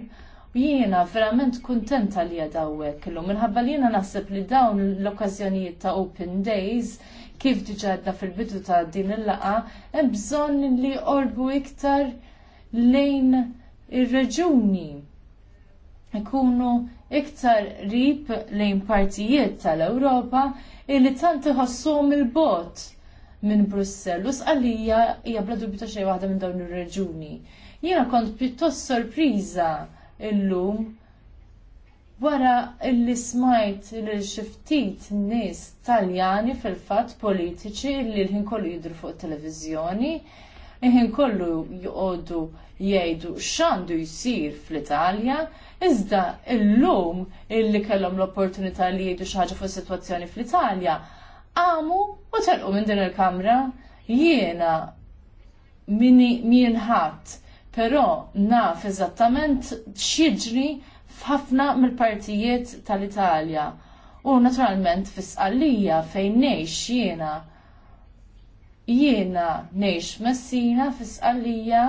jiena verament kuntenta li għadawek l-lum, minħabba li jiena naħseb li dawn l okkażjonijiet ta' Open Days kif diġà fil-bidu ta' din il-laqa, hemm bżonn li orbu iktar lejn ir-reġuni. Ikunu iktar rib lejn partijiet tal-Ewropa illi tant iħossuhom il-bot minn Brussell u sqalija hija bla dubju ta' xejn waħda minn dawn ir-reġuni. Jiena kont pjuttost sorpriża illum Wara illi smajt li xiftit nies taljani fil fatt politiċi li l-ħin kollu jidru fuq televizjoni, il-ħin kollu joqogħdu jgħidu x'għandu jsir fl-Italja, iżda illum illi kellhom l-opportunità li jgħidu xi ħaġa fuq is-sitwazzjoni fl-Italja, għamu u telqu minn din il-kamra jiena min ħadd, però naf eżattament x'jiġri f'ħafna mill-partijiet tal-Italja. U naturalment fis-Sqallija fejn ngħix jiena jiena ngħix Messina fis-Sqallija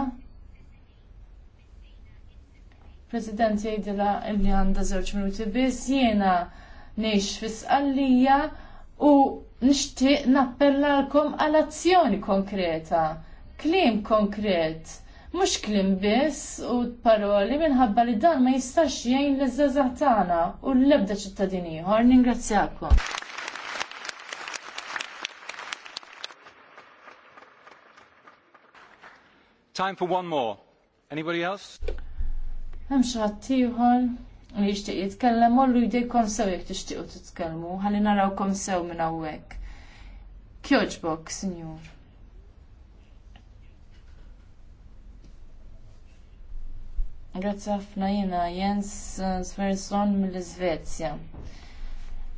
President jgħidila li għandha żewġ minuti biss jiena ngħix fis-Sqallija u nixtieq nappellalkom għal azzjoni konkreta, kliem konkret mhux klim biss u paroli minħabba li dan ma jistax jgħin l-żgħażagħ tagħna u l-ebda ċittadin ieħor. Ningrazzjakom. Time for one more. Anybody else? Hemm xi ħadd ieħor li jixtieq jitkellem ollu jdejkom sew jekk tixtiequ titkellmu, ħalli narawkom sew minn hawnhekk. Kjoġbok, Signor. Grazzi ħafna jiena Jens eh, Sverson mill-Iżvezja.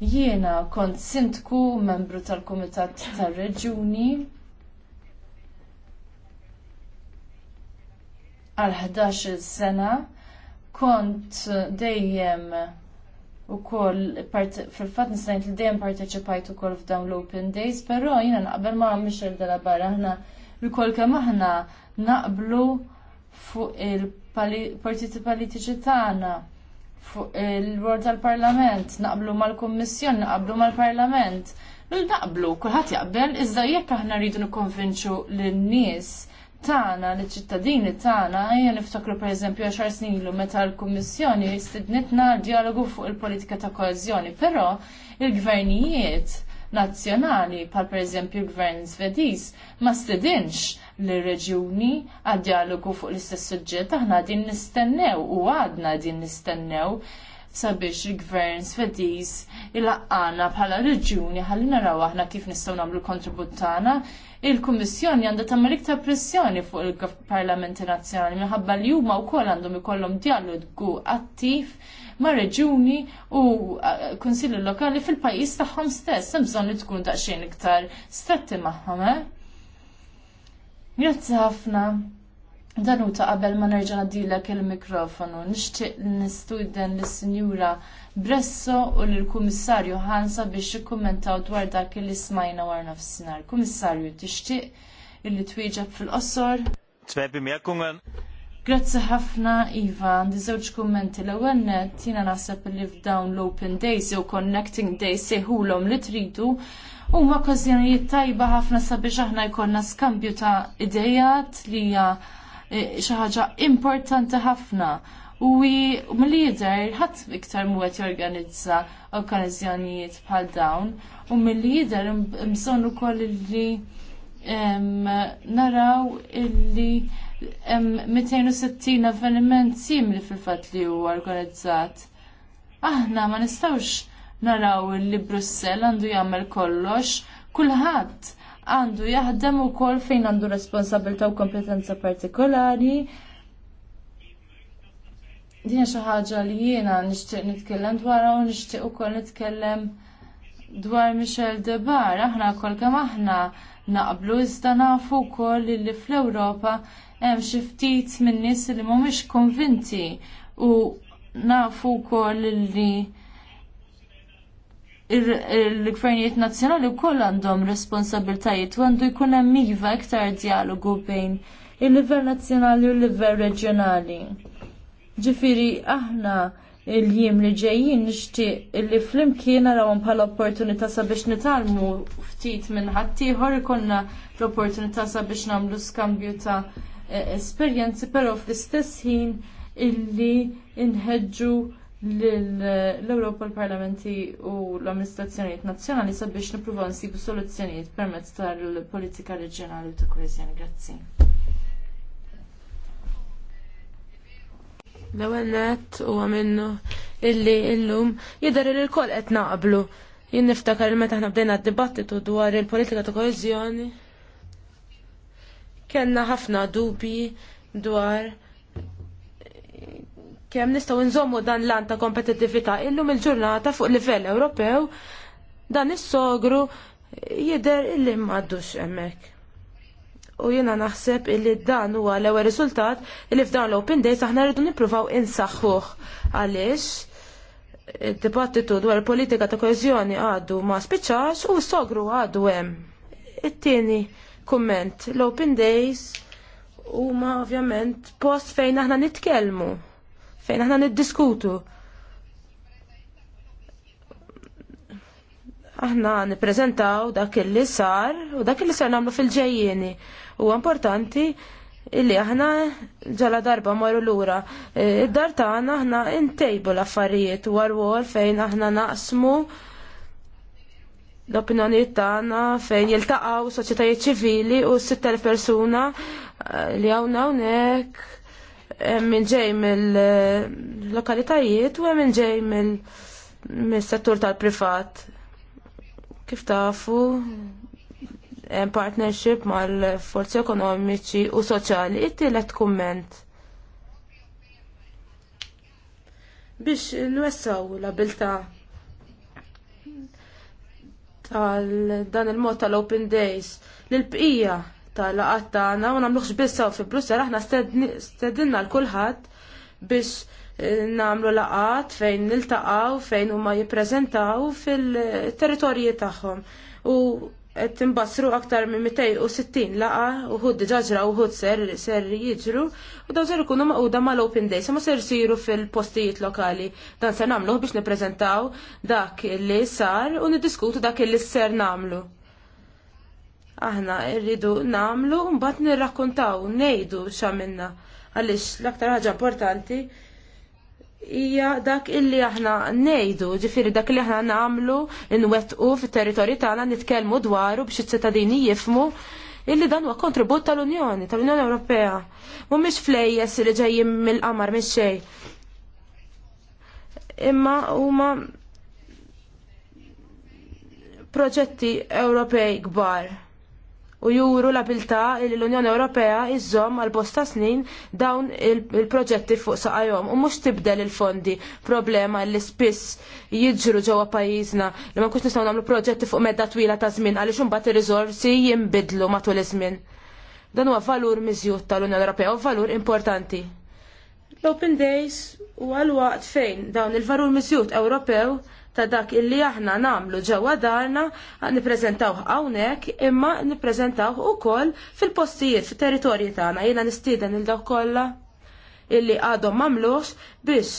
Jiena kont sindku membru tal-Kumitat tar-Reġuni għal 11 sena kont eh, dejjem u koll, fil-fat nisajt li dejjem parteċipajt u koll f'dawn l-Open Days, pero jena naqbel ma' Michel Dalabara, Barra, ħna l-koll naqblu fuq il partiti politiċi tagħna fuq il ruol tal-Parlament, naqblu mal-Kummissjon, naqblu mal-Parlament. Lul naqblu, kulħadd jaqbel, iżda jekk aħna rridu nikkonvinċu lin-nies tagħna, liċ-ċittadini tagħna, ejja niftakru pereżempju għaxar snin ilu meta l-Kummissjoni stidnitna dialogu fuq il-politika ta' koeżjoni, però il-gvernijiet nazzjonali, pal pereżempju l-gvern Svediż, ma stidinx l-reġjuni għad-dialogu fuq l-istess suġġett aħna din nistennew u għadna din nistennew sabiex il-gvern svediż il-laqqana bħala reġjuni ħalli naraw aħna kif nistgħu nagħmlu kontribut tagħna. Il-Kummissjoni għandha tagħmel iktar pressjoni fuq il-Parlamenti Nazzjonali minħabba li huma wkoll għandhom ikollhom dialogu attiv ma' reġjuni u uh, kunsilli lokali fil-pajjiż tagħhom stess hemm bżonn li tkun daqsxejn iktar stretti magħhom, eh? Grazzi ħafna. Danuta qabel ma nerġa' nadilek il-mikrofonu, nixtieq nistuden lis-Sinjura Bresso u lill-Kummissarju Ħansa biex jikkummentaw dwar dak li smajna war nofsinhar. Kummissarju, tixtieq illi twieġeb fil-qosor? Zwei Grazzi ħafna Iva, għandi żewġ kummenti l-ewwel nett jiena naħseb li f'dawn l-Open Days jew Connecting Days sejħulhom li tridu huma okkażjonijiet tajba ħafna sabiex aħna jkollna skambju ta' idejat li hija e, xi ħaġa importanti ħafna. U mill-lider ħadd iktar mwet jorganizza okkażjonijiet bħal dawn u mill-lider bżonn ukoll li naraw illi 260 avveniment simli fil-fatt li huwa organizzat. Aħna ma nistgħux naraw li Brussell għandu jagħmel kollox, kulħadd għandu jaħdem ukoll fejn għandu responsabilità u kompetenza partikolari. Din xi ħaġa li jiena nixtieq nitkellem dwar u nixtieq ukoll nitkellem dwar Michel Debar, aħna kol kem aħna naqblu iżda nafu kol li fl-Europa hemm xi ftit minn nies li mhumiex konvinti u nafu kol li il-gvernijiet nazzjonali wkoll għandhom responsabiltajiet u għandu jkun hemm iva iktar dialogu bejn il-livell nazzjonali u l-livell reġjonali. Ġifieri aħna il-jiem li ġejjin nixtieq li flimkien narawhom bħala opportunità sabiex nitalmu ftit minn ħaddieħor ikollna l-opportunità sabiex nagħmlu skambju ta' e, esperjenzi però fl-istess ħin illi inħeġġu l-Europa l-Parlamenti u l-Amministrazzjonijiet Nazzjonali sabiex nippruvaw nsibu soluzzjonijiet permezz tal-politika reġjonali u ta' koeżjoni. Grazzi. L-ewwel nett huwa minnu illi illum jidher li l-kol qed naqblu. Jien niftakar meta aħna bdejna d-dibattitu dwar il-politika ta' koeżjoni. Kenna ħafna dubji dwar kemm nistgħu nżommu dan l-an ta' kompetittività illum il-ġurnata fuq livell Ewropew dan is-sogru jidher illi m'għaddux hemmhekk. U jiena naħseb illi dan huwa l-ewwel riżultat illi f'dan l-open days aħna rridu nippruvaw insaħħuh għaliex id-dibattitu dwar politika ta' koeżjoni għadu ma spiċċax u s-sogru għadu hemm. It-tieni kumment l-open days huma ovvjament post fejn aħna nitkellmu fejn aħna niddiskutu. Aħna nippreżentaw dak li sar u dak li sar nagħmlu fil-ġejjieni. Huwa importanti illi aħna ġala darba marru lura. E, id-dar tagħna aħna intejbu l-affarijiet war wol fejn aħna naqsmu l-opinjonijiet tagħna fejn jiltaqgħu soċjetajiet ċivili u 6000 persuna e, li hawn hawnhekk min ġej mill-lokalitajiet u min ġej mill-settur tal-privat. Kif tafu, hemm partnership mal-forzi ekonomiċi u soċjali. It-tielet kumment. Biex nwessaw l-abilta tal dan il-mod tal-open days l-bqija tal-laqat tagħna u nagħmluhx biss fi Brussel aħna stedinna l kulħadd biex eh, nagħmlu laqat fejn niltaqgħu fejn huma jippreżentaw fil-territorji tagħhom. U qed imbassru aktar minn 260 laqa uħud diġà ġra uħud ser ser jiġru u daw ser ikunu maquda mal-open days ma ser siru fil-postijiet lokali dan ser nagħmluh biex nippreżentaw dak li sar u niddiskutu dak li ser nagħmlu aħna rridu namlu mbagħad nirrakkuntaw, ngħidu x'għamilna għaliex l-aktar ħaġa importanti hija dak illi aħna ngħidu, ġifieri dak li aħna nagħmlu nwettqu fit-territorju tagħna nitkellmu dwaru biex iċ-ċittadini jifmu illi dan huwa kontribut tal-Unjoni, tal-Unjoni Ewropea. Mhumiex flejjes li ġejjin mill-qamar minn xejn. Imma huma proġetti Ewropej kbar u juru l-abilta li l-Unjoni Ewropea iżżomm għal bosta snin dawn il-proġetti fuq saqajhom u mhux tibdel il-fondi problema li spiss jiġru ġewwa pajjiżna li ma nkunx nistgħu nagħmlu proġetti fuq medda twila ta' żmien għaliex imbagħad ir-riżorsi jinbidlu matul iż-żmien. Dan huwa valur miżjud tal-Unjoni Ewropea u valur importanti. L-Open Days u għal-waqt fejn dawn il-valur miżjud Ewropew ta' dak illi aħna namlu ġewwa darna nippreżentawh hawnhekk imma nippreżentawh ukoll fil-postijiet fit-territorji tagħna jiena nistieden il dawk kollha illi għadhom mamlux biex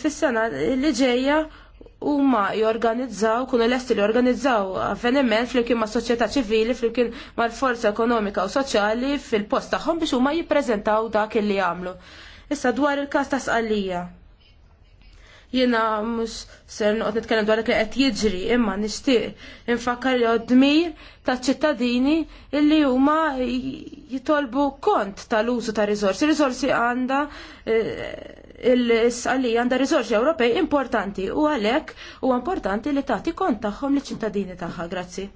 fis-sena li ġejja huma jorganizzaw, kunu lesti li jorganizzaw avveniment flimkien ma' soċjetà ċivili, flimkien ma' forza ekonomika u soċjali fil-post tagħhom biex huma jippreżentaw dak illi jagħmlu. Issa dwar il-każ ta' sqalija. Jiena mhux ser noqgħod nitkellem dwar li qed jiġri imma nixtieq infakkar li dmir ta' ċittadini illi huma jitolbu kont tal-użu ta' riżorsi. Riżorsi għandha eh, il-sqalli għandha riżorsi Ewropej importanti u għalhekk huwa importanti li tagħti kont tagħhom liċ ċittadini tagħha. Grazzi.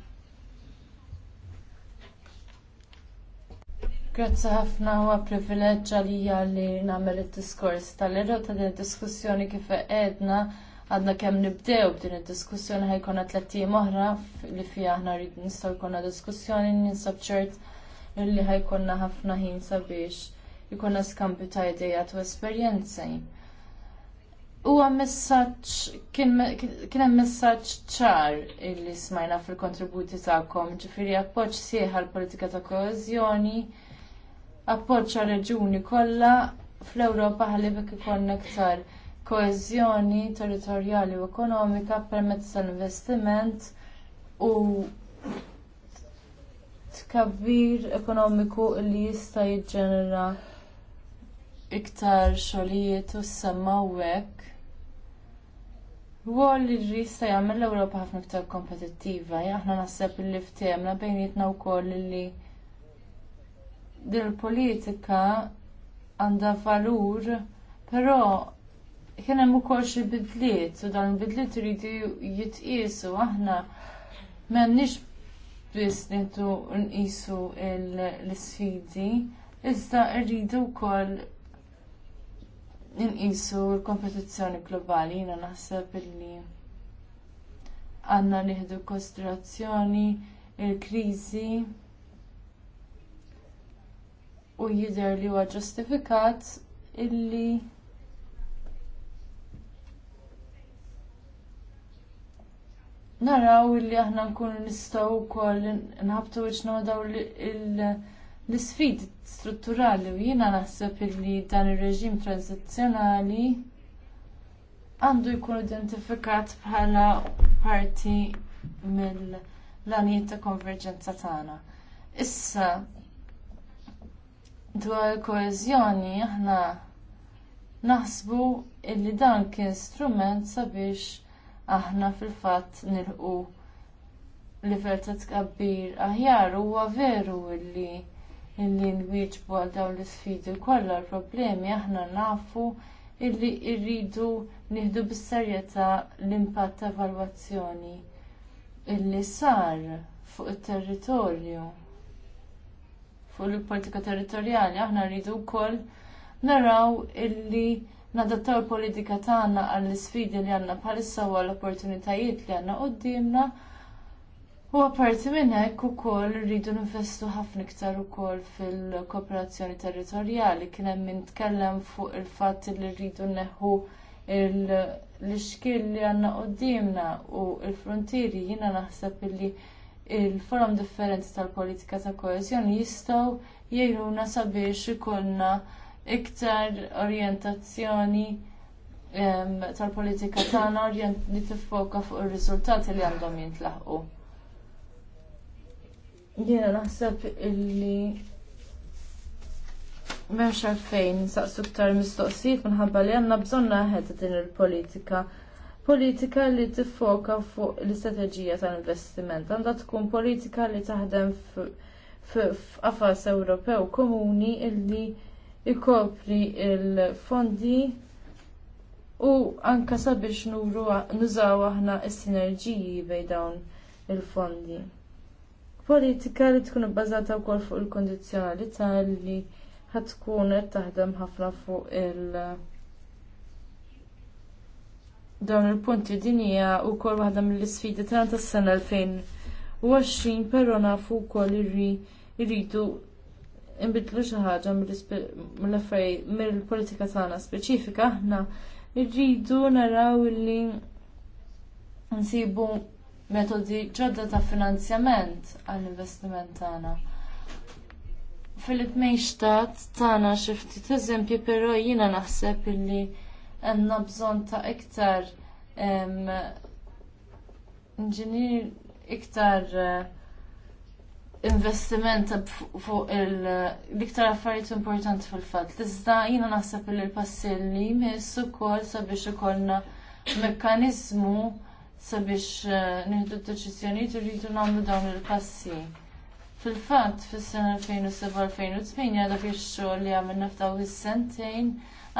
Grazzi ħafna huwa privileġġ għalija li nagħmel id-diskors tal-erro ta' din id-diskussjoni kif qedna għadna kemm nibdew b'din id-diskussjoni ħajkonna tlettijiem oħra li fija aħna rrid nistgħu jkollna diskussjoni ninsab ċert li ħajkonna ħafna ħin sabiex jkunna skambju ta' idejat u esperjenzi. Huwa messaġġ kien hemm messaġġ ċar illi smajna fil-kontributi tagħkom, ġifieri appoġġ sieħa l-politika ta' koeżjoni appoġġa reġuni kollha fl-Ewropa ħalli bekk ikollna koeżjoni territorjali u ekonomika permezz tal-investiment u tkabbir ekonomiku li jista' jiġġenera iktar xogħlijiet u s-semma hekk. Wall li jista' jagħmel l-Ewropa ħafna iktar kompetittiva, aħna naħseb li ftehmna bejnietna wkoll li din il-politika għandha valur, però kien hemm ukoll xi bidliet u dan il-bidliet iridu jitqiesu aħna m'għandniex biss nitu nqisu l-sfidi, iżda rridu wkoll nqisu l-kompetizzjoni globali jiena naħseb illi għandna nieħdu konsiderazzjoni il-kriżi il kriżi u jidher li huwa ġustifikat illi naraw illi aħna nkunu nistgħu wkoll nħabtu wiċċna ma' dawn l-isfidi strutturali u jiena naħseb illi dan ir-reġim tranzizzjonali għandu jkun identifikat bħala parti mill-lanijiet ta' konverġenza tagħna. Issa dwar koeżjoni aħna naħsbu illi dan kien strument sabiex aħna fil-fatt nilqu livell ta' tkabbir aħjar huwa veru illi illi nwieġbu għal dawn l-isfidi kollha l-problemi aħna nafu illi rridu nieħdu bis-serjetà l-impatt ta' evalwazzjoni illi sar fuq it-territorju fuq il-politika territorjali, aħna rridu wkoll naraw illi nadattaw il-politika tagħna għall isfidi li għandna bħalissa u għall opportunitajiet li għandna qudiemna. U apparti minn hekk ukoll rridu ninvestu ħafna iktar ukoll fil-kooperazzjoni territorjali kien hemm min tkellem fuq il-fatt li rridu neħu l-ixkil li għandna qudiemna u l-frontieri jiena naħseb illi il-forum differenti tal-politika ta' koeżjoni jistgħu jgħinuna sabiex ikollna iktar orjentazzjoni tal-politika tagħna li tiffoka fuq ir-riżultati li għandhom jintlaħqu. Jiena naħseb illi m'hemmx għalfejn saqsu iktar mistoqsijiet minħabba li għandna bżonn naħed din il-politika politika li tiffoka fuq l-istrateġija tal-investiment. Għandha tkun politika li taħdem f'qafas Ewropew komuni illi ikopri il-fondi u anke sabiex nuru nużaw aħna s-sinerġiji bejn dawn il-fondi. Politika li tkun bbażata wkoll fuq il-kondizzjonalità li ħatkun qed taħdem ħafna fuq il- dawn il-punti din hija wkoll waħda mill-isfidi tagħna tas-sena 2020 però nafu wkoll irridu nbidlu xi ħaġa mill-politika tagħna speċifika aħna irridu naraw illi nsibu metodi ġodda ta' finanzjament għall-investiment tagħna. Filip mejn xtat tagħna xi ftit eżempji, però jiena naħseb illi għanna bżonn ta' iktar inġinir iktar eh, investiment fuq il iktar affarijiet importanti fil-fatt. Iżda jiena naħseb li l-passi li jmiss ukoll sabiex ikollna mekkaniżmu sabiex eh, nieħdu d-deċiżjonijiet u rridu nagħmlu dawn il-passi. Fil-fatt, fis-sena 2007-2008 dak ix-xogħol li għamilna f'daw is-sentejn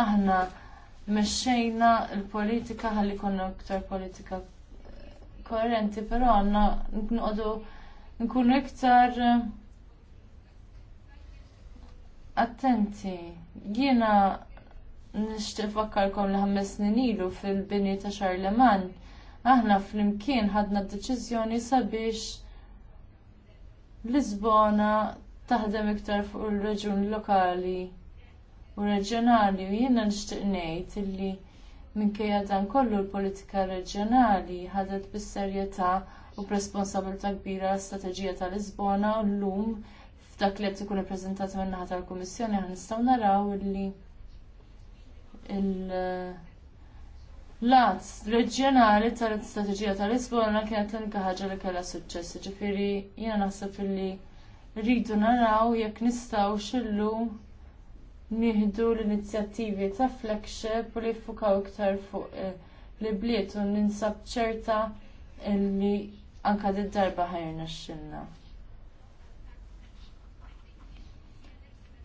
aħna mexxejna l-politika ħalli konna iktar politika eh, koerenti, però għanna nqogħdu nkunu iktar eh, attenti. Jiena nixtieq fakkarkom li ħames snin ilu fil-bini ta' Charlemagne, aħna flimkien ħadna d-deċiżjoni sabiex Lisbona taħdem iktar fuq ir reġun lokali u reġjonali u jiena nixtieq ngħid illi minkejja dan kollu l-politika reġjonali ħadet bis-serjetà u b'responsabilità kbira l-istrateġija tal-Lisbona u llum f'dak li qed ikun ippreżentat min-naħa tal-Kummissjoni aħna nistgħu naraw illi l-lat reġjonali tal-istrateġija tal-Lisbona kienet l-unika ħaġa li kellha suċċess, ġifieri jiena naħseb illi rridu naraw jekk nistgħu xillum nieħdu l-inizjattivi ta' flagship u li fukaw iktar fuq eh, li bliet u ninsab ċerta li anka d-darba ħajrna xinna.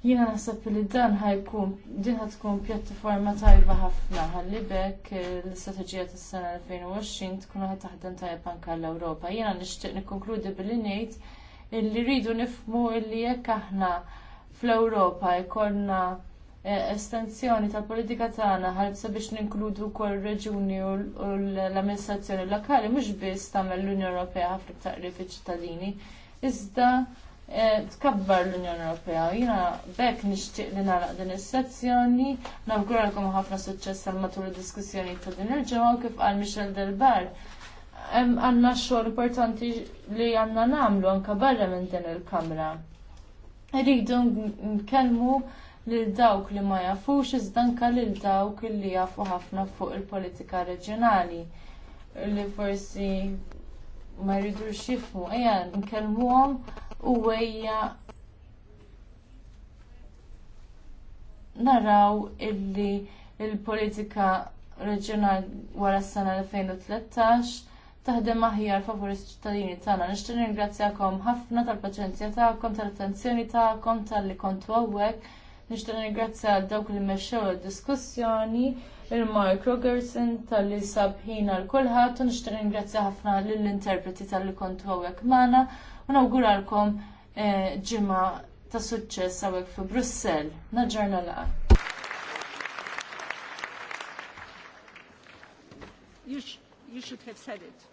Jiena naħseb li dan ħajkun din tkun pjattaforma tajba ħafna ħalli bekk eh, l-istrateġija tas-sena 2020 tkun ħad taħdem tajba anka l-Ewropa. Jiena nixtieq nikkonkludi billi ngħid illi rridu nifhmu illi jekk aħna fl-Ewropa jkollna eh, estensjoni tal-politika tagħna ħalbsa biex ninkludu wkoll ir-reġjuni u l-amministrazzjoni lokali mhux biss tagħmel l-Unjoni Ewropea ħafna taqrib iċ-ċittadini, iżda eh, tkabbar l-Unjoni Ewropea. Jiena bekk nixtieq li nagħlaq din is-sezzjoni, nawguralkom ħafna suċċess għal matul id-diskussjoni ta' din il-ġimgħa kif qal Michel Delbar. Għandna xogħol importanti li għandna nagħmlu anke barra minn din il-Kamra rridu nkellmu lil dawk li ma jafux iżdanka lil dawk li jafu ħafna fuq il-politika reġjonali li forsi ma jridux jifmu ejja nkellmuhom u ejja naraw illi il-politika reġjonali wara s-sena 2013 taħdem aħjar favur iċ-ċittadini tagħna. Nixtieq ningrazzjakom ħafna tal-paċenzja tagħkom, tal-attenzjoni tagħkom, tal-li kontu hawnhekk. Nixtieq ningrazzja dawk li mexew id-diskussjoni, il-Mark Rogerson tal-li sabħina l kulħadd u nixtieq ningrazzja ħafna lill-interpreti tal-li kontu hawnhekk magħna u nawguralkom eh, ġimgħa ta' suċċess hawnhekk fi Brussell. Naġġorna laqgħa. You, sh you should have said it.